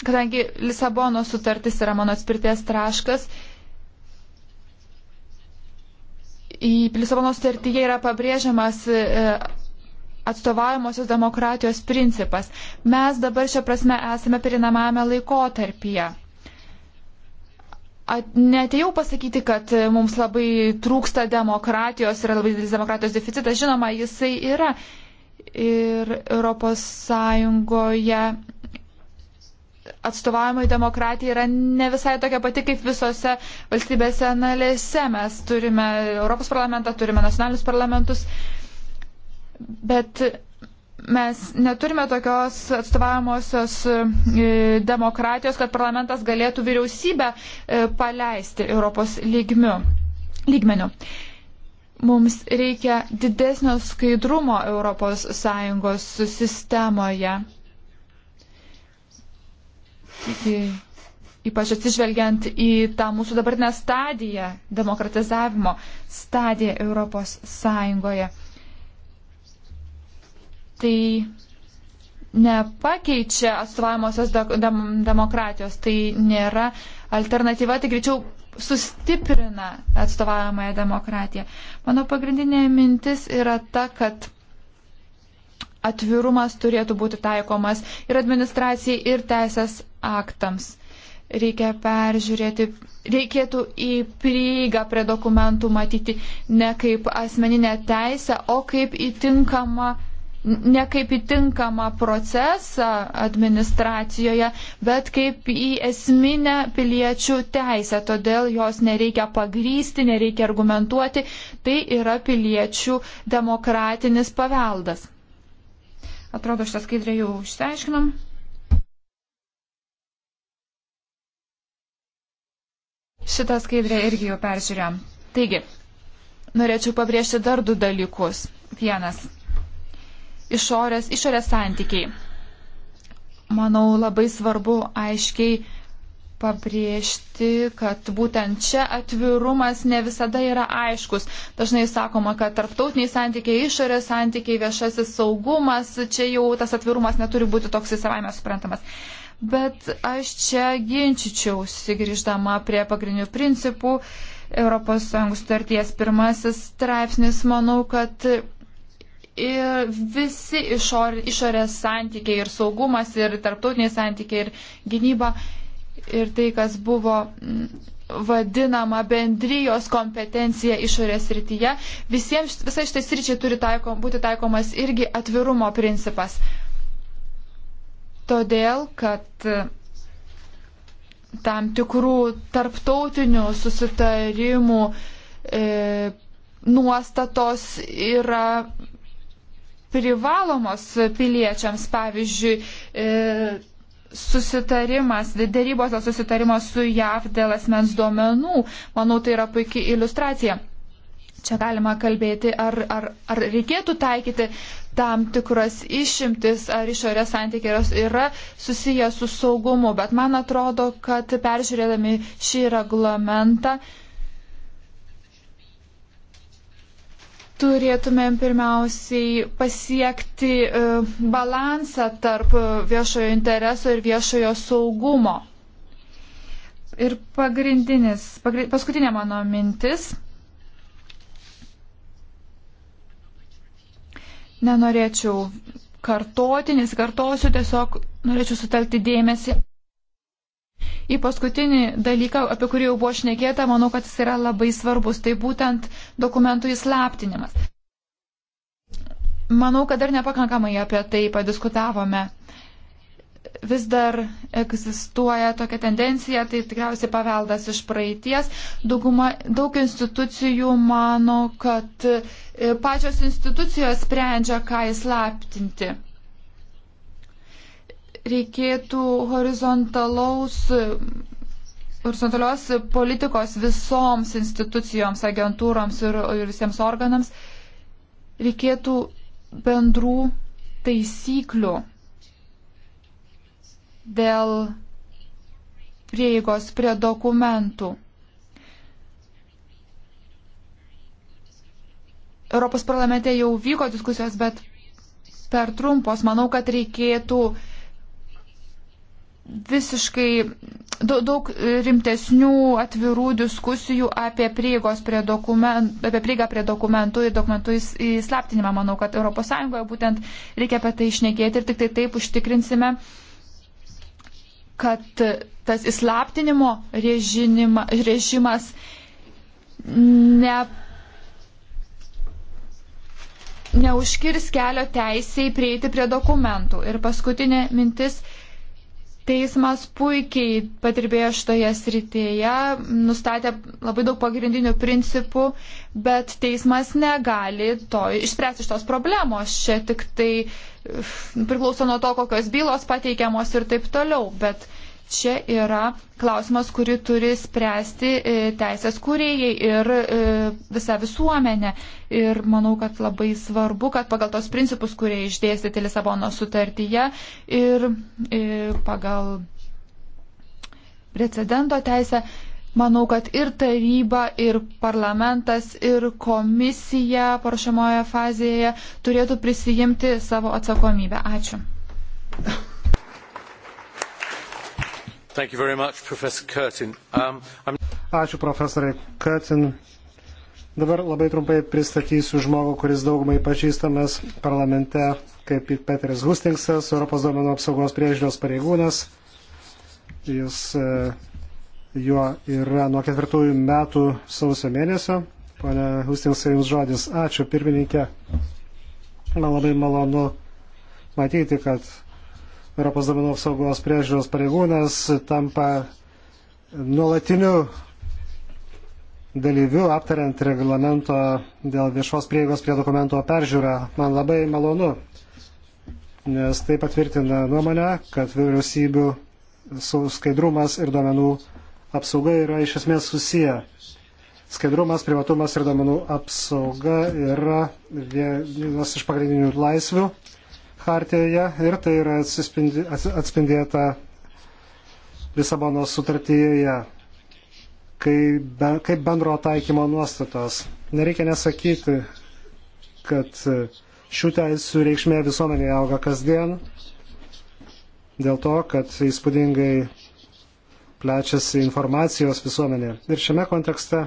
kadangi Lisabono sutartis yra mano atspirties taškas, į Lisabono sutartyje yra pabrėžiamas e, atstovaujamosios demokratijos principas. Mes dabar šią prasme esame perinamame laikotarpyje. Netėjau pasakyti, kad mums labai trūksta demokratijos, yra labai didelis demokratijos deficitas, žinoma, jisai yra. Ir Europos Sąjungoje atstovaujama demokratija yra ne visai tokia pati kaip visose valstybėse analėse. Mes turime Europos parlamentą, turime nacionalinius parlamentus. Uh, Bet mes neturime tokios atstovavimosios e, demokratijos, kad parlamentas galėtų vyriausybę e, paleisti Europos lygmiu, lygmeniu. Mums reikia didesnio skaidrumo ES sistemoje. Taigi, ypač atsižvelgiant į tą mūsų dabartinę stadiją, demokratizavimo stadiją Europos Sąjungoje tai nepakeičia atstovavimosios de dem demokratijos, tai nėra alternatyva, tai greičiau sustiprina atstovavimąją demokratiją. Mano pagrindinė mintis yra ta, kad atvirumas turėtų būti taikomas ir administracijai, ir teisės aktams. Reikia peržiūrėti, reikėtų į prieigą prie dokumentų matyti ne kaip asmeninę teisę, o kaip įtinkamą ne kaip įtinkamą procesą administracijoje, bet kaip į esminę piliečių teisę. Todėl jos nereikia pagrysti, nereikia argumentuoti. Tai yra piliečių demokratinis paveldas. Atrodo, šitą skaidrę jau išsiaiškinom. Šitą skaidrę irgi jau peržiūrėjom. Taigi, norėčiau pabrėžti dar du dalykus. Vienas išorės, išorės santykiai. Manau, labai svarbu aiškiai pabrėžti, kad būtent čia atvirumas ne visada yra aiškus. Dažnai sakoma, kad tarptautiniai santykiai, išorės santykiai, viešasis saugumas, čia jau tas atvirumas neturi būti toks į savaime suprantamas. Bet aš čia ginčičiausi grįždama prie pagrindinių principų. ES sutarties pirmasis straipsnis, manau, kad ir visi išor, išorės santykiai ir saugumas ir tarptautiniai santykiai ir gynyba ir tai, kas buvo mm, vadinama bendrijos kompetencija išorės rytyje, visiems visai šitai sričiai turi taikom, būti taikomas irgi atvirumo principas. Todėl, kad tam tikrų tarptautinių susitarimų e, nuostatos yra privalomos piliečiams, pavyzdžiui, e, susitarimas, dėrybos dėl susitarimo su JAV dėl asmens duomenų. Manau, tai yra puikiai iliustracija. Čia galima kalbėti, ar, ar, ar reikėtų taikyti tam tikras išimtis, ar išorės santykiai yra, yra susijęs su saugumu, bet man atrodo, kad peržiūrėdami šį reglamentą turėtumėm pirmiausiai pasiekti e, balansą tarp e, viešojo intereso ir viešojo saugumo. Ir pagrindinis, paskutinė mano mintis. Nenorėčiau kartoti, nesikartosiu, tiesiog norėčiau sutelkti dėmesį į paskutinį dalyką, apie kurį jau buvo šnekėta, manau, kad jis yra labai svarbus. Tai būtent dokumentų įslaptinimas. Manau, kad dar nepakankamai apie tai padiskutavome. Vis dar egzistuoja tokia tendencija, tai tikriausiai paveldas iš praeities. Dauguma, daug institucijų mano, kad pačios institucijos sprendžia, ką įslaptinti reikėtų horizontalaus horizontalios politikos visoms institucijoms, agentūroms ir, ir visiems organams reikėtų bendrų taisyklių dėl prieigos prie dokumentų. Europos parlamente jau vyko diskusijos, bet per trumpos. Manau, kad reikėtų visiškai daug rimtesnių atvirų diskusijų apie, prie dokument, apie prieigą prie dokumentų ir dokumentų įslaptinimą. Manau, kad ES būtent reikia apie tai išnekėti ir tik tai taip užtikrinsime, kad tas įslaptinimo režinima, režimas ne, neužkirs kelio teisėjai prieiti prie dokumentų. Ir paskutinė mintis Teismas puikiai patirbėjo šitoje srityje, nustatė labai daug pagrindinių principų, bet teismas negali to išspręsti šitos problemos. Čia tik tai uh, priklauso nuo to, kokios bylos pateikiamos ir taip toliau. Bet uh, čia yra klausimas, kurį turi spręsti e, teisės kūrėjai ir e, visa visuomenė. Ir manau, kad labai svarbu, kad pagal tos principus, kurie išdėstyti Lisabono sutartyje ir e, pagal precedento teisę, Manau, kad ir taryba, ir parlamentas, ir komisija parašamoje fazėje turėtų prisijimti savo atsakomybę. Ačiū. Much, um, I'm... Ačiū profesoriai Curtin. Dabar labai trumpai pristatysiu žmogų, kuris daugumai pažįstamas parlamente kaip Peteris Hustingsas, Europos duomenų apsaugos priežiūros pareigūnas. Jis e, juo yra nuo ketvirtųjų metų sausio mėnesio. Pane Hustingsai, jums žodis. Ačiū, pirmininkė. Man labai malonu matyti, kad Europos duomenų apsaugos priežiūros pareigūnas tampa nuolatiniu dalyviu aptariant reglamento dėl viešos prieigos prie dokumento peržiūrą. Man labai malonu, nes tai patvirtina nuomonę, kad vyriausybių skaidrumas ir duomenų apsauga yra iš esmės susiję. Skaidrumas, privatumas ir duomenų apsauga yra vienas iš pagrindinių laisvių hartijoje ir tai yra atspindėta Lisabono sutartyje kaip, be, kaip bendro taikymo nuostatos. Nereikia nesakyti, kad e, šių teisų reikšmė visuomenėje auga kasdien dėl to, kad įspūdingai plečiasi informacijos visuomenė. Ir šiame kontekste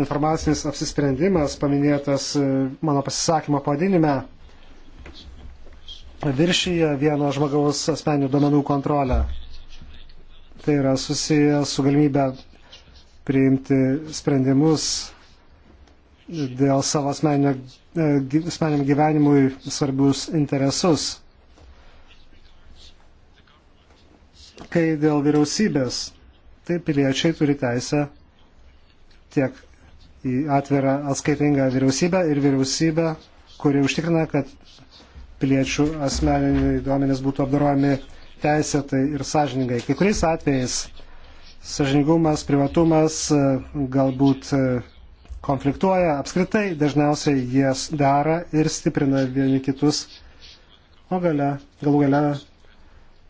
informacinis apsisprendimas paminėtas e, mano pasisakymo pavadinime viršyje vieno žmogaus asmeninių duomenų kontrolę. Tai yra susiję su galimybė priimti sprendimus dėl savo asmeninio, e, asmeniniam gyvenimui svarbius interesus. Kai dėl vyriausybės, tai piliečiai turi teisę tiek į atvirą atskaitingą vyriausybę ir vyriausybę, kuri užtikrina, kad piliečių asmeniniai duomenys būtų apdarojami teisėtai ir sąžiningai. Kai kuriais atvejais sąžiningumas, privatumas e, galbūt e, konfliktuoja, apskritai dažniausiai jie dera ir stiprina vieni kitus, o gale, galų gale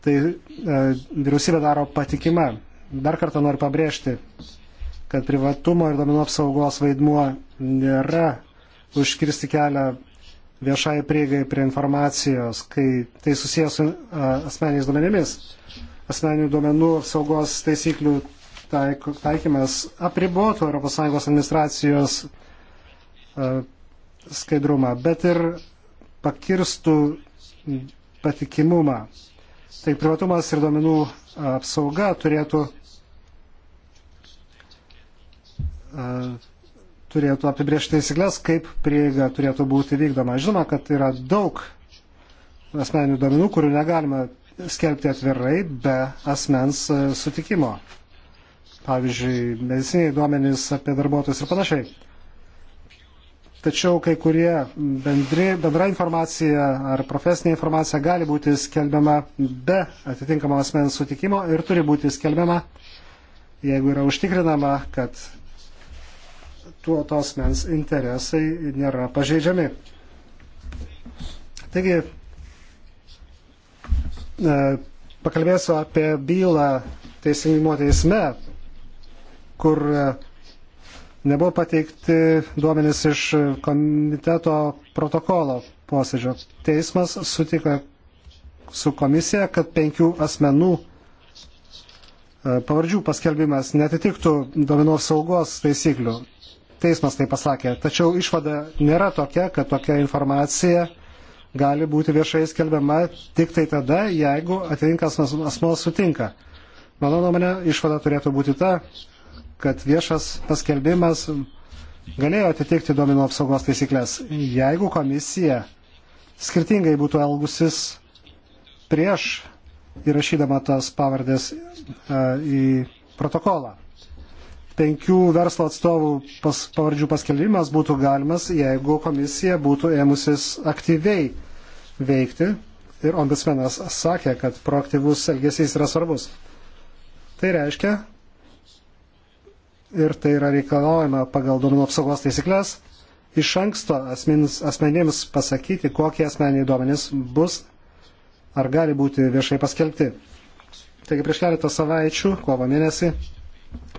tai e, vyriausybė daro patikima. Dar kartą noriu pabrėžti, kad privatumo ir domino apsaugos vaidmuo nėra užkirsti kelią viešai prieigai prie informacijos, kai tai susijęs su asmeniais duomenimis. Asmeninių duomenų apsaugos taisyklių taik, taikymas apribotų ES administracijos skaidrumą, bet ir pakirstų patikimumą. Tai privatumas ir duomenų apsauga turėtų turėtų apibriežti taisyklės, kaip prieiga turėtų būti vykdoma. Žinoma, kad yra daug asmeninių duomenų, kurių negalima skelbti atvirai be asmens e, sutikimo. Pavyzdžiui, mediciniai duomenys apie darbuotojus ir panašiai. Tačiau kai kurie bendri, bendra informacija ar profesinė informacija gali būti skelbiama be atitinkamo asmens sutikimo ir turi būti skelbiama, jeigu yra užtikrinama, kad tuo tos mens interesai nėra pažeidžiami. Taigi, e, pakalbėsiu apie bylą teisingumo teisme, kur e, nebuvo pateikti duomenys iš komiteto protokolo posėdžio. Teismas sutiko su komisija, kad penkių asmenų e, pavardžių paskelbimas netitiktų duomenų saugos taisyklių teismas tai pasakė. Tačiau išvada nėra tokia, kad tokia informacija gali būti viešai skelbiama tik tai tada, jeigu atitinkas asmo sutinka. Mano nuomonė, išvada turėtų būti ta, kad viešas paskelbimas galėjo atitikti duomenų apsaugos taisyklės, jeigu komisija skirtingai būtų elgusis prieš įrašydama tas pavardės e, į protokolą penkių verslo atstovų pas, pavardžių paskelbimas būtų galimas, jeigu komisija būtų ėmusis aktyviai veikti. Ir ombudsmenas sakė, kad proaktyvus elgesys yra svarbus. Tai reiškia, ir tai yra reikalaujama pagal duomenų apsaugos taisyklės, iš anksto asmenis, asmenims pasakyti, kokie asmeniai duomenys bus ar gali būti viešai paskelbti. Taigi prieš keletą savaičių, kovo mėnesį,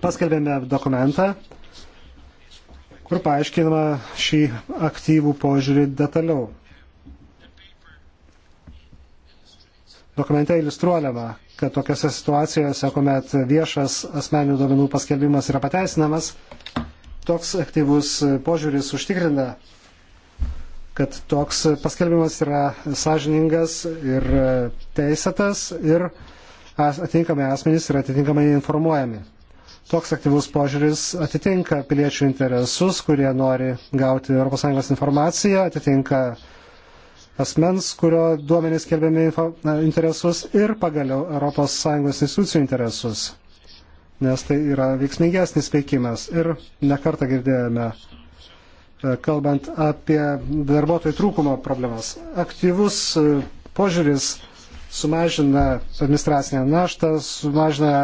paskelbėme dokumentą, kur paaiškinama šį aktyvų požiūrį detaliau. Dokumente iliustruojama, kad tokiose situacijose, kuomet viešas asmenių duomenų paskelbimas yra pateisinamas, toks aktyvus požiūris užtikrina, kad toks paskelbimas yra sąžiningas ir teisėtas ir atitinkami asmenys yra atitinkamai informuojami toks aktyvus požiūris atitinka piliečių interesus, kurie nori gauti ES informaciją, atitinka asmens, kurio duomenys kelbiami interesus ir pagaliau ES institucijų interesus, nes tai yra veiksmingesnis veikimas. Ir nekartą girdėjome, e, kalbant apie darbuotojų trūkumo problemas. Aktyvus e, požiūris sumažina administracinę naštą, sumažina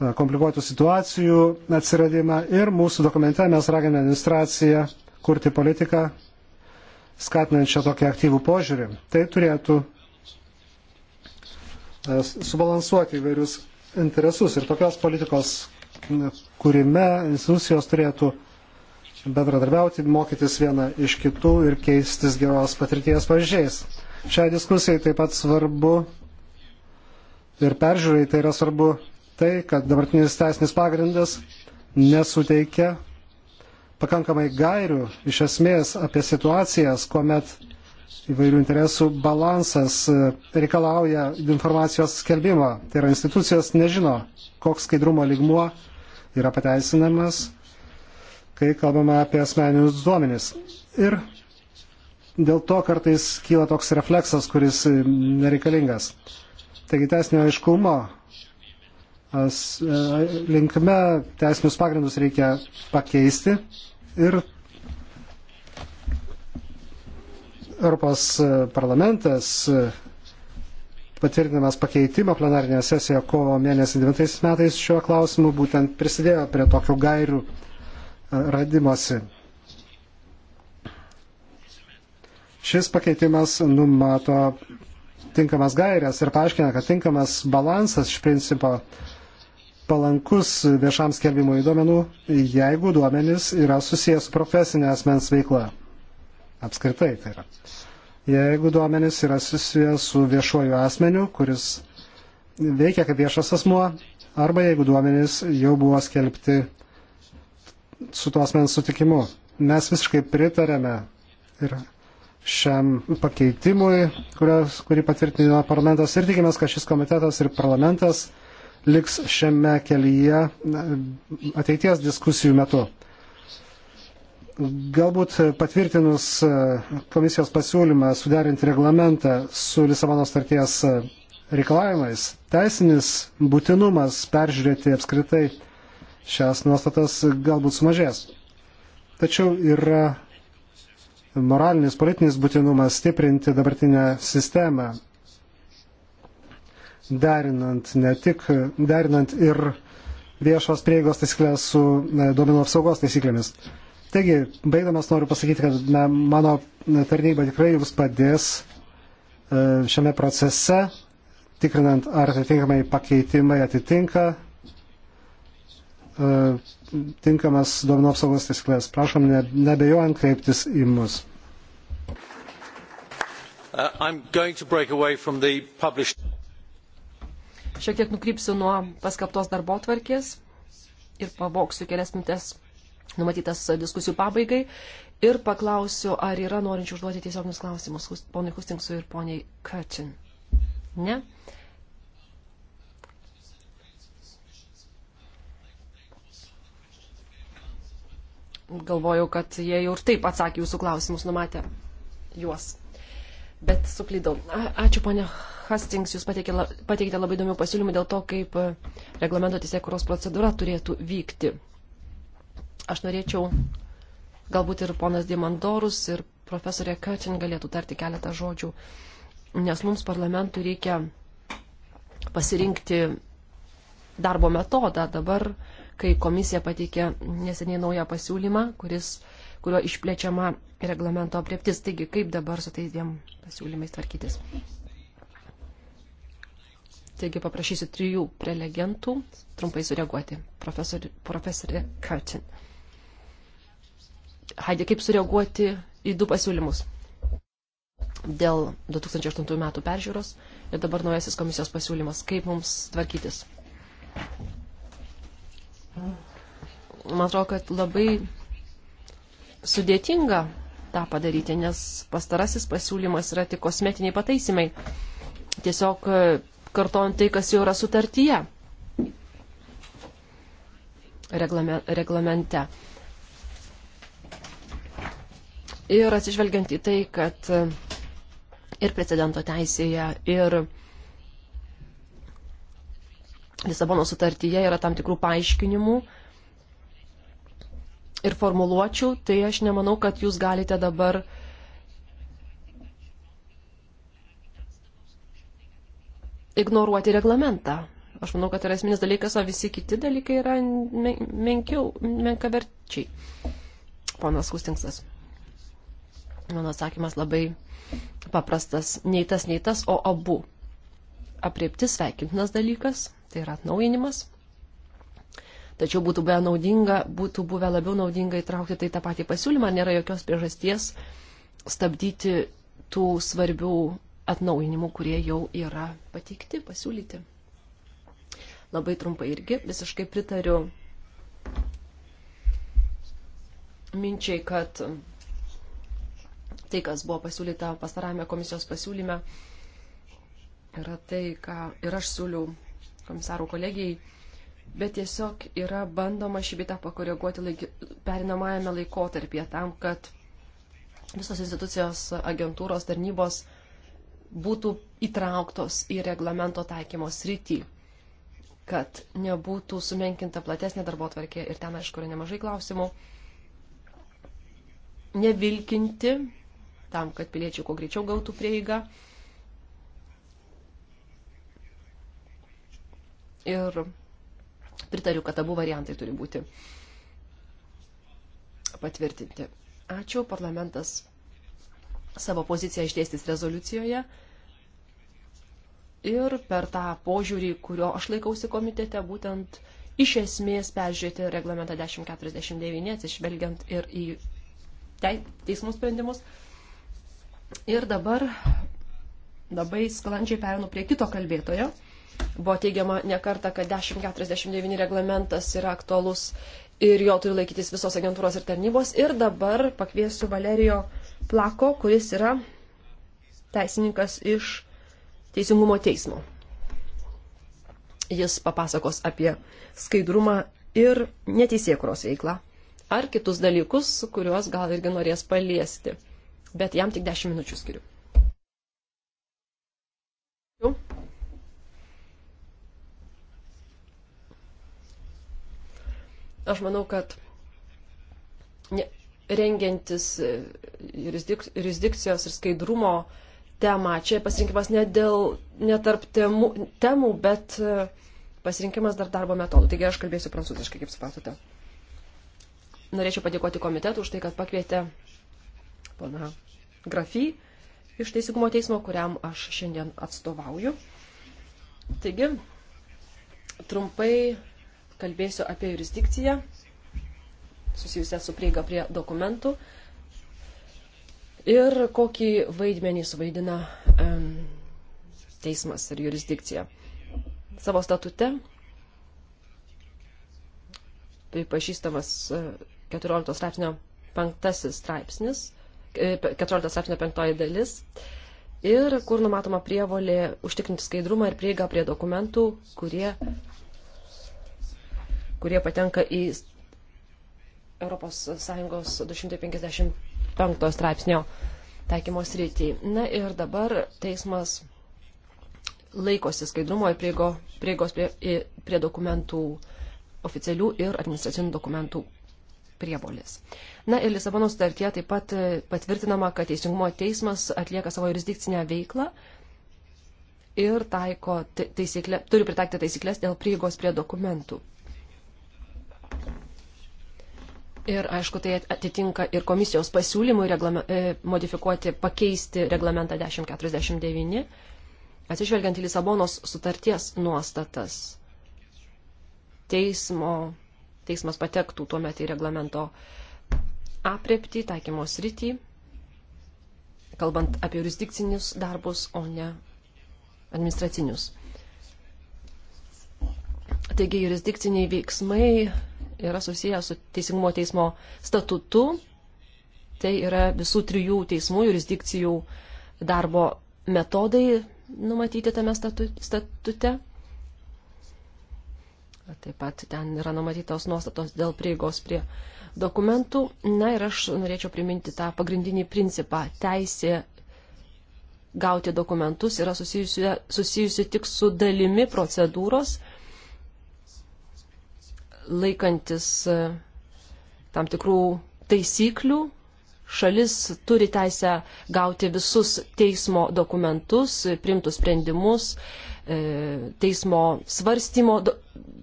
E, komplikuotų situacijų atsiradimą ir mūsų dokumente mes raginame administraciją kurti politiką, skatinančią tokį aktyvų požiūrį. Tai turėtų e, subalansuoti įvairius interesus ir tokios politikos kūrime institucijos turėtų bendradarbiauti, mokytis viena iš kitų ir keistis geros patirties pavyzdžiais. Šiai diskusijai taip pat svarbu ir peržiūrai tai yra svarbu tai, kad dabartinis teisinis pagrindas nesuteikia pakankamai gairių iš esmės apie situacijas, kuomet įvairių interesų balansas e, reikalauja informacijos skelbimo. Tai yra institucijos nežino, koks skaidrumo ligmuo yra pateisinamas, kai kalbame apie asmeninius duomenis. Ir dėl to kartais kyla toks refleksas, kuris e, nereikalingas. Taigi teisinio aiškumo as, e, linkme teisinius pagrindus reikia pakeisti ir Europos parlamentas patvirtinamas pakeitimo plenarinė sesija kovo mėnesį 9 metais šiuo klausimu būtent prisidėjo prie tokių gairių e, radimosi. Šis pakeitimas numato tinkamas gairias ir paaiškina, kad tinkamas balansas iš principo palankus viešam skelbimui duomenų, jeigu duomenys yra susijęs su profesinė asmens veikla. Apskritai tai yra. Jeigu duomenys yra susijęs su viešuoju asmeniu, kuris veikia kaip viešas asmuo, arba jeigu duomenys jau buvo skelbti su tuo asmens sutikimu. Mes visiškai pritarėme ir šiam pakeitimui, kurios, kurį patvirtino parlamentas ir tikimės, kad šis komitetas ir parlamentas liks šiame kelyje ateities diskusijų metu. Galbūt patvirtinus e, komisijos pasiūlymą suderinti reglamentą su Lisabono starties e, reikalavimais, teisinis būtinumas peržiūrėti apskritai šias nuostatas galbūt sumažės. Tačiau yra moralinis, politinis būtinumas stiprinti dabartinę sistemą derinant ne tik, derinant ir viešos prieigos taisyklės su e, duomenų apsaugos taisyklėmis. Taigi, baigdamas noriu pasakyti, kad na, mano tarnyba tikrai jums padės e, šiame procese, tikrinant, ar atitinkamai pakeitimai atitinka e, tinkamas duomenų apsaugos taisyklės. Prašom, ne, nebejojant kreiptis į mus. Uh, Šiek tiek nukrypsiu nuo paskaptos darbo tvarkės ir pavoksiu kelias mintes numatytas diskusijų pabaigai ir paklausiu, ar yra norinčių užduoti tiesioginius klausimus poniai Hustinksui ir poniai Kačin. Ne? Galvojau, kad jie jau ir taip atsakė jūsų klausimus, numatė juos bet suklydau. Ačiū, ponia Hastings, jūs pateikite labai įdomių pasiūlymų dėl to, kaip e, reglamento teisėkuros procedūra turėtų vykti. Aš norėčiau, galbūt ir ponas Dimandorus, ir profesorė Curtin galėtų tarti keletą žodžių, nes mums parlamentui reikia pasirinkti darbo metodą. Dabar, kai komisija pateikė neseniai naują pasiūlymą, kuris uh, kurio išplečiama reglamento apreptis. Taigi, kaip dabar su tais dviem pasiūlymais tvarkytis? Taigi, paprašysiu trijų prelegentų trumpai sureaguoti. Profesor, profesorė Curtin. Haidė, kaip sureaguoti į du pasiūlymus? dėl 2008 metų peržiūros ir dabar naujasis komisijos pasiūlymas. Kaip mums tvarkytis? Man atrodo, kad labai sudėtinga tą padaryti, nes pastarasis pasiūlymas yra tik kosmetiniai pataisimai. Tiesiog e, kartojant tai, kas jau yra sutartyje reglame, reglamente. Ir atsižvelgiant į tai, kad e, ir precedento teisėje, ir Lisabono sutartyje yra tam tikrų paaiškinimų, ir formuluočių, tai aš nemanau, kad jūs galite dabar ignoruoti reglamentą. Aš manau, kad yra esminis dalykas, o visi kiti dalykai yra men menkiau, menkaverčiai. Ponas Kustingsas. Mano atsakymas labai paprastas. Nei tas, nei tas, o abu. Aprieptis sveikintinas dalykas, tai yra atnaujinimas tačiau būtų buvę naudinga, būtų buvę labiau naudinga įtraukti tai tą patį pasiūlymą, nėra jokios priežasties stabdyti tų svarbių atnaujinimų, kurie jau yra pateikti, pasiūlyti. Labai trumpai irgi visiškai pritariu minčiai, kad tai, kas buvo pasiūlyta pastarame komisijos pasiūlyme, yra tai, ką ir aš siūliu komisarų kolegijai bet tiesiog yra bandoma šį bitą pakoreguoti laik, perinamajame laikotarpyje tam, kad visos institucijos, agentūros, tarnybos būtų įtrauktos į reglamento taikymo srity, kad nebūtų sumenkinta platesnė darbo tvarkė ir ten, aišku, yra nemažai klausimų. Nevilkinti tam, kad piliečiai kuo greičiau gautų prieigą. Ir Pritariu, kad abu variantai turi būti patvirtinti. Ačiū, parlamentas savo poziciją išdėstys rezoliucijoje. Ir per tą požiūrį, kurio aš laikausi komitete, būtent iš esmės peržiūrėti reglamentą 1049, atsižvelgiant ir į teismų sprendimus. Ir dabar labai sklandžiai perinu prie kito kalbėtojo. Buvo teigiama nekarta, kad 1049 reglamentas yra aktualus ir jo turi laikytis visos agentūros ir tarnybos. Ir dabar pakviesiu Valerijo Plako, kuris yra teisininkas iš Teisingumo teismo. Jis papasakos apie skaidrumą ir neteisėkuros veiklą ar kitus dalykus, kuriuos gal irgi norės paliesti. Bet jam tik 10 minučių skiriu. Aš manau, kad rengiantis e, jurisdikcijos ir skaidrumo temą, čia pasirinkimas ne dėl, ne tarp temų, temų bet e, pasirinkimas dar darbo metodų. Taigi aš kalbėsiu prancūziškai, kaip supratote. Norėčiau padėkoti komitetu už tai, kad pakvietė pana Grafy iš Teisingumo teismo, kuriam aš šiandien atstovauju. Taigi, trumpai kalbėsiu apie jurisdikciją susijusią su prieiga prie dokumentų ir kokį vaidmenį suvaidina um, teismas ir jurisdikcija. Savo statute pripažįstamas 14 e, straipsnio 5 straipsnis, 14 e, straipsnio 5 dalis ir kur numatoma prievolė užtikrinti skaidrumą ir prieigą prie dokumentų, kurie kurie patenka į ES 255 straipsnio taikymo sritį. Na ir dabar teismas laikosi skaidrumo ir prieigo, prieigos prie, prie dokumentų oficialių ir administracinių dokumentų prievolės. Na ir Lisabono sutartie taip pat patvirtinama, kad Teisingumo teismas atlieka savo jurisdikcinę veiklą ir taiko taisyklė, turi pritaikyti taisyklės dėl prieigos prie dokumentų. Ir aišku, tai atitinka ir komisijos pasiūlymui reglame, e, modifikuoti, pakeisti reglamentą 1049, atsižvelgiant į Lisabonos sutarties nuostatas. Teismo, teismas patektų tuo metu į reglamento aprepti, taikymo sritį, kalbant apie jurisdikcinius darbus, o ne administracinius. Taigi jurisdikciniai veiksmai yra susijęs su Teisingumo teismo statutu. Tai yra visų trijų teismų jurisdikcijų darbo metodai numatyti tame statu, statute. Taip pat ten yra numatytos nuostatos dėl prieigos prie dokumentų. Na ir aš norėčiau priminti tą pagrindinį principą. Teisė gauti dokumentus yra susijusi, susijusi tik su dalimi procedūros laikantis e, tam tikrų taisyklių, šalis turi teisę gauti visus teismo dokumentus, primtus sprendimus, e, teismo svarstymo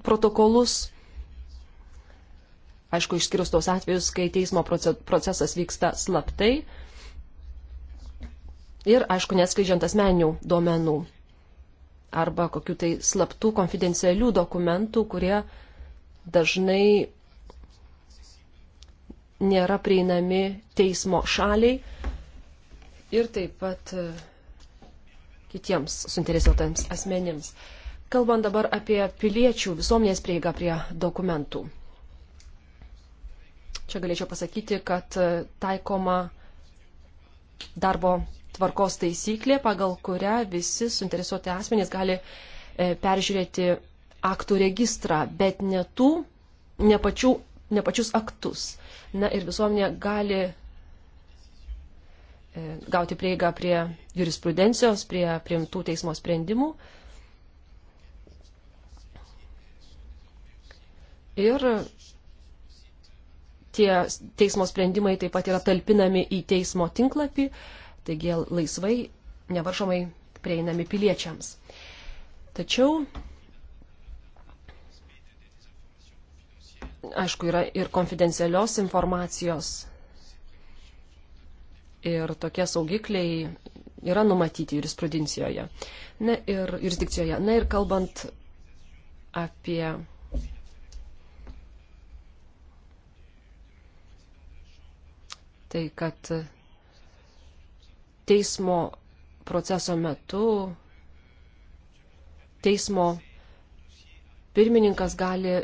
protokolus. Aišku, išskyrus tos atvejus, kai teismo procesas vyksta slaptai ir, aišku, neskleidžiant asmeninių duomenų arba kokių tai slaptų, konfidencialių dokumentų, kurie dažnai nėra prieinami teismo šaliai ir taip pat e, kitiems suinteresuotams asmenims. Kalbant dabar apie piliečių visuomenės prieigą prie dokumentų. Čia galėčiau pasakyti, kad e, taikoma darbo tvarkos taisyklė, pagal kurią visi suinteresuoti asmenys gali e, peržiūrėti aktų registrą, bet ne tų, ne, pačių, ne pačius aktus. Na ir visuomenė gali e, gauti prieigą prie jurisprudencijos, prie priimtų teismo sprendimų. Ir tie teismo sprendimai taip pat yra talpinami į teismo tinklapį, taigi laisvai, nevaržomai prieinami piliečiams. Tačiau Aišku, yra ir konfidencialios informacijos. Ir tokie saugikliai yra numatyti jurisprudencijoje. Na ir jurisdikcijoje. Na ir kalbant apie tai, kad teismo proceso metu teismo pirmininkas gali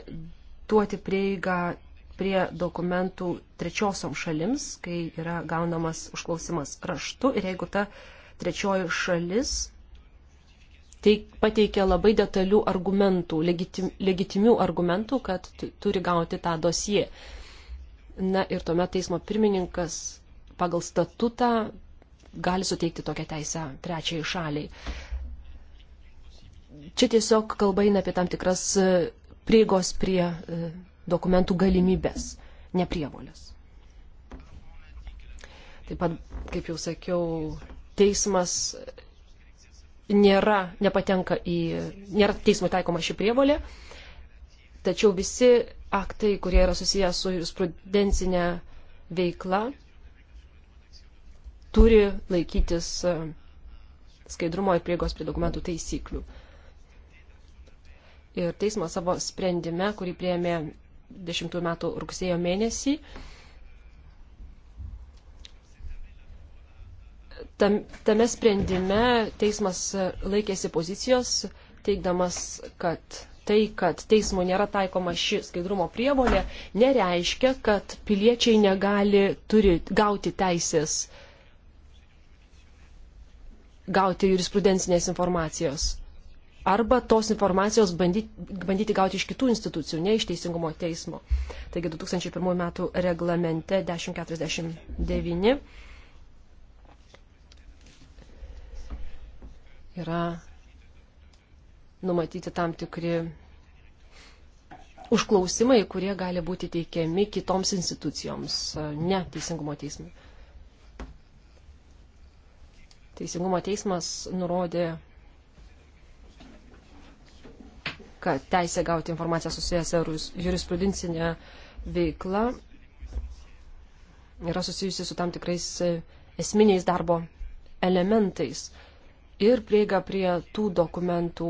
garantuoti prieigą prie dokumentų trečiosiom šalims, kai yra gaunamas užklausimas raštu ir jeigu ta trečioji šalis teik, pateikia labai detalių argumentų, legitim, legitimių argumentų, kad turi gauti tą dosiją. Na ir tuomet teismo pirmininkas pagal statutą gali suteikti tokią teisę trečiai šaliai. Čia tiesiog kalba eina apie tam tikras prieigos prie e, dokumentų galimybės, ne prievolės. Taip pat, kaip jau sakiau, teismas nėra, nepatenka į, nėra teismo taikoma ši prievolė, tačiau visi aktai, kurie yra susijęs su jurisprudencinė veikla, turi laikytis e, skaidrumo ir priegos prie dokumentų taisyklių. Ir teismas savo sprendime, kurį prieėmė 10 metų rugsėjo mėnesį, tam, tame sprendime teismas laikėsi pozicijos, teikdamas, kad tai, kad teismų nėra taikoma ši skaidrumo prievolė, nereiškia, kad piliečiai negali turi gauti teisės gauti jurisprudencinės informacijos arba tos informacijos bandyti, bandyti gauti iš kitų institucijų, ne iš Teisingumo teismo. Taigi 2001 metų reglamente 1049 yra numatyti tam tikri užklausimai, kurie gali būti teikiami kitoms institucijoms, ne Teisingumo teismui. Teisingumo teismas nurodė kad teisė gauti informaciją susijęs jurisprudencinė veikla yra susijusi su tam tikrais e, esminiais darbo elementais ir prieiga prie tų dokumentų,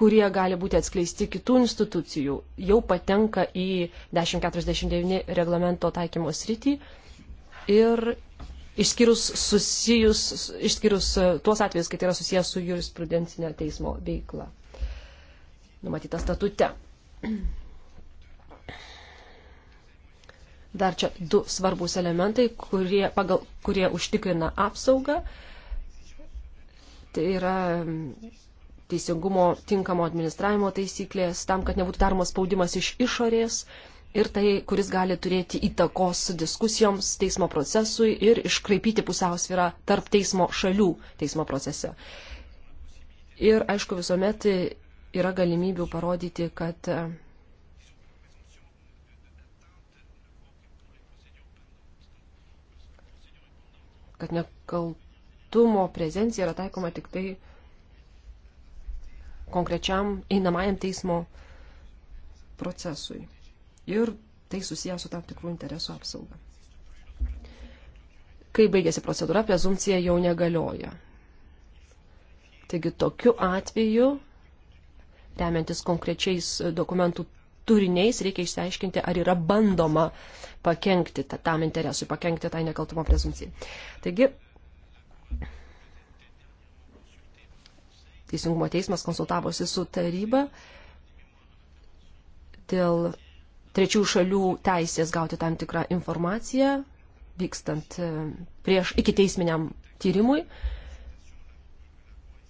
kurie gali būti atskleisti kitų institucijų, jau patenka į 1049 reglamento taikymo sritį ir išskyrus, susijus, išskyrus e, tuos atvejus, kai tai yra susijęs su jurisprudencinio teismo veikla, numatyta statute. Dar čia du svarbus elementai, kurie, pagal, kurie užtikrina apsaugą. Tai yra teisingumo tinkamo administravimo taisyklės, tam, kad nebūtų daromas spaudimas iš išorės. Uh, ir tai, kuris gali turėti įtakos diskusijoms, teismo procesui ir iškraipyti pusiausvyrą tarp teismo šalių teismo procese. Ir aišku, visuomet yra galimybių parodyti, kad kad nekaltumo prezencija yra taikoma tik tai konkrečiam einamajam teismo procesui ir tai susijęs su tam tikrų interesų apsauga. Kai baigėsi procedūra, prezumcija jau negalioja. Taigi tokiu atveju, remiantis konkrečiais dokumentų turiniais, reikia išsiaiškinti, ar yra bandoma pakengti tam interesui, pakengti tai nekaltumo prezumcijai. Taigi, Teisingumo teismas konsultavosi su taryba dėl trečių šalių teisės gauti tam tikrą informaciją, vykstant e, prieš iki teisminiam tyrimui.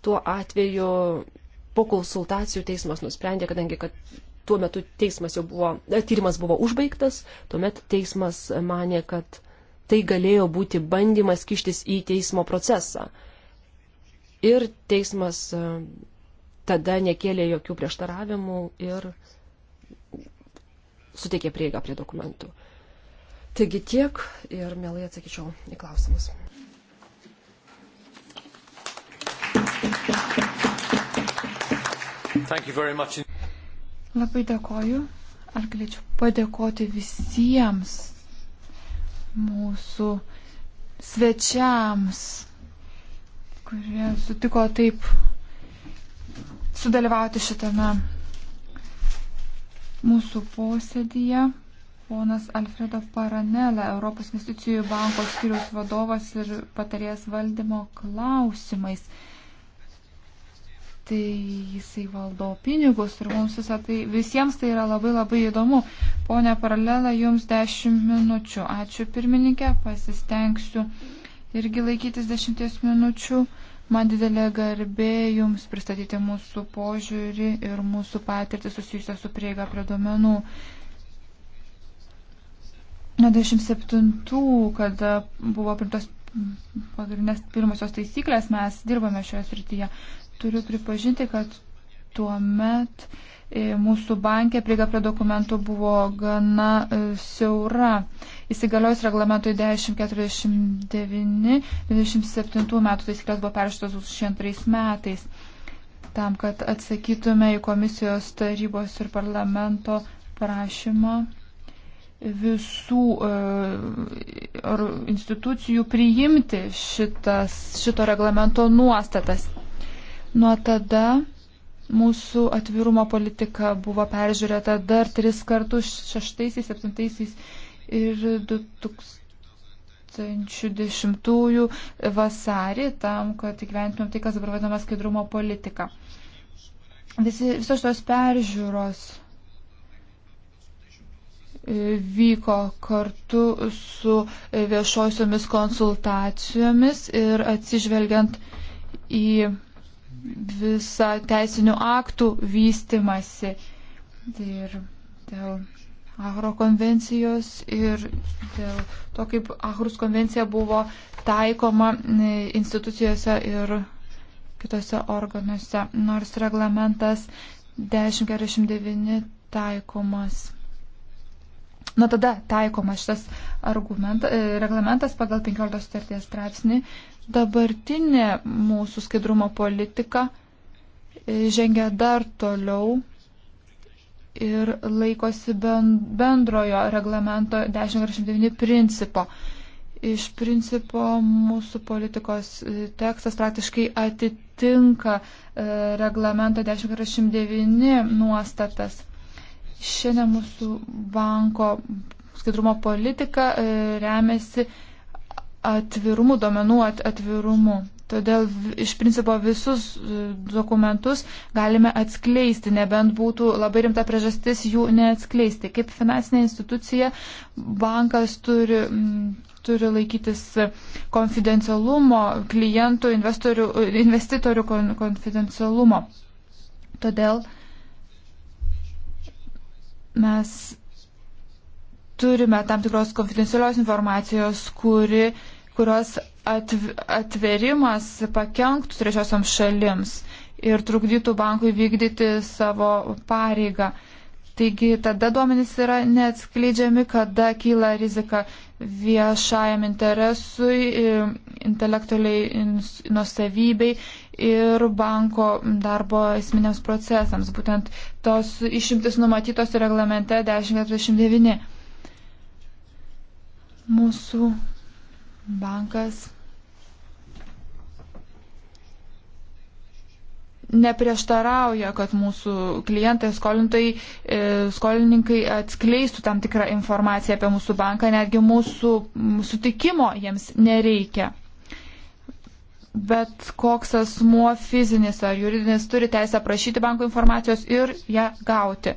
Tuo atveju po konsultacijų teismas nusprendė, kadangi kad tuo metu teismas jau buvo, e, tyrimas buvo užbaigtas, tuomet teismas manė, kad tai galėjo būti bandymas kištis į teismo procesą. Ir teismas e, tada nekėlė jokių prieštaravimų ir uh, suteikė prieigą prie dokumentų. Taigi tiek ir mielai atsakyčiau į klausimus. Labai dėkoju. Ar galėčiau padėkoti visiems mūsų svečiams, kurie sutiko taip sudalyvauti šitame mūsų posėdyje ponas Alfredo Paranelė, Europos investicijų banko skiriaus vadovas ir patarėjas valdymo klausimais. Tai jisai valdo pinigus ir mums visą tai, visiems tai yra labai labai įdomu. Pone Paralelė, jums 10 minučių. Ačiū pirmininkė, pasistengsiu irgi laikytis 10 minučių. Man didelė garbė Jums pristatyti mūsų požiūrį ir mūsų patirtį susijusią su prieiga prie duomenų. Nuo 27, kada buvo primtos pagrindinės pirmosios taisyklės, mes dirbame šioje srityje. Turiu pripažinti, kad tuomet e, mūsų bankė prieiga prie dokumentų buvo gana e, siaura. Įsigaliojus reglamentui 1049-27 metų taisyklės buvo perštas 2002 metais tam, kad atsakytume į komisijos tarybos ir parlamento prašymą visų e, institucijų priimti šitas, šito reglamento nuostatas. Nuo tada Mūsų atvirumo politika buvo peržiūrėta dar tris kartus šeštaisiais, septintaisiais ir 2010 vasarį tam, kad įgyventumėm tai, kas dabar vadinama skaidrumo politika. Visi, visos tos peržiūros e, vyko kartu su e, viešosiomis konsultacijomis ir atsižvelgiant į visą teisinių aktų vystimasi. Tai ir dėl Ahro konvencijos ir dėl to, kaip Ahrus konvencija buvo taikoma institucijose ir kitose organuose, nors reglamentas 1049 taikomas. Nuo tada taikomas šitas reglamentas pagal 15 starties straipsnį dabartinė mūsų skaidrumo politika e, žengia dar toliau ir laikosi bendrojo reglamento 1049 principo. Iš principo mūsų politikos e, tekstas praktiškai atitinka e, reglamento 1049 nuostatas. Šiandien mūsų banko skaidrumo politika remiasi atvirumu, duomenų atvirumu. Todėl iš principo visus e, dokumentus galime atskleisti, nebent būtų labai rimta priežastis jų neatskleisti. Kaip finansinė institucija, bankas turi, turi laikytis konfidencialumo, klientų, investitorių konfidencialumo. Todėl mes turime tam tikros konfidencialios informacijos, kuri kurios atverimas pakenktų trečiosioms šalims ir trukdytų bankui vykdyti savo pareigą. Taigi tada duomenys yra neatskleidžiami, kada kyla rizika viešajam interesui, intelektualiai nusavybei ir banko darbo esminiams procesams. Būtent tos išimtis numatytos reglamente 1049. Mūsų bankas neprieštarauja, kad mūsų klientai, skolintai, e, skolininkai atskleistų tam tikrą informaciją apie mūsų banką, netgi mūsų sutikimo jiems nereikia. Bet koks asmuo fizinis ar juridinis turi teisę prašyti banko informacijos ir ją gauti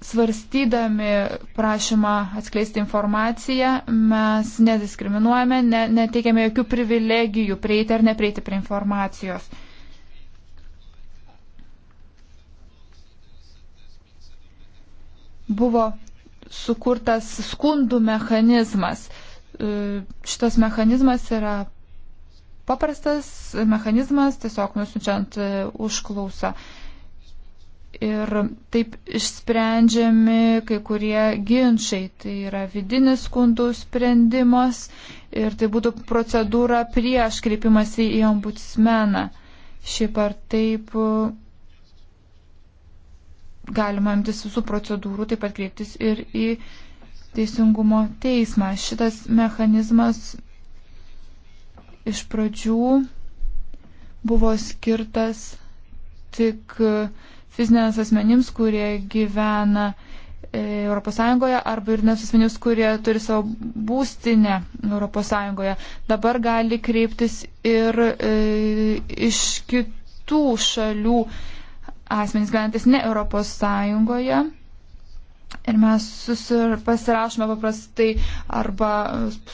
svarstydami prašymą atskleisti informaciją, mes nediskriminuojame, ne, neteikiame jokių privilegijų prieiti ar neprieiti prie informacijos. Buvo sukurtas skundų mechanizmas. E, šitas mechanizmas yra paprastas mechanizmas, tiesiog nusinčiant e, užklausą ir taip išsprendžiami kai kurie ginčiai. Tai yra vidinis skundų sprendimas ir tai būtų procedūra prieš kreipimąsi į ombudsmeną. Šiaip ar taip galima imtis visų procedūrų, taip pat kreiptis ir į teisingumo teismą. Šitas mechanizmas iš pradžių buvo skirtas tik uh, fizinės asmenims, kurie gyvena ES arba ir nesusmenius, kurie turi savo būstinę ES. Dabar gali kreiptis ir e, iš kitų šalių asmenys gyvenantis ne ES. Ir mes pasirašome paprastai arba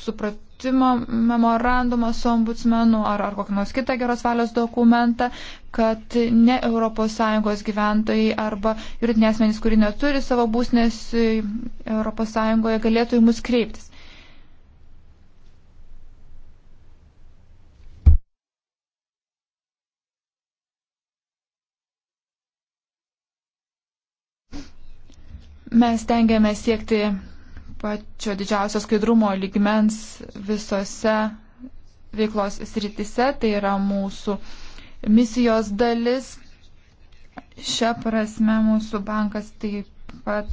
suprat, supratimo memorandumą su ombudsmenu ar, ar kokį nors kitą geros valios dokumentą, kad ne ES gyventojai arba juridiniai asmenys, kurie neturi savo būsnės ES, galėtų į mus kreiptis. Mes tengiamės siekti pačio didžiausio skaidrumo lygmens visose veiklos sritise, tai yra mūsų misijos dalis. Šią prasme mūsų bankas taip pat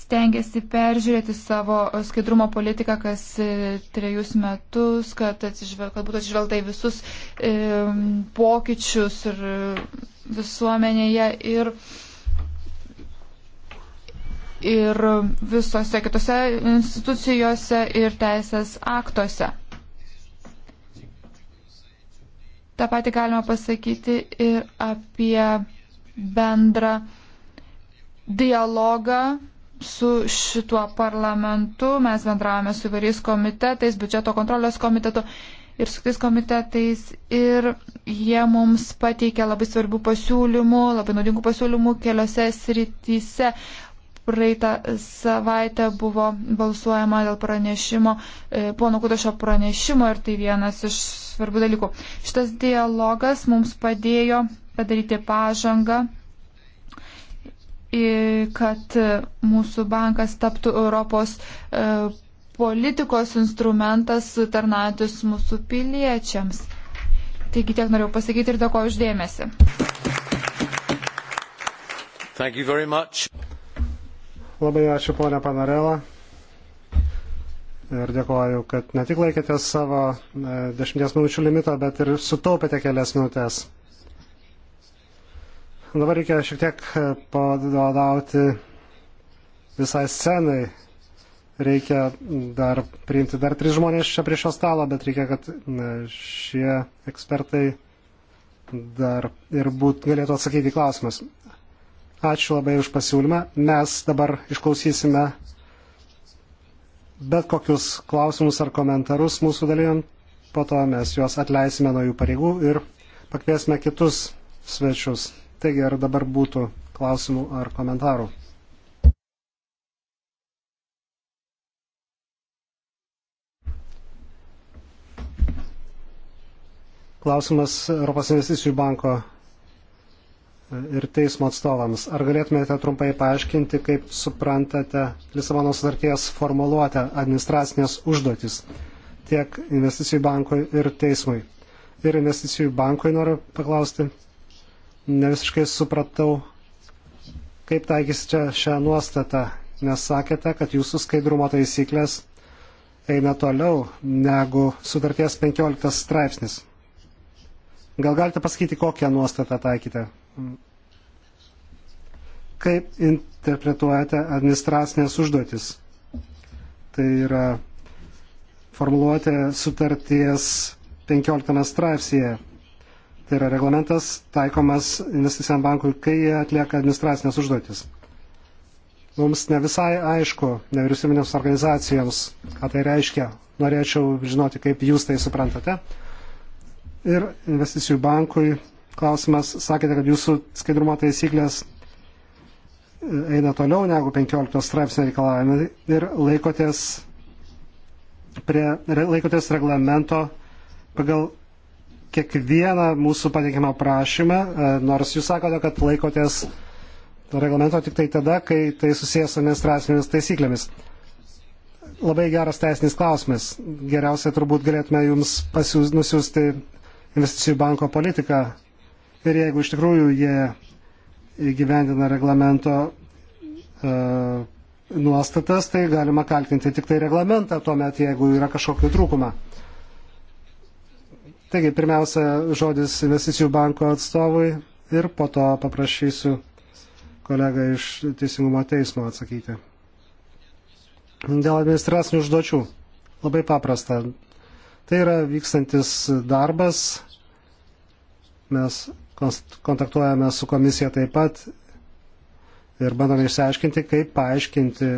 stengiasi peržiūrėti savo skaidrumo politiką kas e, trejus metus, kad, atsižvel, kad būtų atsižvelgta į visus e, pokyčius ir e, visuomenėje ir ir visose kitose institucijose ir teisės aktuose. Ta pati galima pasakyti ir apie bendrą dialogą su šituo parlamentu. Mes bendravome su įvairiais komitetais, biudžeto kontrolės komitetu ir su kitais komitetais ir jie mums pateikė labai svarbių pasiūlymų, labai naudingų pasiūlymų keliose srityse. Praeitą savaitę buvo balsuojama dėl pranešimo, e, pono Kudošo pranešimo ir tai vienas iš svarbių dalykų. Šitas dialogas mums padėjo padaryti pažangą kad mūsų bankas taptų Europos e, politikos instrumentas tarnaujantis mūsų piliečiams. Taigi tiek norėjau pasakyti ir dėkoju uždėmesi. Labai ačiū ponia Panarela ir dėkoju, kad ne tik laikėte savo e, dešimties minučių limito, bet ir sutaupėte kelias minutės. Dabar reikia šiek tiek e, pavadauti visai scenai. Reikia dar priimti dar tris žmonės čia prie šio stalo, bet reikia, kad e, šie ekspertai dar ir būt, galėtų atsakyti klausimas. Ačiū labai už pasiūlymą. Mes dabar išklausysime bet kokius klausimus ar komentarus mūsų dalyjant. Po to mes juos atleisime nuo jų pareigų ir pakviesime kitus svečius. Taigi, ar dabar būtų klausimų ar komentarų? Klausimas Europos investicijų banko ir teismo atstovams. Ar galėtumėte trumpai paaiškinti, kaip suprantate Lisabono sutarties formuluotę administracinės užduotis tiek investicijų bankui ir teismui? Ir investicijų bankui noriu paklausti, ne visiškai supratau, kaip taikysite šią nuostatą, nes sakėte, kad jūsų skaidrumo taisyklės eina toliau negu sutarties 15 straipsnis. Gal galite pasakyti, kokią nuostatą taikyti? kaip interpretuojate administracinės užduotis. Tai yra formuluoti sutarties 15 straipsėje. Tai yra reglamentas taikomas investiciniam bankui, kai jie atlieka administracinės užduotis. Mums ne visai aišku, nevyriausybinėms organizacijoms, ką tai reiškia. Norėčiau žinoti, kaip jūs tai suprantate. Ir investicijų bankui klausimas, sakėte, kad jūsų skaidrumo taisyklės e, eina toliau negu 15 straipsnio reikalavimai ir laikotės, prie, laikotės reglamento pagal kiekvieną mūsų pateikiamą prašymą, e, nors jūs sakote, kad laikotės reglamento tik tai tada, kai tai susijęs su administracinėmis taisyklėmis. Labai geras teisinis klausimas. Geriausiai turbūt galėtume jums pasiūs, nusiųsti investicijų banko politiką Ir jeigu iš tikrųjų jie įgyvendina reglamento uh, nuostatas, tai galima kaltinti tik tai reglamentą tuomet, jeigu yra kažkokiu trūkumą. Taigi, pirmiausia, žodis investicijų banko atstovui ir po to paprašysiu kolegą iš Teisingumo teismo atsakyti. Dėl administracinių užduočių. Labai paprasta. Tai yra vykstantis darbas. Mes kontaktuojame su komisija taip pat ir bandome išsiaiškinti, kaip paaiškinti,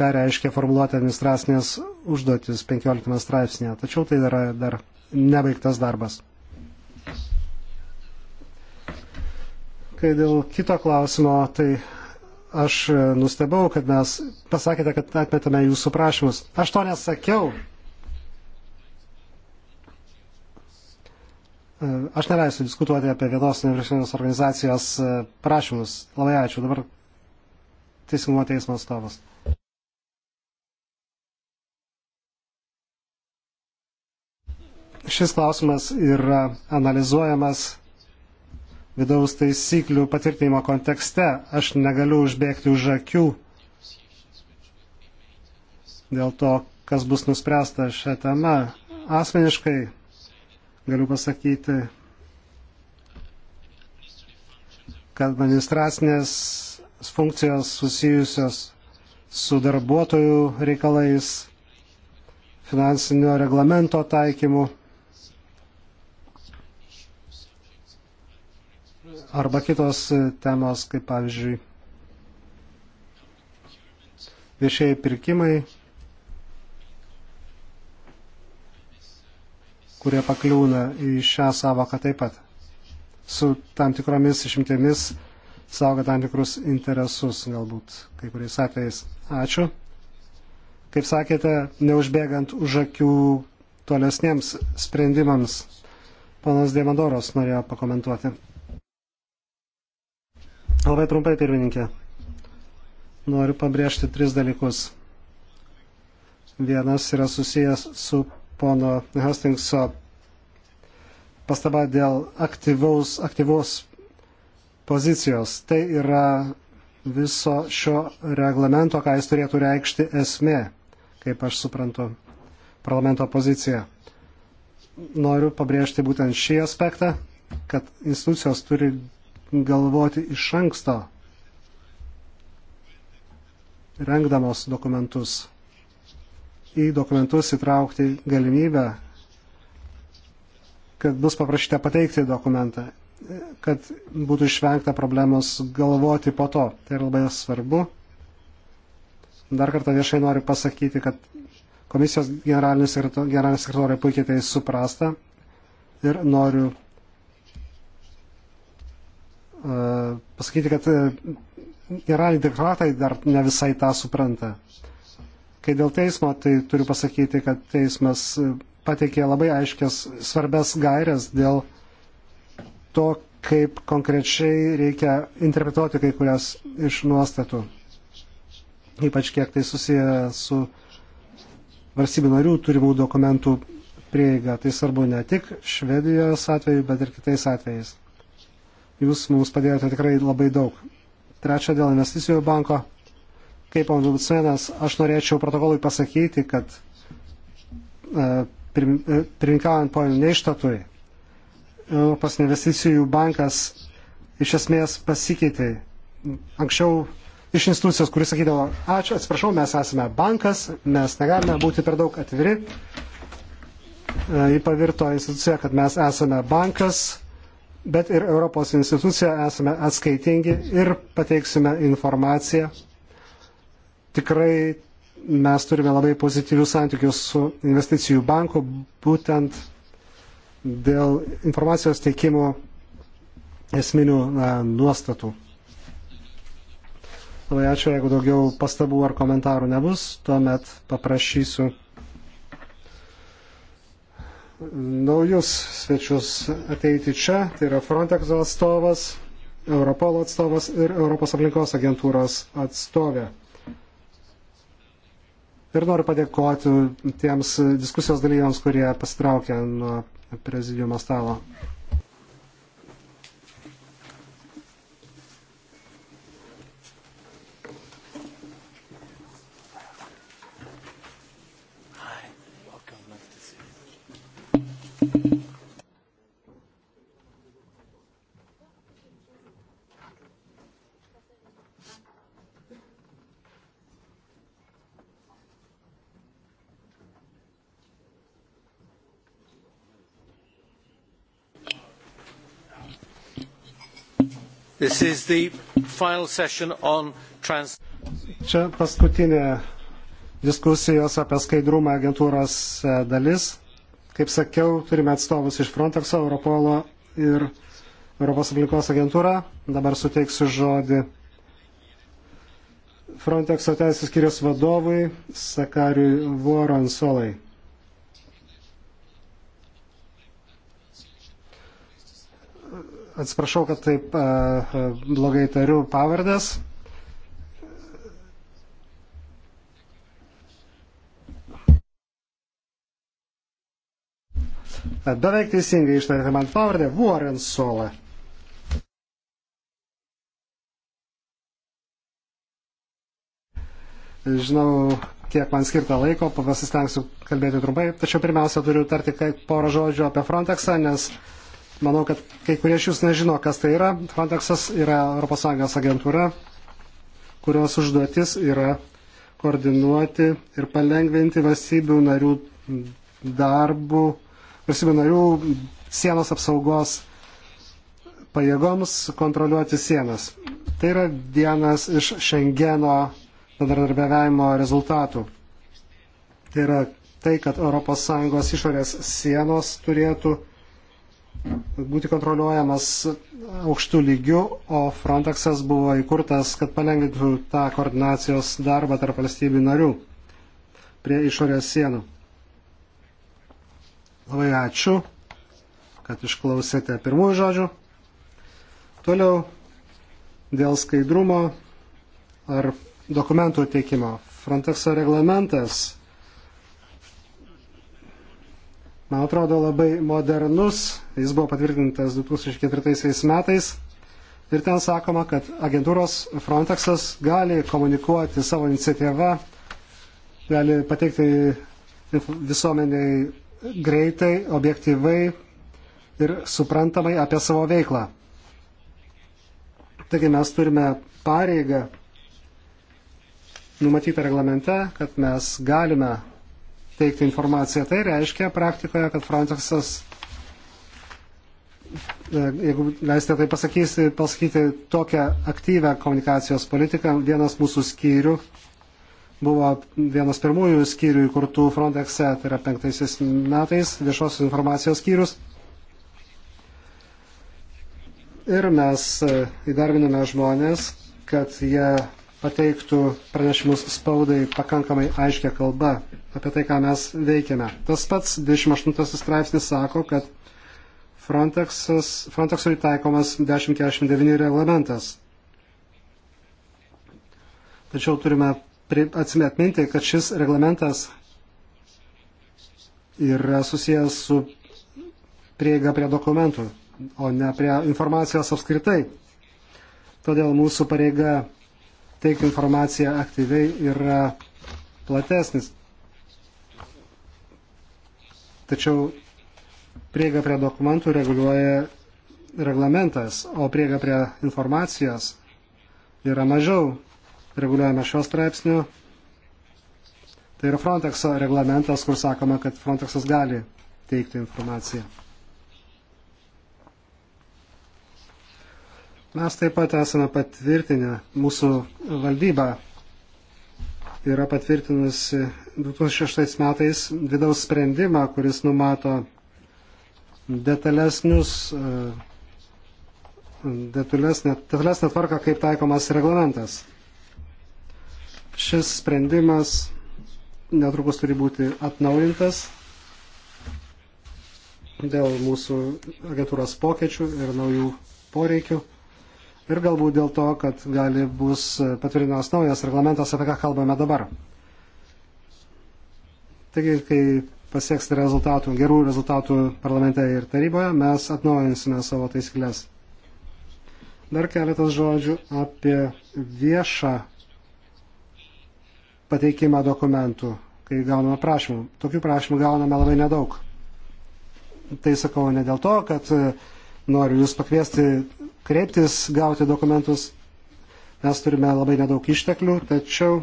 ką reiškia formuluoti administracinės užduotis 15 straipsnėje. Tačiau tai yra dar nebaigtas darbas. Kai dėl kito klausimo, tai aš nustebau, kad mes pasakėte, kad atmetame jūsų prašymus. Aš to nesakiau, Aš neleisiu diskutuoti apie vienos nevyriausybinės organizacijos e, prašymus. Labai ačiū. Dabar Teisingumo teismo atstovas. Šis klausimas yra analizuojamas vidaus taisyklių patvirtinimo kontekste. Aš negaliu užbėgti už akių dėl to, kas bus nuspręsta šią temą. Asmeniškai galiu pasakyti, kad administracinės funkcijos susijusios su darbuotojų reikalais, finansinio reglamento taikymu arba kitos temos, kaip pavyzdžiui viešieji pirkimai kurie pakliūna į šią savoką taip pat. Su tam tikromis išimtėmis saugo tam tikrus interesus galbūt kai kuriais atvejais. Ačiū. Kaip sakėte, neužbėgant už akių tolesniems sprendimams, panas Diemandoros norėjo pakomentuoti. Labai trumpai, pirmininkė. Noriu pabrėžti tris dalykus. Vienas yra susijęs su pono Hastingso pastaba dėl aktyvaus, aktyvaus pozicijos. Tai yra viso šio reglamento, ką jis turėtų reikšti esmė, kaip aš suprantu, parlamento pozicija. Noriu pabrėžti būtent šį aspektą, kad institucijos turi galvoti iš anksto, rengdamos dokumentus į dokumentus įtraukti galimybę, kad bus paprašyta pateikti dokumentą, kad būtų išvengta problemos galvoti po to. Tai yra labai svarbu. Dar kartą viešai noriu pasakyti, kad komisijos generalinis sekretorė puikiai tai suprasta ir noriu uh, pasakyti, kad uh, generaliniai deklaratai dar ne visai tą supranta. Uh, Kai dėl teismo, tai turiu pasakyti, kad teismas e, pateikė labai aiškias svarbes gairias dėl to, kaip konkrečiai reikia interpretuoti kai kurias iš nuostatų. Ypač kiek tai susiję su valstybių narių turimų dokumentų prieiga. Tai svarbu ne tik Švedijos atveju, bet ir kitais atvejais. Jūs mums padėjote tikrai labai daug. Trečia dėl investicijų banko. Kaip ombudsmenas, aš norėčiau protokolui pasakyti, kad e, e, pirmininkaujant ponui Neištatui, Europos investicijų bankas iš esmės pasikeitė. Anksčiau iš institucijos, kuris sakydavo, ačiū, atsiprašau, mes esame bankas, mes negalime būti per daug atviri. Į e, pavirto instituciją, kad mes esame bankas, bet ir Europos institucija esame atskaitingi ir pateiksime informaciją tikrai mes turime labai pozityvius santykius su investicijų banku, būtent dėl informacijos teikimo esminių na, nuostatų. Labai ačiū, jeigu daugiau pastabų ar komentarų nebus, tuomet paprašysiu naujus svečius ateiti čia. Tai yra Frontex atstovas, Europolo atstovas ir Europos aplinkos agentūros atstovė. Ir noriu padėkoti tiems diskusijos dalyviams, kurie pasitraukė nuo prezidiumo stalo. This is the final session on trans. Čia paskutinė diskusijos apie skaidrumą agentūros e, dalis. Kaip sakiau, turime atstovus iš Frontexo, Europolo ir Europos aplinkos agentūra. Dabar suteiksiu žodį Frontexo teisės skyrius vadovui Sakariui Voronsolai. Atsiprašau, kad taip e, e, blogai tariu pavardės. E, beveik teisingai ištarėte man pavardę Warren Sola. Žinau, kiek man skirta laiko, pasistengsiu kalbėti trumpai, tačiau pirmiausia turiu tarti porą žodžių apie Frontexą, nes uh, Manau, kad kai kurie iš jūsų nežino, kas tai yra. Frontexas yra ES agentūra, kurios užduotis yra koordinuoti ir palengvinti valstybių narių darbų, valstybių narių sienos apsaugos pajėgoms kontroliuoti sienas. Tai yra vienas iš Šengeno bendradarbiavimo rezultatų. Tai yra tai, kad ES išorės sienos turėtų būti kontroliuojamas aukštų lygių, o Frontexas buvo įkurtas, kad palengvintų tą koordinacijos darbą tarp valstybių narių prie išorės sienų. Labai ačiū, kad išklausėte pirmųjų žodžių. Toliau dėl skaidrumo ar dokumentų teikimo. Frontexo reglamentas man atrodo, labai modernus. Jis buvo patvirtintas 2004 metais. Ir ten sakoma, kad agentūros Frontexas gali komunikuoti savo iniciatyvą, gali pateikti visuomeniai greitai, objektyvai ir suprantamai apie savo veiklą. Taigi mes turime pareigą numatytą reglamente, kad mes galime teikti informaciją. Tai reiškia praktikoje, kad Frontexas, e, jeigu leisite tai pasakysi, pasakyti, tokią aktyvę komunikacijos politiką, vienas mūsų skyrių buvo vienas pirmųjų skyrių įkurtų Frontexe, tai yra penktaisiais metais viešosios informacijos skyrius. Ir mes e, įdarbiname žmonės, kad jie pateiktų pranešimus spaudai pakankamai aiškia kalba apie tai, ką mes veikiame. Tas pats 28 straipsnis sako, kad Frontexas, Frontexui taikomas 1049 reglamentas. Tačiau turime atsimetminti, kad šis reglamentas yra susijęs su prieiga prie dokumentų, o ne prie informacijos apskritai. Todėl mūsų pareiga teikti informaciją aktyviai yra platesnis. Tačiau prieiga prie dokumentų reguliuoja reglamentas, o prieiga prie informacijos yra mažiau reguliuojama šios straipsnių. Tai yra Frontexo reglamentas, kur sakoma, kad Frontexas gali teikti informaciją. Mes taip pat esame patvirtinę, mūsų valdyba yra patvirtinusi 2006 metais vidaus sprendimą, kuris numato detalesnius, e, detalesnę, detalesnę tvarką, kaip taikomas reglamentas. Šis sprendimas netrukus turi būti atnaujintas dėl mūsų agentūros pokyčių ir naujų poreikių ir galbūt dėl to, kad gali bus patvirtinamas naujas reglamentas, apie ką kalbame dabar. Taigi, kai pasieksite rezultatų, gerų rezultatų parlamente ir taryboje, mes atnaujinsime savo taisyklės. Dar keletas žodžių apie viešą pateikimą dokumentų, kai gauname prašymų. Tokių prašymų gauname labai nedaug. Tai sakau ne dėl to, kad noriu Jūs pakviesti kreiptis, gauti dokumentus. Mes turime labai nedaug išteklių, tačiau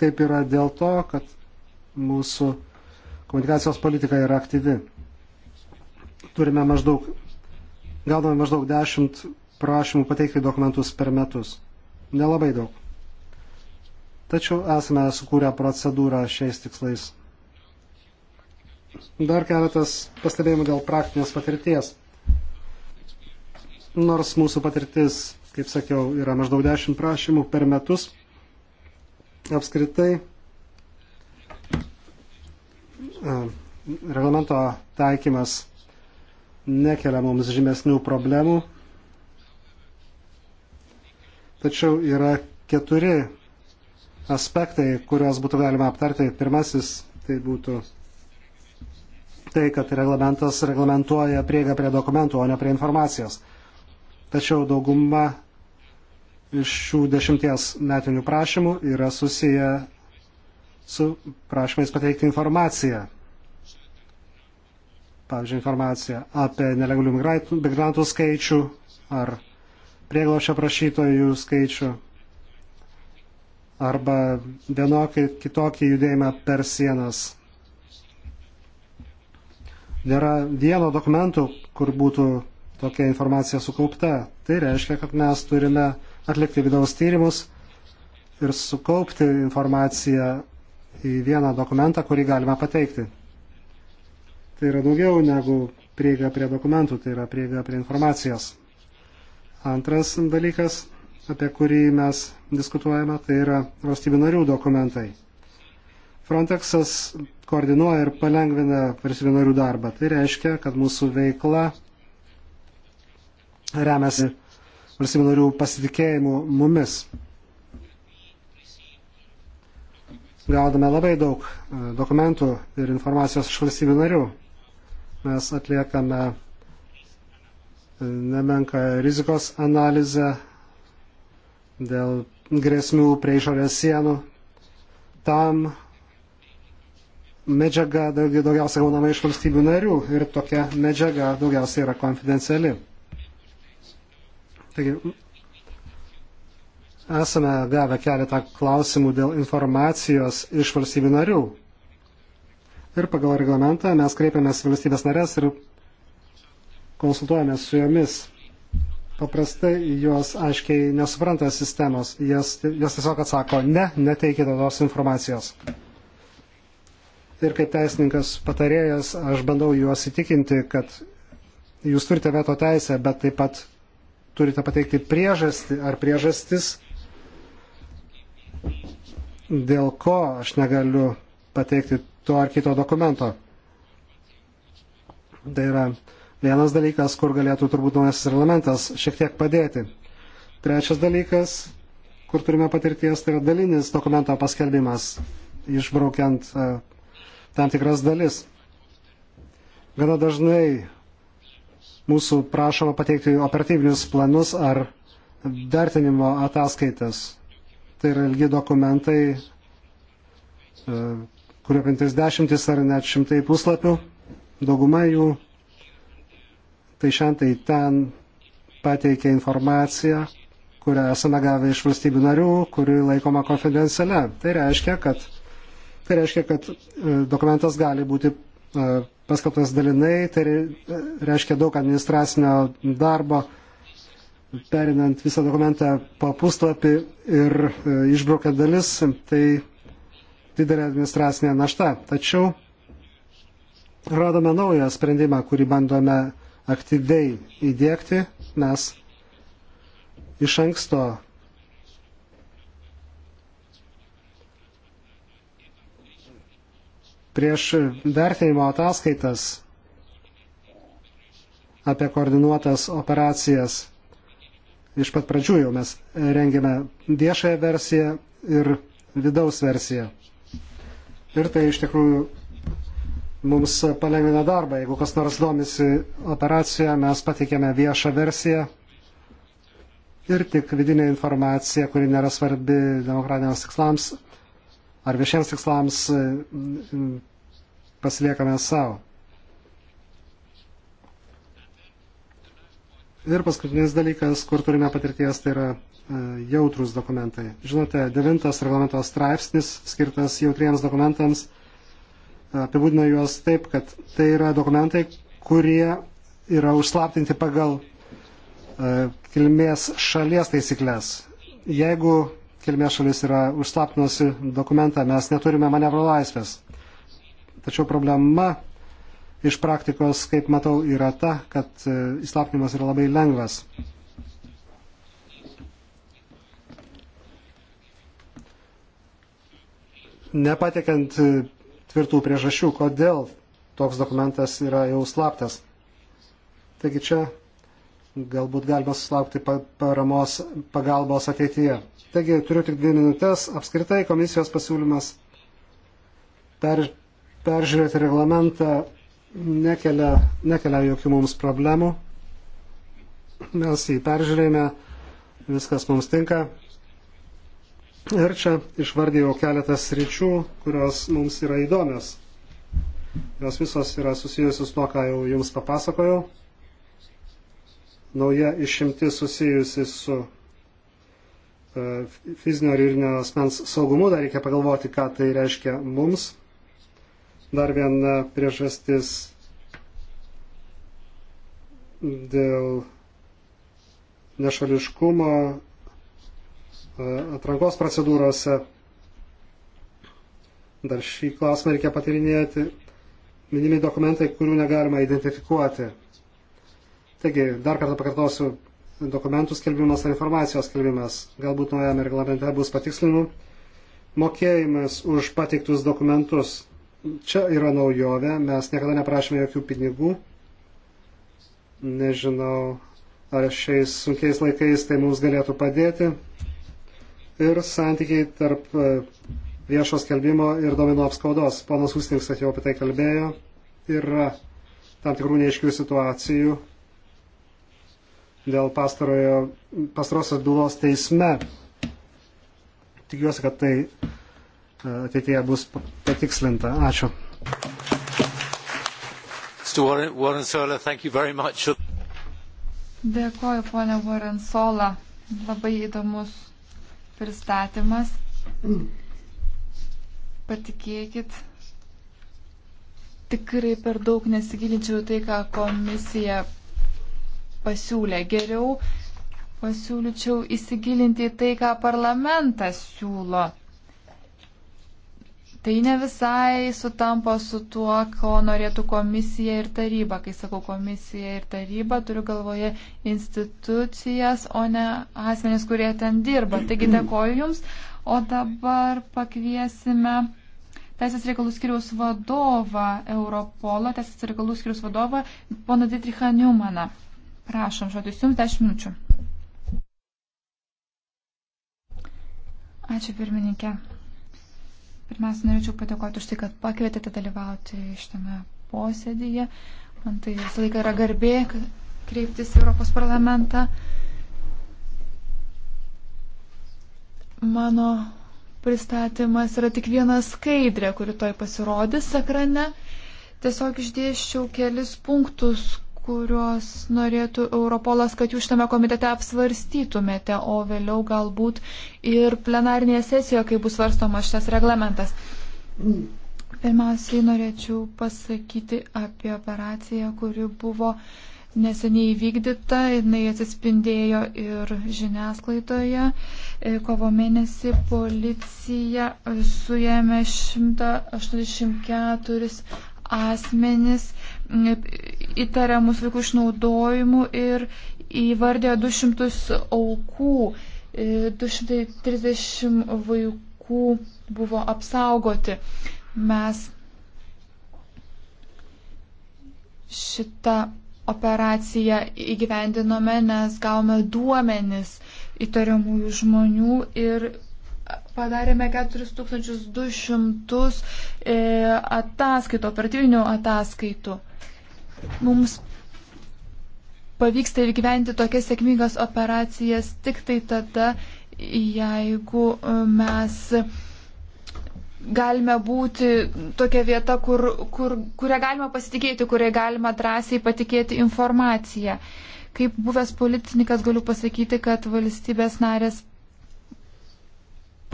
taip yra dėl to, kad mūsų komunikacijos politika yra aktyvi. Turime maždaug, gauname maždaug 10 prašymų pateikti dokumentus per metus. Nelabai daug. Tačiau esame sukūrę procedūrą šiais tikslais. Dar keletas pastebėjimų dėl praktinės patirties nors mūsų patirtis, kaip sakiau, yra maždaug 10 prašymų per metus, apskritai e, reglamento taikymas nekelia mums žymesnių problemų, tačiau yra keturi aspektai, kuriuos būtų galima aptarti. Pirmasis tai būtų tai, kad reglamentas reglamentuoja prieigą prie dokumentų, o ne prie informacijos tačiau dauguma iš šių dešimties metinių prašymų yra susiję su prašymais pateikti informaciją. Pavyzdžiui, informaciją apie nelegalių migrantų skaičių ar prieglaušio prašytojų skaičių arba vienokį kitokį judėjimą per sienas. Nėra vieno dokumentų, kur būtų tokia informacija sukaupta. Tai reiškia, kad mes turime atlikti vidaus tyrimus ir sukaupti informaciją į vieną dokumentą, kurį galima pateikti. Tai yra daugiau negu prieiga prie dokumentų, tai yra prieiga prie informacijos. Antras dalykas, apie kurį mes diskutuojame, tai yra valstybių narių dokumentai. Frontexas koordinuoja ir palengvina valstybių narių darbą. Tai reiškia, kad mūsų veikla remiasi valstybių narių pasitikėjimu mumis. Gaudame labai daug e, dokumentų ir informacijos iš valstybių narių. Mes atliekame e, nemenka rizikos analizę dėl grėsmių prie išorės sienų. Tam medžiaga daugiausia gaunama iš valstybių narių ir tokia medžiaga daugiausia yra konfidenciali. Taigi, esame gavę keletą klausimų dėl informacijos iš valstybių narių. Ir pagal reglamentą mes kreipiamės valstybės narės ir konsultuojame su jomis. Paprastai jos aiškiai nesupranta sistemos, jas, jas tiesiog atsako, ne, neteikite tos informacijos. Ir kaip teisininkas patarėjas, aš bandau juos įtikinti, kad jūs turite veto teisę, bet taip pat turite pateikti priežastį ar priežastis, dėl ko aš negaliu pateikti to ar kito dokumento. Tai yra vienas dalykas, kur galėtų turbūt naujasis reglamentas šiek tiek padėti. Trečias dalykas, kur turime patirties, tai yra dalinis dokumento paskelbimas, išbraukiant uh, tam tikras dalis. Gana dažnai mūsų prašoma pateikti operatyvinius planus ar vertinimo ataskaitas. Tai yra ilgi dokumentai, e, kurio pintais dešimtis ar net šimtai puslapių, dauguma jų tai šiandien tai ten pateikia informaciją, kurią esame gavę iš valstybių narių, kuri laikoma konfidencialia. Tai reiškia, kad, tai reiškia, kad e, dokumentas gali būti e, paskelbtas dalinai, tai reiškia daug administracinio darbo, perinant visą dokumentą po puslapį ir e, išbraukiant dalis, tai didelė administracinė našta. Tačiau radome naują sprendimą, kurį bandome aktyviai įdėkti. Mes iš anksto prieš vertinimo ataskaitas apie koordinuotas operacijas. Iš pat pradžių jau mes rengėme viešąją versiją ir vidaus versiją. Ir tai iš tikrųjų mums palengvina darbą. Jeigu kas nors domisi operaciją, mes pateikėme viešą versiją ir tik vidinė informacija, kuri nėra svarbi demokratiniams tikslams, ar viešiems tikslams e, pasiliekame savo. Ir paskutinis dalykas, kur turime patirties, tai yra e, jautrus dokumentai. Žinote, devintas reglamento straipsnis skirtas jautriems dokumentams e, apibūdina juos taip, kad tai yra dokumentai, kurie yra užslaptinti pagal kilmės šalies taisyklės. Jeigu kilmės šalis yra užslaptinusi dokumentą, mes neturime manevro laisvės. Tačiau problema iš praktikos, kaip matau, yra ta, kad e, įslaptinimas yra labai lengvas. Nepatikant e, tvirtų priežasčių, kodėl toks dokumentas yra jau slaptas. Taigi čia galbūt galima susilaukti paramos pagalbos ateityje. Taigi turiu tik dvi minutės. Apskritai komisijos pasiūlymas per, peržiūrėti reglamentą nekelia, nekelia jokių mums problemų. Mes jį peržiūrėjome, viskas mums tinka. Ir čia išvardėjau keletas ryčių, kurios mums yra įdomios. Jos visos yra susijusios to, ką jau jums papasakojau. Nauja išimti susijusi su E, fizinio ir juridinio asmens saugumu, dar reikia pagalvoti, ką tai reiškia mums. Dar viena priežastis dėl nešališkumo e, atrankos procedūrose. Dar šį klausimą reikia patirinėti. Minimi dokumentai, kurių negalima identifikuoti. Taigi, dar kartą pakartosiu, dokumentų skelbimas ar informacijos skelbimas. Galbūt naujame reglamente bus patikslinimų. Mokėjimas už pateiktus dokumentus. Čia yra naujovė, mes niekada neprašome jokių pinigų. Nežinau, ar šiais sunkiais laikais tai mums galėtų padėti. Ir santykiai tarp e, viešo skelbimo ir domino apskaudos. Ponas Ustings jau apie tai kalbėjo. Yra tam tikrų neiškių situacijų, dėl pastarojo, pastarosios bylos teisme. Tikiuosi, kad tai e, ateityje bus patikslinta. Ačiū. Dėkoju, ponė Varensola. Labai įdomus pristatymas. Patikėkit, tikrai per daug nesigilinčiau tai, ką komisija pasiūlė. Geriau pasiūlyčiau įsigilinti į tai, ką parlamentas siūlo. Tai ne visai sutampa su tuo, ko norėtų komisija ir taryba. Kai sakau komisija ir taryba, turiu galvoje institucijas, o ne asmenys, kurie ten dirba. Taigi dėkoju Jums. O dabar pakviesime Teisės reikalų skiriaus vadovą Europolo, Teisės reikalų skiriaus vadovą, poną Dietrichą Newmaną. Prašom, žodis jums 10 minučių. Ačiū pirmininkė. Pirmiausia, norėčiau padėkoti už tai, kad pakvietėte dalyvauti šitame posėdyje. Man tai visą laiką yra garbė kreiptis į Europos parlamentą. Mano pristatymas yra tik viena skaidrė, kuri toj pasirodys ekrane. Tiesiog išdėščiau kelis punktus, kuriuos norėtų Europolas, kad jūs šitame komitete apsvarstytumėte, o vėliau galbūt ir plenarinėje sesijoje, kai bus svarstomas šitas reglamentas. Pirmiausiai norėčiau pasakyti apie operaciją, kuri buvo neseniai įvykdyta, jinai atsispindėjo ir žiniasklaidoje. Kovo mėnesį policija suėmė 184 asmenis įtariamus vaikų išnaudojimu ir įvardė 200 aukų, 230 e, vaikų buvo apsaugoti. Mes šitą operaciją įgyvendinome, nes gavome duomenis įtariamųjų žmonių ir padarėme 4200 e, ataskaitų, operatyvinių ataskaitų mums pavyksta įgyventi tokias sėkmingas operacijas tik tai tada, jeigu e, mes galime būti tokia vieta, kur, kur, kurią galima pasitikėti, kuriai galima drąsiai patikėti informaciją. Kaip buvęs policininkas galiu pasakyti, kad valstybės narės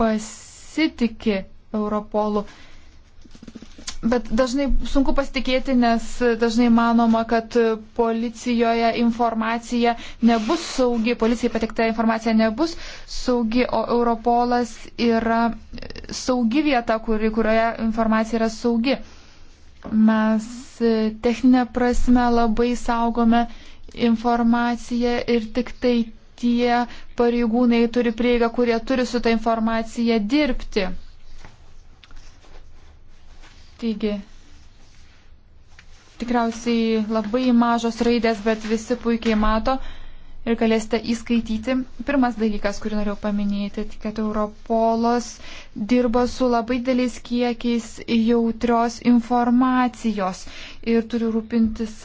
pasitikė Europolu Bet dažnai sunku pasitikėti, nes dažnai manoma, kad policijoje informacija nebus saugi, policijai patekta informacija nebus saugi, o Europolas yra saugi vieta, kuri, kurioje informacija yra saugi. Mes techninė prasme labai saugome informaciją ir tik tai tie pareigūnai turi prieigą, kurie turi su tą informacija dirbti. Taigi, tikriausiai labai mažos raidės, bet visi puikiai mato ir galėsite įskaityti. Pirmas dalykas, kurį norėjau paminėti, tai kad Europolos dirba su labai dėliais kiekiais jautrios informacijos ir turi rūpintis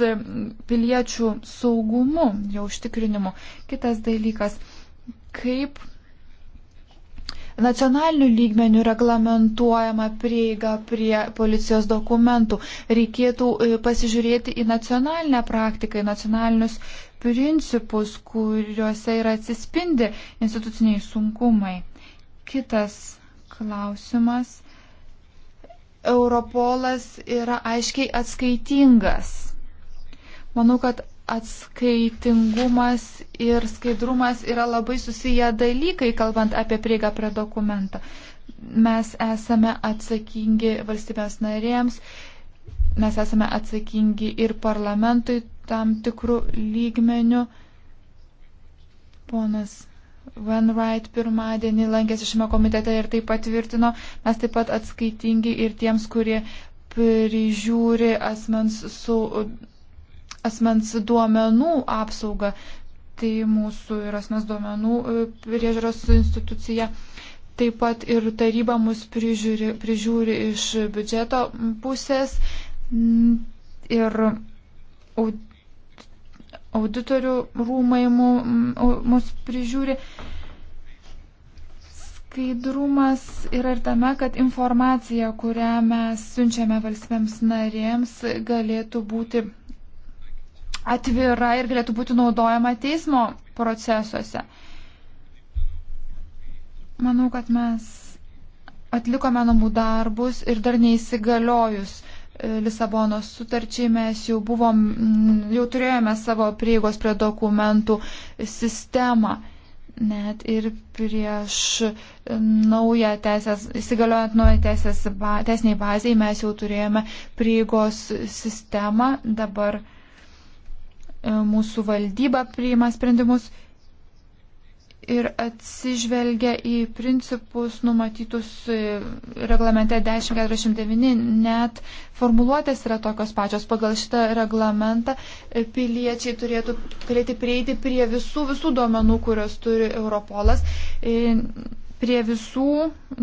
piliečių saugumu, jau užtikrinimu. Kitas dalykas, kaip nacionaliniu lygmeniu reglamentuojama prieiga prie policijos dokumentų. Reikėtų e, pasižiūrėti į nacionalinę praktiką, į nacionalinius principus, kuriuose yra atsispindi instituciniai sunkumai. Kitas klausimas. Europolas yra aiškiai atskaitingas. Manau, kad atskaitingumas ir skaidrumas yra labai susiję dalykai, kalbant apie prieigą prie dokumentą. Mes esame atsakingi valstybės narėms, mes esame atsakingi ir parlamentui tam tikrų lygmenių. Ponas Wainwright pirmadienį lankėsi šiame komitete ir tai patvirtino. Mes taip pat atskaitingi ir tiems, kurie prižiūri asmens su asmens duomenų apsaugą. Tai mūsų ir asmens duomenų e, priežiūros institucija. Taip pat ir taryba mus prižiūri, prižiūri iš biudžeto pusės mm, ir auditorių rūmai mus prižiūri skaidrumas yra ir tame, kad informacija, kurią mes siunčiame valstybėms narėms, galėtų būti atvira ir galėtų būti naudojama teismo procesuose. Manau, kad mes atlikome namų darbus ir dar neįsigaliojus e, Lisabonos sutarčiai mes jau buvom, jau turėjome savo prieigos prie dokumentų sistemą. Net ir prieš e, naują teisės, įsigaliojant naują teisės, teisiniai baziai mes jau turėjome prieigos sistemą, dabar E, mūsų valdyba priima sprendimus ir atsižvelgia į principus numatytus e, reglamente 1049, net formuluotės yra tokios pačios. Pagal šitą reglamentą e, piliečiai turėtų turėti prieiti prie visų, visų duomenų, kurios turi Europolas, prie visų,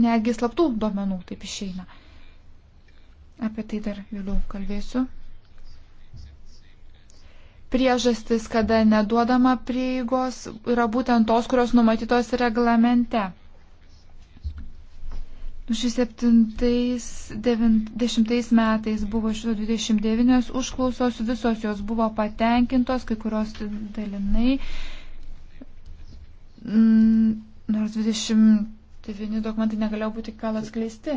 netgi slaptų duomenų, taip išeina. Apie tai dar vėliau kalbėsiu priežastis, kada neduodama prieigos, yra būtent tos, kurios numatytos reglamente. 2010 metais buvo 129 užklausos, visos jos buvo patenkintos, kai kurios dalinai. Mm, nors 29 dokumentai negalėjo būti gal atskleisti.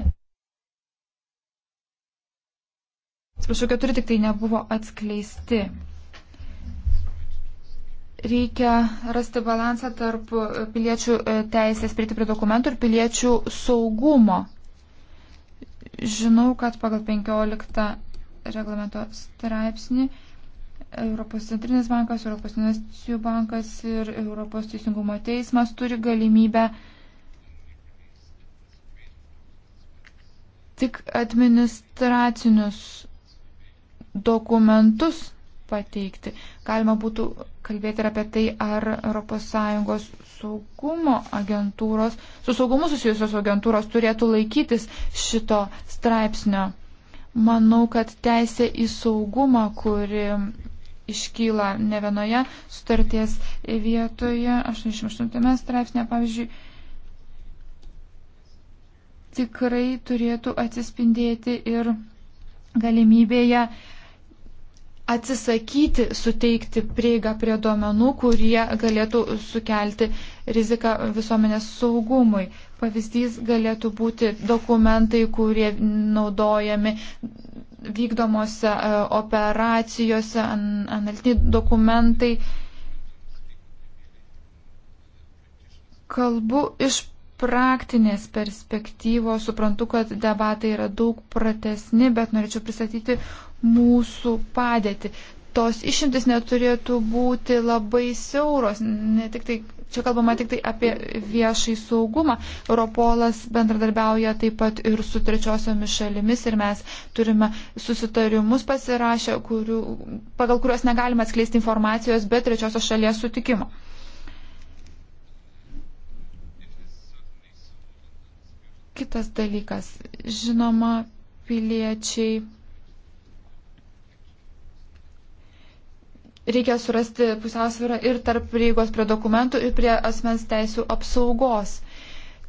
Atsiprašau, keturi tik tai nebuvo atskleisti. Reikia rasti balansą tarp e, piliečių e, teisės prieiti prie dokumentų ir piliečių saugumo. Žinau, kad pagal 15 reglamento straipsnį Europos centrinis bankas, Europos investicijų bankas ir Europos teisingumo teismas turi galimybę tik administracinius dokumentus pateikti. Galima būtų kalbėti ir apie tai, ar ES saugumo agentūros, su saugumu susijusios agentūros turėtų laikytis šito straipsnio. Manau, kad teisė į saugumą, kuri iškyla ne vienoje sutarties vietoje, 88 straipsnė, pavyzdžiui, tikrai turėtų atsispindėti ir galimybėje atsisakyti suteikti prieigą prie duomenų, kurie galėtų sukelti riziką visuomenės saugumui. Pavyzdys galėtų būti dokumentai, kurie naudojami vykdomose e, operacijose, analitiniai dokumentai. Kalbu iš praktinės perspektyvos, suprantu, kad debatai yra daug pratesni, bet norėčiau pristatyti mūsų padėtį. Tos išimtis neturėtų būti labai siauros, ne tik tai Čia kalbama tik tai apie viešai saugumą. Europolas bendradarbiauja taip pat ir su trečiosiomis šalimis ir mes turime susitarimus pasirašę, kurių, pagal kuriuos negalime atskleisti informacijos be trečiosios šalies sutikimo. Kitas dalykas. Žinoma, piliečiai reikia surasti pusiausvyrą ir tarp prieigos prie dokumentų, ir prie asmens teisų apsaugos.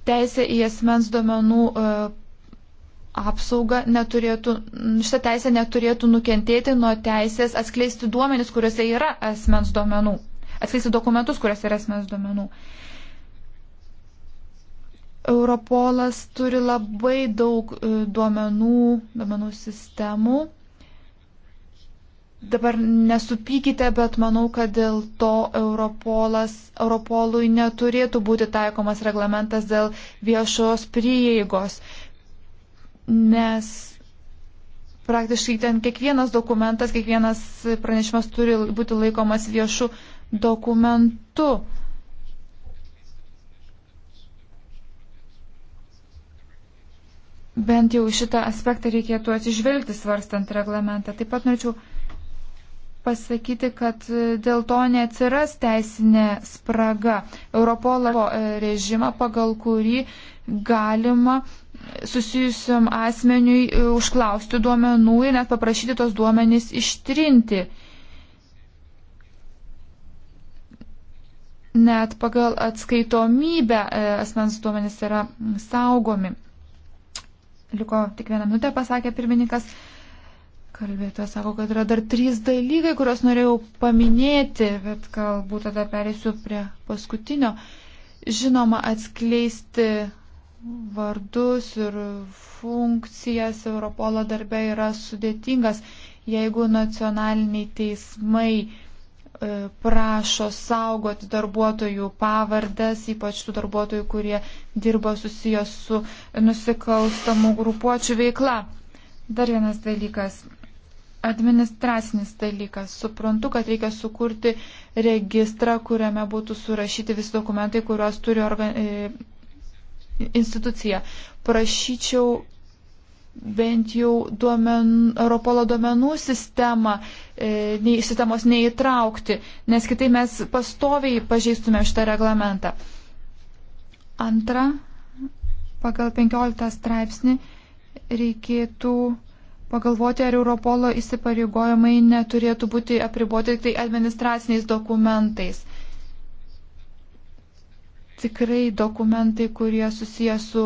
Teisė į asmens duomenų e, apsaugą neturėtų, šitą teisę neturėtų nukentėti nuo teisės atskleisti duomenis, kuriuose yra asmens duomenų. Atskleisti dokumentus, kuriuose yra asmens duomenų. Europolas turi labai daug e, duomenų, duomenų sistemų Dabar nesupykite, bet manau, kad dėl to Europolas, Europolui neturėtų būti taikomas reglamentas dėl viešos prieigos, nes praktiškai ten kiekvienas dokumentas, kiekvienas pranešimas turi būti laikomas viešu dokumentu. Bent jau šitą aspektą reikėtų atsižvelgti svarstant reglamentą. Taip pat norėčiau. Nu, pasakyti, kad e, dėl to neatsiras teisinė spraga. Europolo e, režimą, pagal kurį galima susijusiam asmeniui e, užklausti duomenų ir net paprašyti tos duomenys ištrinti. Net pagal atskaitomybę asmens duomenys yra saugomi. Liko tik vieną minutę, pasakė pirmininkas. Kalbėta sako, kad yra dar trys dalykai, kuriuos norėjau paminėti, bet galbūt tada perėsiu prie paskutinio. Žinoma, atskleisti vardus ir funkcijas Europolo darbe yra sudėtingas, jeigu nacionaliniai teismai e, prašo saugoti darbuotojų pavardas, ypač tų darbuotojų, kurie dirbo susijęs su nusikalstamų grupuočių veikla. Dar vienas dalykas administracinis dalykas. Suprantu, kad reikia sukurti registrą, kuriame būtų surašyti visi dokumentai, kuriuos turi organ... E, institucija. Prašyčiau bent jau duomen, Europolo duomenų sistemą, e, sistemos neįtraukti, nes kitai mes pastoviai pažeistume šitą reglamentą. Antra, pagal 15 straipsnį reikėtų pagalvoti, ar Europolo įsipareigojimai neturėtų būti apriboti tik tai administraciniais dokumentais. Tikrai dokumentai, kurie susiję su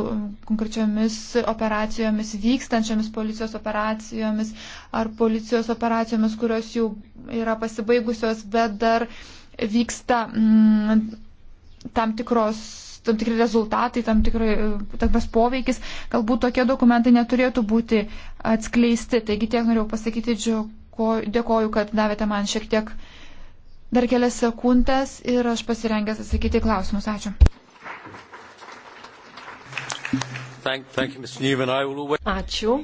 konkrečiomis operacijomis, vykstančiamis policijos operacijomis ar policijos operacijomis, kurios jau yra pasibaigusios, bet dar vyksta mm, tam tikros tam tikri rezultatai, tam tikras poveikis, galbūt tokie dokumentai neturėtų būti atskleisti. Taigi tiek norėjau pasakyti, dėkoju, kad davėte man šiek tiek dar kelias sekundės ir aš pasirengęs atsakyti klausimus. Ačiū. Thank, thank you, will... Ačiū.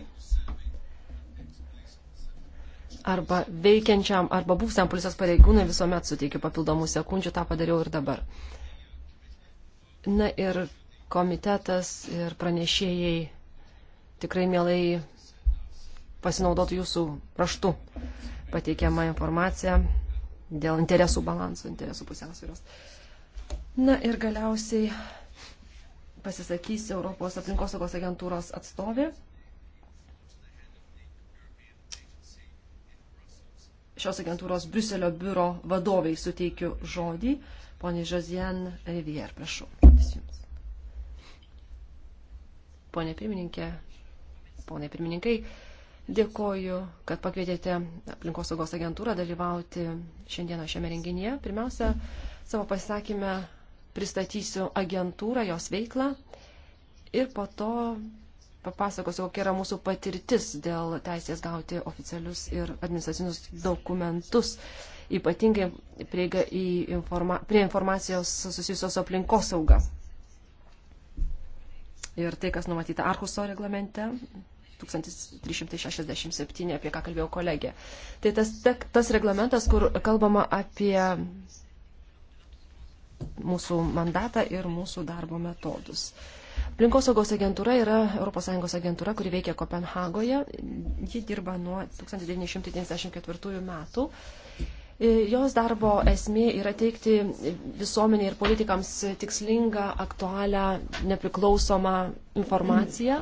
Arba veikiančiam, arba būsiam policijos pareigūnai visuomet suteikiu papildomų sekundžių, tą padariau ir dabar. Na ir komitetas ir pranešėjai tikrai mielai pasinaudotų jūsų raštu pateikiamą informaciją dėl interesų balanso, interesų pusiausvėros. Na ir galiausiai pasisakys Europos aplinkosaugos agentūros atstovė. Šios agentūros Briuselio biuro vadoviai suteikiu žodį. Pone Žozien Rivier, prašau žodis jums. Pone pirmininkė, ponai pirmininkai, dėkoju, kad pakvietėte aplinkosaugos agentūrą dalyvauti šiandieną šiame renginyje. Pirmiausia, savo pasisakymę pristatysiu agentūrą, jos veiklą ir po to papasakosiu, kokia yra mūsų patirtis dėl teisės gauti oficialius ir administracinius dokumentus. Uh, ypatingai prieiga informa prie informacijos susijusios su aplinkos sauga. Ir tai, kas numatyta Arhuso reglamente 1367, apie ką kalbėjo kolegė. Tai tas, tas reglamentas, kur kalbama apie mūsų mandatą ir mūsų darbo metodus. Aplinkosaugos agentūra yra ES agentūra, kuri veikia Kopenhagoje. Ji dirba nuo 1994 metų. E, jos darbo esmė yra teikti visuomeniai ir politikams tikslingą, aktualią, nepriklausomą informaciją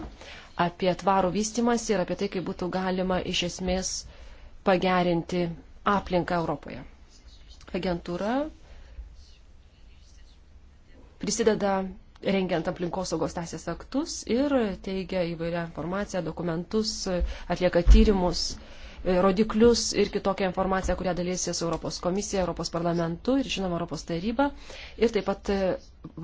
apie tvarų vystimas ir apie tai, kaip būtų galima iš esmės pagerinti aplinką Europoje. Agentūra prisideda rengiant aplinkosaugos teisės aktus ir teigia įvairią informaciją, dokumentus, atlieka tyrimus. Uh, E, rodiklius ir kitokią informaciją, kurią dalysis Europos komisija, Europos parlamentu ir, žinoma, Europos taryba. Ir taip pat e,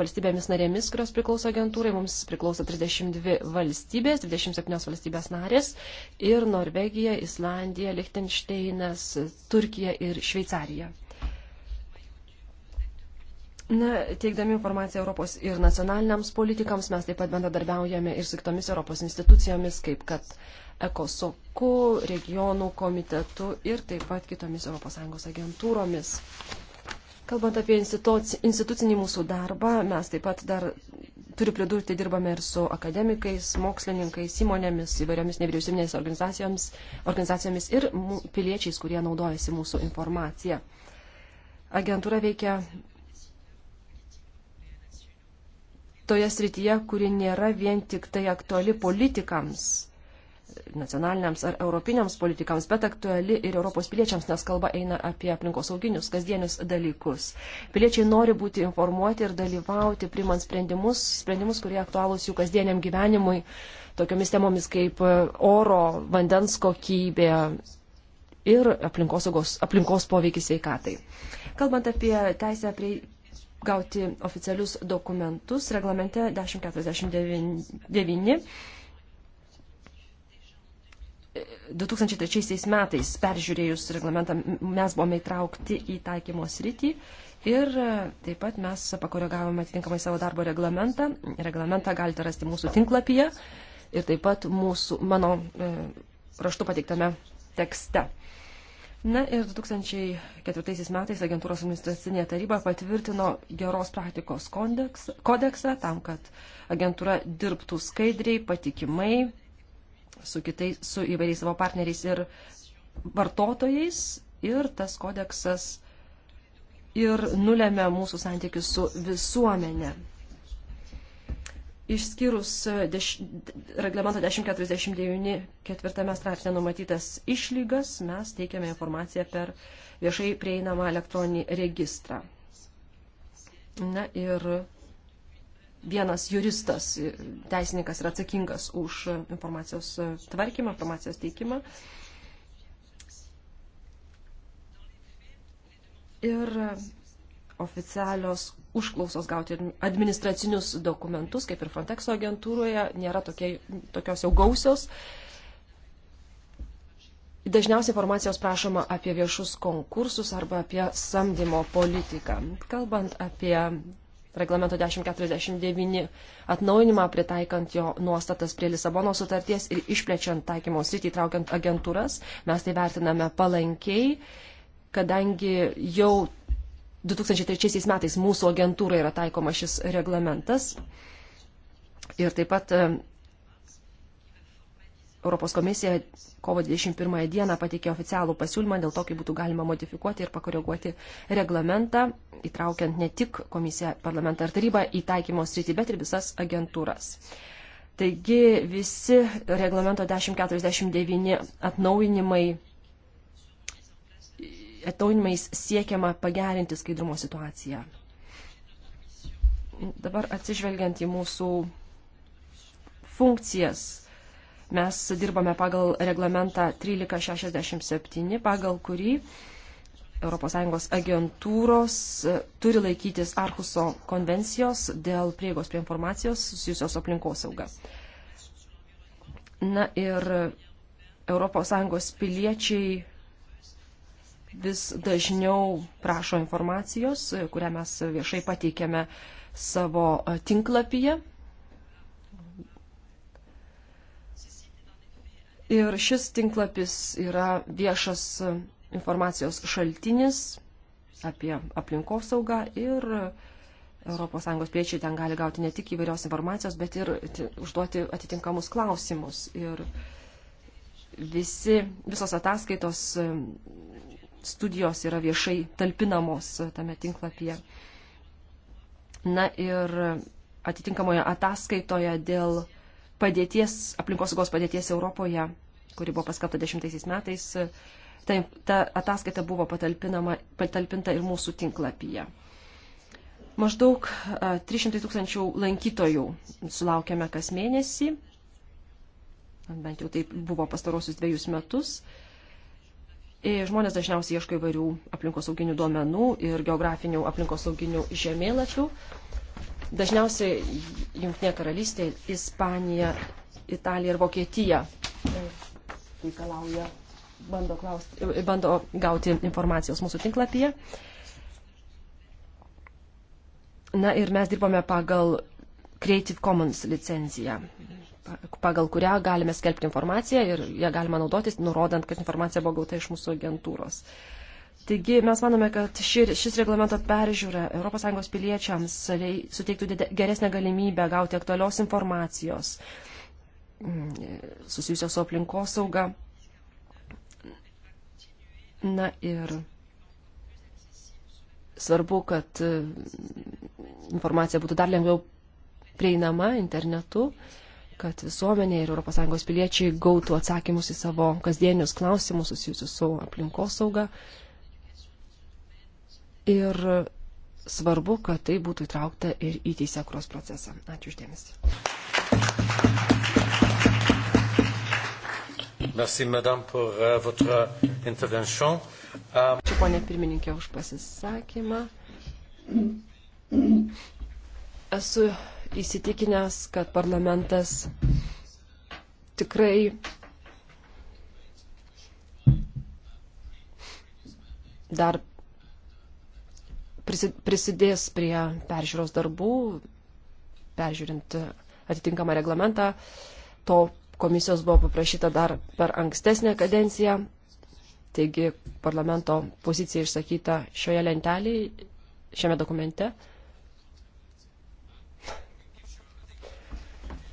valstybėmis narėmis, kurios priklauso agentūrai. Mums priklauso 32 valstybės, 27 valstybės narės ir Norvegija, Islandija, Liechtensteinas, Turkija ir Šveicarija. Na, teikdami informaciją Europos ir nacionaliniams politikams, mes taip pat bendradarbiaujame ir su kitomis Europos institucijomis, kaip kad uh, ECOSOKU, regionų komitetu ir taip pat kitomis ES agentūromis. Kalbant apie institucinį mūsų darbą, mes taip pat dar, turiu pridurti, dirbame ir su akademikais, mokslininkais, įmonėmis, įvairiomis nevyriausybinės organizacijomis, organizacijomis ir piliečiais, kurie naudojasi mūsų informacija. Agentūra veikia toje srityje, kuri nėra vien tik tai aktuali politikams nacionaliniams ar europiniams politikams, bet aktuali ir Europos piliečiams, nes kalba eina apie aplinkosauginius, kasdienius dalykus. Piliečiai nori būti informuoti ir dalyvauti, primant sprendimus, sprendimus, kurie aktualūs jų kasdieniam gyvenimui, tokiomis temomis kaip e, oro, vandens kokybė ir aplinkos poveikis sveikatai. Kalbant apie teisę prie gauti oficialius dokumentus, reglamente 1049 2003 metais peržiūrėjus reglamentą mes buvome įtraukti į taikymo sritį ir e, taip pat mes pakoregavome atitinkamai savo darbo reglamentą. Reglamentą galite rasti mūsų tinklapyje ir taip pat mūsų, mano e, raštu pateiktame tekste. Na ir 2004 metais agentūros administracinė taryba patvirtino geros praktikos kodeksą tam, kad agentūra dirbtų skaidriai, patikimai su, kitais, su įvairiais savo partneriais ir vartotojais ir tas kodeksas ir nulėmė mūsų santykius su visuomenė. Išskyrus deš, reglamento 1049 ketvirtame straipsnė numatytas išlygas, mes teikiame informaciją per viešai prieinamą elektroninį registrą. Na ir vienas juristas, teisininkas yra atsakingas už informacijos tvarkymą, informacijos teikimą. Ir oficialios užklausos gauti administracinius dokumentus, kaip ir Frontexo agentūroje, nėra tokie, tokios jau gausios. Dažniausiai informacijos prašoma apie viešus konkursus arba apie samdymo politiką. Kalbant apie reglamento 1049 atnaujinimą, pritaikant jo nuostatas prie Lisabono sutarties ir išplečiant taikymo sritį, traukiant agentūras. Mes tai vertiname palankiai, kadangi jau 2003 metais mūsų agentūrai yra taikoma šis reglamentas. Ir taip pat e, Europos komisija kovo 21 dieną pateikė oficialų pasiūlymą dėl to, kaip būtų galima modifikuoti ir pakoreguoti reglamentą, įtraukiant ne tik komisiją, parlamentą ir tarybą į taikymo sritį, bet ir visas agentūras. Taigi visi reglamento 1049 atnaujinimai atnaujinimais siekiama pagerinti skaidrumo situaciją. Dabar atsižvelgiant į mūsų funkcijas, Mes dirbame pagal reglamentą 1367, pagal kurį ES agentūros e, turi laikytis Arhuso konvencijos dėl prieigos prie informacijos susijusios aplinkosauga. Na ir ES piliečiai vis dažniau prašo informacijos, e, kurią mes viešai pateikėme savo e, tinklapyje Ir šis tinklapis yra viešas informacijos šaltinis apie aplinkosaugą ir ES priečiai ten gali gauti ne tik įvairios informacijos, bet ir užduoti atitinkamus klausimus. Ir visi, visos ataskaitos studijos yra viešai talpinamos tame tinklapyje. Na ir atitinkamoje ataskaitoje dėl padėties, aplinkosaugos padėties Europoje, kuri buvo paskapta dešimtaisiais metais, ta, ta ataskaita buvo patalpinta ir mūsų tinklapyje. Maždaug 300 tūkstančių lankytojų sulaukėme kas mėnesį, bent jau taip buvo pastarosius dviejus metus. Ir e, žmonės dažniausiai ieško įvairių aplinkosauginių duomenų ir geografinių aplinkosauginių žemėlapių, Dažniausiai Junktinė karalystė, Ispanija, Italija ir Vokietija reikalauja, bando, klausti, bando gauti informacijos mūsų tinklapyje. Na ir mes dirbame pagal Creative Commons licenciją, pagal kurią galime skelbti informaciją ir ją galima naudotis, nurodant, kad informacija buvo gauta iš mūsų agentūros. Uh, Taigi mes manome, kad ši, šis reglamento peržiūra ES piliečiams suteiktų geresnę galimybę gauti aktualios informacijos mm, susijusios su aplinkosauga. Na ir svarbu, kad mm, informacija būtų dar lengviau prieinama internetu, kad visuomenė ir ES piliečiai gautų atsakymus į savo kasdienius klausimus susijusius su aplinkosauga. sauga ir svarbu, kad tai būtų įtraukta ir į teisėkros procesą. Ačiū uždėmesi. Merci, madame, pour uh, votre intervention. Um... Ačiū, ponė pirmininkė, už pasisakymą. Esu įsitikinęs, kad parlamentas tikrai dar prisidės prie peržiūros darbų, peržiūrint atitinkamą reglamentą. To komisijos buvo paprašyta dar per ankstesnę kadenciją, taigi parlamento pozicija išsakyta šioje lentelėje, šiame dokumente.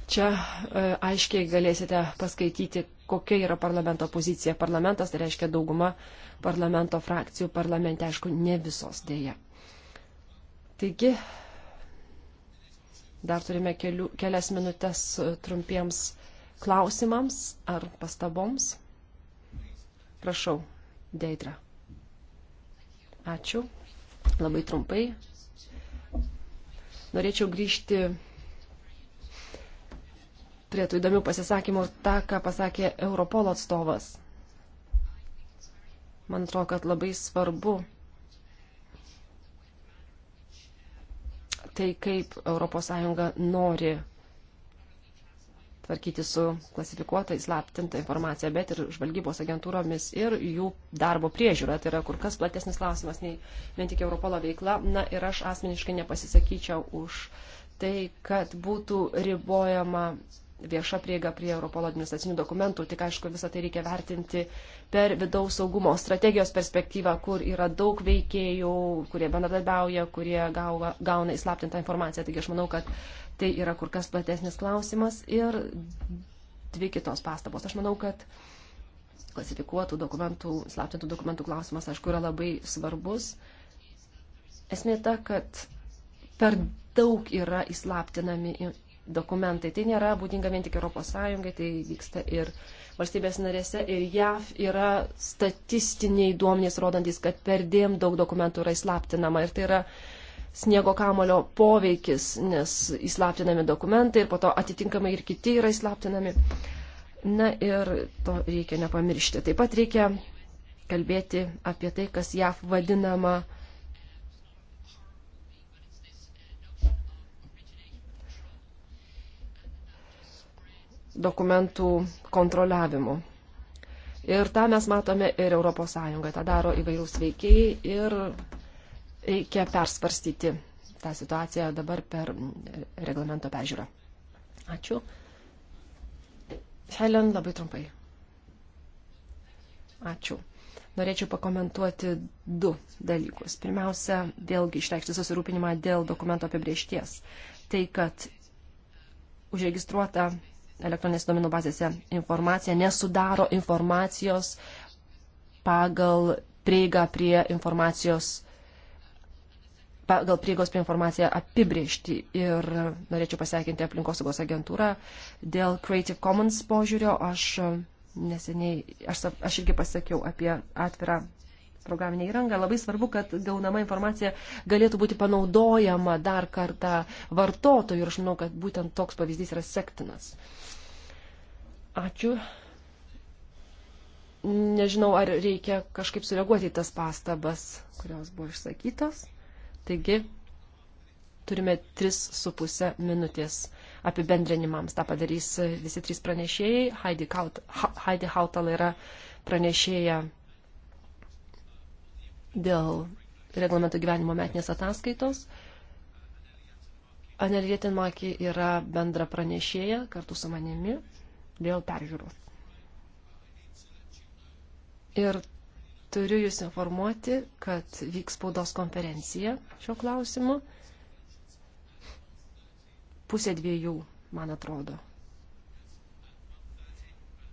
Čia e, aiškiai galėsite paskaityti, kokia yra parlamento pozicija. Parlamentas, tai reiškia dauguma parlamento frakcijų parlamente, aišku, ne visos dėja. Taigi, dar turime kelių, kelias minutės trumpiems klausimams ar pastaboms. Prašau, Deidra. Ačiū. Labai trumpai. Norėčiau grįžti prie tų įdomių pasisakymų tą, ką pasakė Europolo atstovas. Man atrodo, kad labai svarbu tai, kaip ES nori tvarkyti su klasifikuota įslaptinta informacija, bet ir žvalgybos agentūromis ir jų darbo priežiūra. Tai yra kur kas platesnis klausimas nei vien tik Europolo veikla. Na ir aš asmeniškai nepasisakyčiau už tai, kad būtų ribojama vieša prieiga prie Europolo administracinių dokumentų, tik aišku, visą tai reikia vertinti per vidaus saugumo strategijos perspektyvą, kur yra daug veikėjų, kurie bendradarbiauja, kurie gauga, gauna įslaptintą informaciją. Taigi aš manau, kad tai yra kur kas platesnis klausimas. Ir dvi kitos pastabos. Aš manau, kad klasifikuotų dokumentų, slaptintų dokumentų klausimas, aišku, yra labai svarbus. Esmė ta, kad per daug yra įslaptinami dokumentai. Tai nėra būdinga vien tik ES, tai vyksta ir valstybės narėse. Ir JAV yra statistiniai duomenys rodantis, kad per dėm daug dokumentų yra įslaptinama. Ir tai yra sniego kamulio poveikis, nes įslaptinami dokumentai ir po to atitinkamai ir kiti yra įslaptinami. Na ir to reikia nepamiršti. Taip pat reikia kalbėti apie tai, kas JAV vadinama uh, dokumentų kontroliavimu. Ir tą mes matome ir ES, tą daro įvairūs veikėjai ir reikia persvarstyti tą situaciją dabar per reglamento pežiūrą. Ačiū. Helen, labai trumpai. Ačiū. Norėčiau pakomentuoti du dalykus. Pirmiausia, vėlgi išreikšti susirūpinimą dėl dokumento apibriešties. Tai, kad užregistruota elektroninės domenų bazėse informacija nesudaro informacijos pagal prieigą prie informacijos pagal prieigos prie informaciją apibriežti. Ir norėčiau pasveikinti aplinkosaugos agentūrą dėl Creative Commons požiūrio. Aš neseniai, aš, aš irgi pasakiau apie atvirą programinė įranga, labai svarbu, kad gaunama informacija galėtų būti panaudojama dar kartą vartotojų ir aš manau, kad būtent toks pavyzdys yra sektinas. Ačiū. Nežinau, ar reikia kažkaip sureaguoti į tas pastabas, kurios buvo išsakytos. Taigi, turime 3,5 minutės apibendrinimams. Ta padarys visi trys pranešėjai. Heidi, Kaut, Heidi Hautala yra pranešėja dėl reglamento gyvenimo metinės ataskaitos. Anelietin Maki yra bendra pranešėja kartu su manimi dėl peržiūros. Ir turiu Jūs informuoti, kad vyks spaudos konferencija šio klausimu. Pusė dviejų, man atrodo.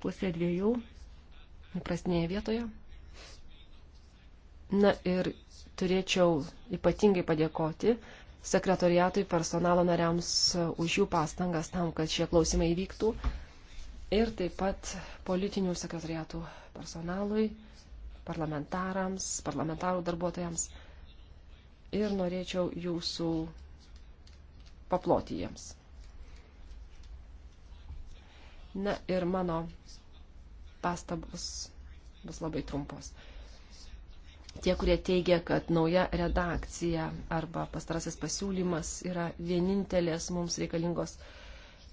Pusė dviejų, įprastinėje vietoje. Na ir turėčiau ypatingai padėkoti sekretoriatui personalo nariams uh, už jų pastangas tam, kad šie klausimai įvyktų. Ir taip pat politinių sekretoriatų personalui, parlamentarams, parlamentarų darbuotojams. Ir norėčiau jūsų paploti jiems. Na ir mano pastabos bus labai trumpos tie, kurie teigia, kad nauja redakcija arba pastarasis pasiūlymas yra vienintelės mums reikalingos,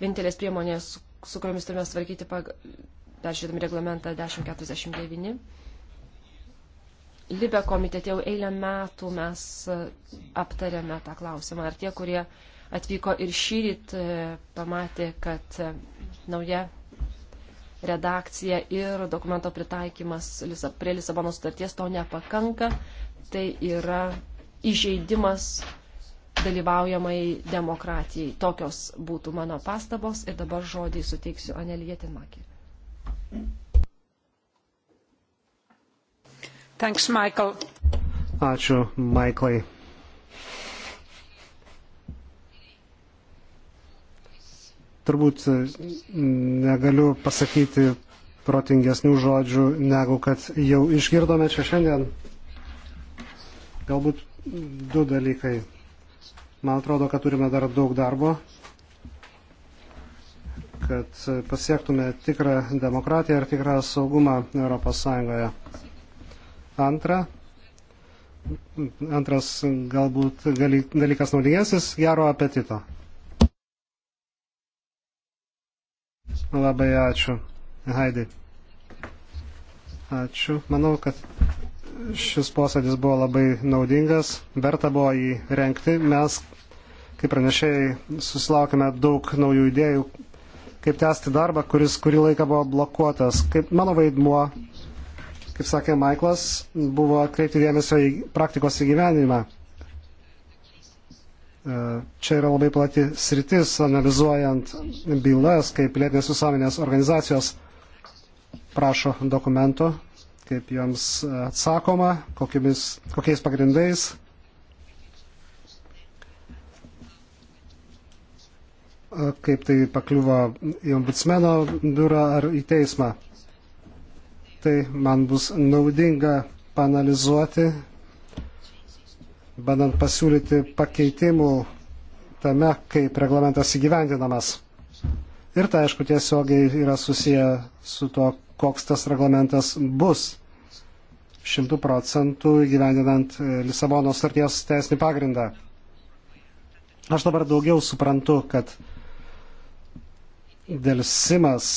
vienintelės priemonės, su kuriomis turime svarkyti, peržiūrėdami reglamentą 1049. Libe komitete jau eilę metų mes e, aptarėme tą klausimą. Ar tie, kurie atvyko ir šyrit, e, pamatė, kad e, nauja redakcija ir dokumento pritaikymas prie Lisabono sutarties to nepakanka. Tai yra išeidimas dalyvaujamai demokratijai. Tokios būtų mano pastabos ir dabar žodį suteiksiu Anelija Tinmakė. Thanks, Michael. Ačiū, Michaelai. turbūt e, negaliu pasakyti protingesnių žodžių, negu kad jau išgirdome čia šiandien. Galbūt du dalykai. Man atrodo, kad turime dar daug darbo, kad pasiektume tikrą demokratiją ir tikrą saugumą ES. Antra, antras galbūt dalykas naudingesnis - gero apetito. Labai ačiū, Haidai. Ačiū. Manau, kad šis posėdis buvo labai naudingas, verta buvo jį renkti. Mes, kaip pranešėjai, susilaukime daug naujų idėjų, kaip tęsti darbą, kuris kurį laiką buvo blokuotas. Kaip mano vaidmuo, kaip sakė Maiklas, buvo atkreipti dėmesio į praktikos įgyvenimą. E, čia yra labai plati sritis, analizuojant bylas, kaip pilietinės visuomenės organizacijos prašo dokumento, kaip joms atsakoma, kokiamis, kokiais pagrindais. E, kaip tai pakliuvo į ombudsmeno biurą ar į teismą. Tai man bus naudinga panalizuoti bandant pasiūlyti pakeitimų tame, kaip reglamentas įgyvendinamas. Ir tai, aišku, tiesiogiai yra susiję su to, koks tas reglamentas bus šimtų procentų įgyvendinant e, Lisabono starties teisinį pagrindą. Aš dabar daugiau suprantu, kad dėl simas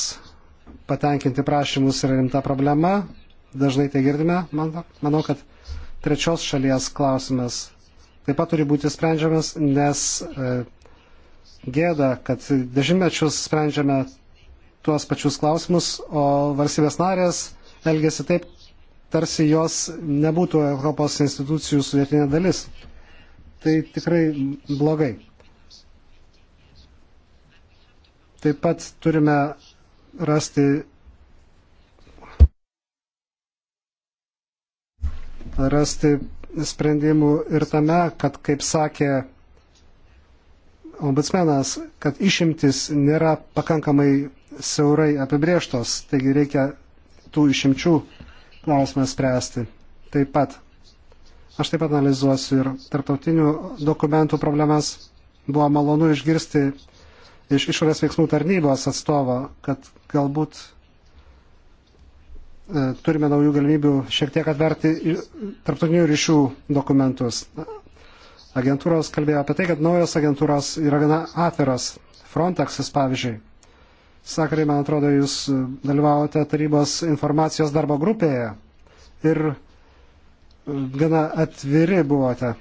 patenkinti prašymus yra rimta problema. Dažnai tai girdime. Manau, kad trečios šalies klausimas taip pat turi būti sprendžiamas, nes e, gėda, kad dešimtmečius sprendžiame tuos pačius klausimus, o valstybės narės elgesi taip, tarsi jos nebūtų Europos institucijų sudėtinė dalis. Tai tikrai blogai. Taip pat turime rasti rasti sprendimų ir tame, kad, kaip sakė ombudsmenas, kad išimtis nėra pakankamai siaurai apibrieštos, taigi reikia tų išimčių klausimą spręsti. Taip pat. Aš taip pat analizuosiu ir tarptautinių dokumentų problemas. Buvo malonu išgirsti iš išorės veiksmų tarnybos atstovo, kad galbūt E, turime naujų galimybių šiek tiek atverti tarptautinių ryšių dokumentus. Agentūros kalbėjo apie tai, kad naujos agentūros yra gana atviros. Frontexas, pavyzdžiui. Sakarai, man atrodo, jūs dalyvavote tarybos informacijos darbo grupėje ir gana atviri buvote.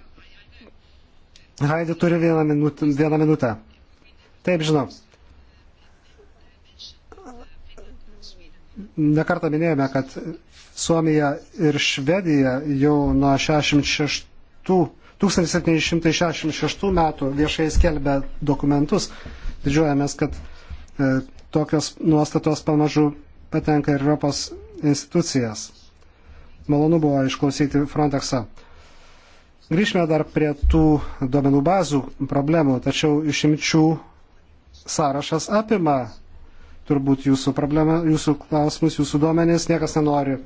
Haidi turi vieną minutę. Vieną minutę. Taip, žinau. nekartą minėjome, kad Suomija ir Švedija jau nuo 66, 1766 metų viešai skelbia dokumentus. Didžiuojamės, kad e, tokios nuostatos pamažu patenka ir Europos institucijas. Malonu buvo išklausyti Frontexą. Grįžime dar prie tų duomenų bazų problemų, tačiau išimčių sąrašas apima turbūt jūsų problema, jūsų klausimus, jūsų duomenys, niekas nenori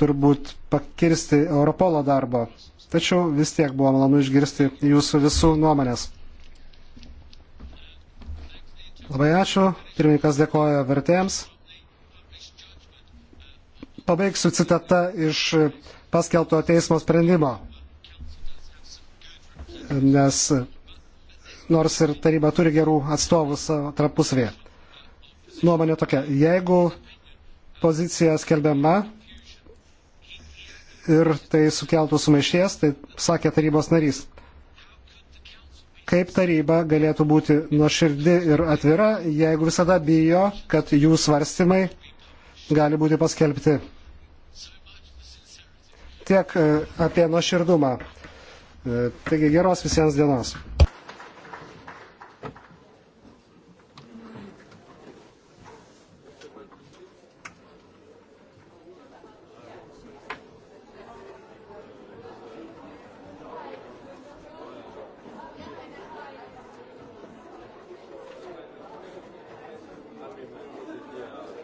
turbūt pakirsti Europolo darbo. Tačiau vis tiek buvo malonu išgirsti jūsų visų nuomonės. Labai ačiū. Pirmininkas dėkoja vertėjams. Pabaigsiu citata iš paskelbto teismo sprendimo. Nes nors ir taryba turi gerų atstovų tarpusvėje nuomonė tokia. Jeigu pozicija skelbiama ir tai sukeltų sumaišties, tai sakė tarybos narys. Kaip taryba galėtų būti nuoširdi ir atvira, jeigu visada bijo, kad jų svarstymai gali būti paskelbti. Tiek e, apie nuoširdumą. E, taigi geros visiems dienos.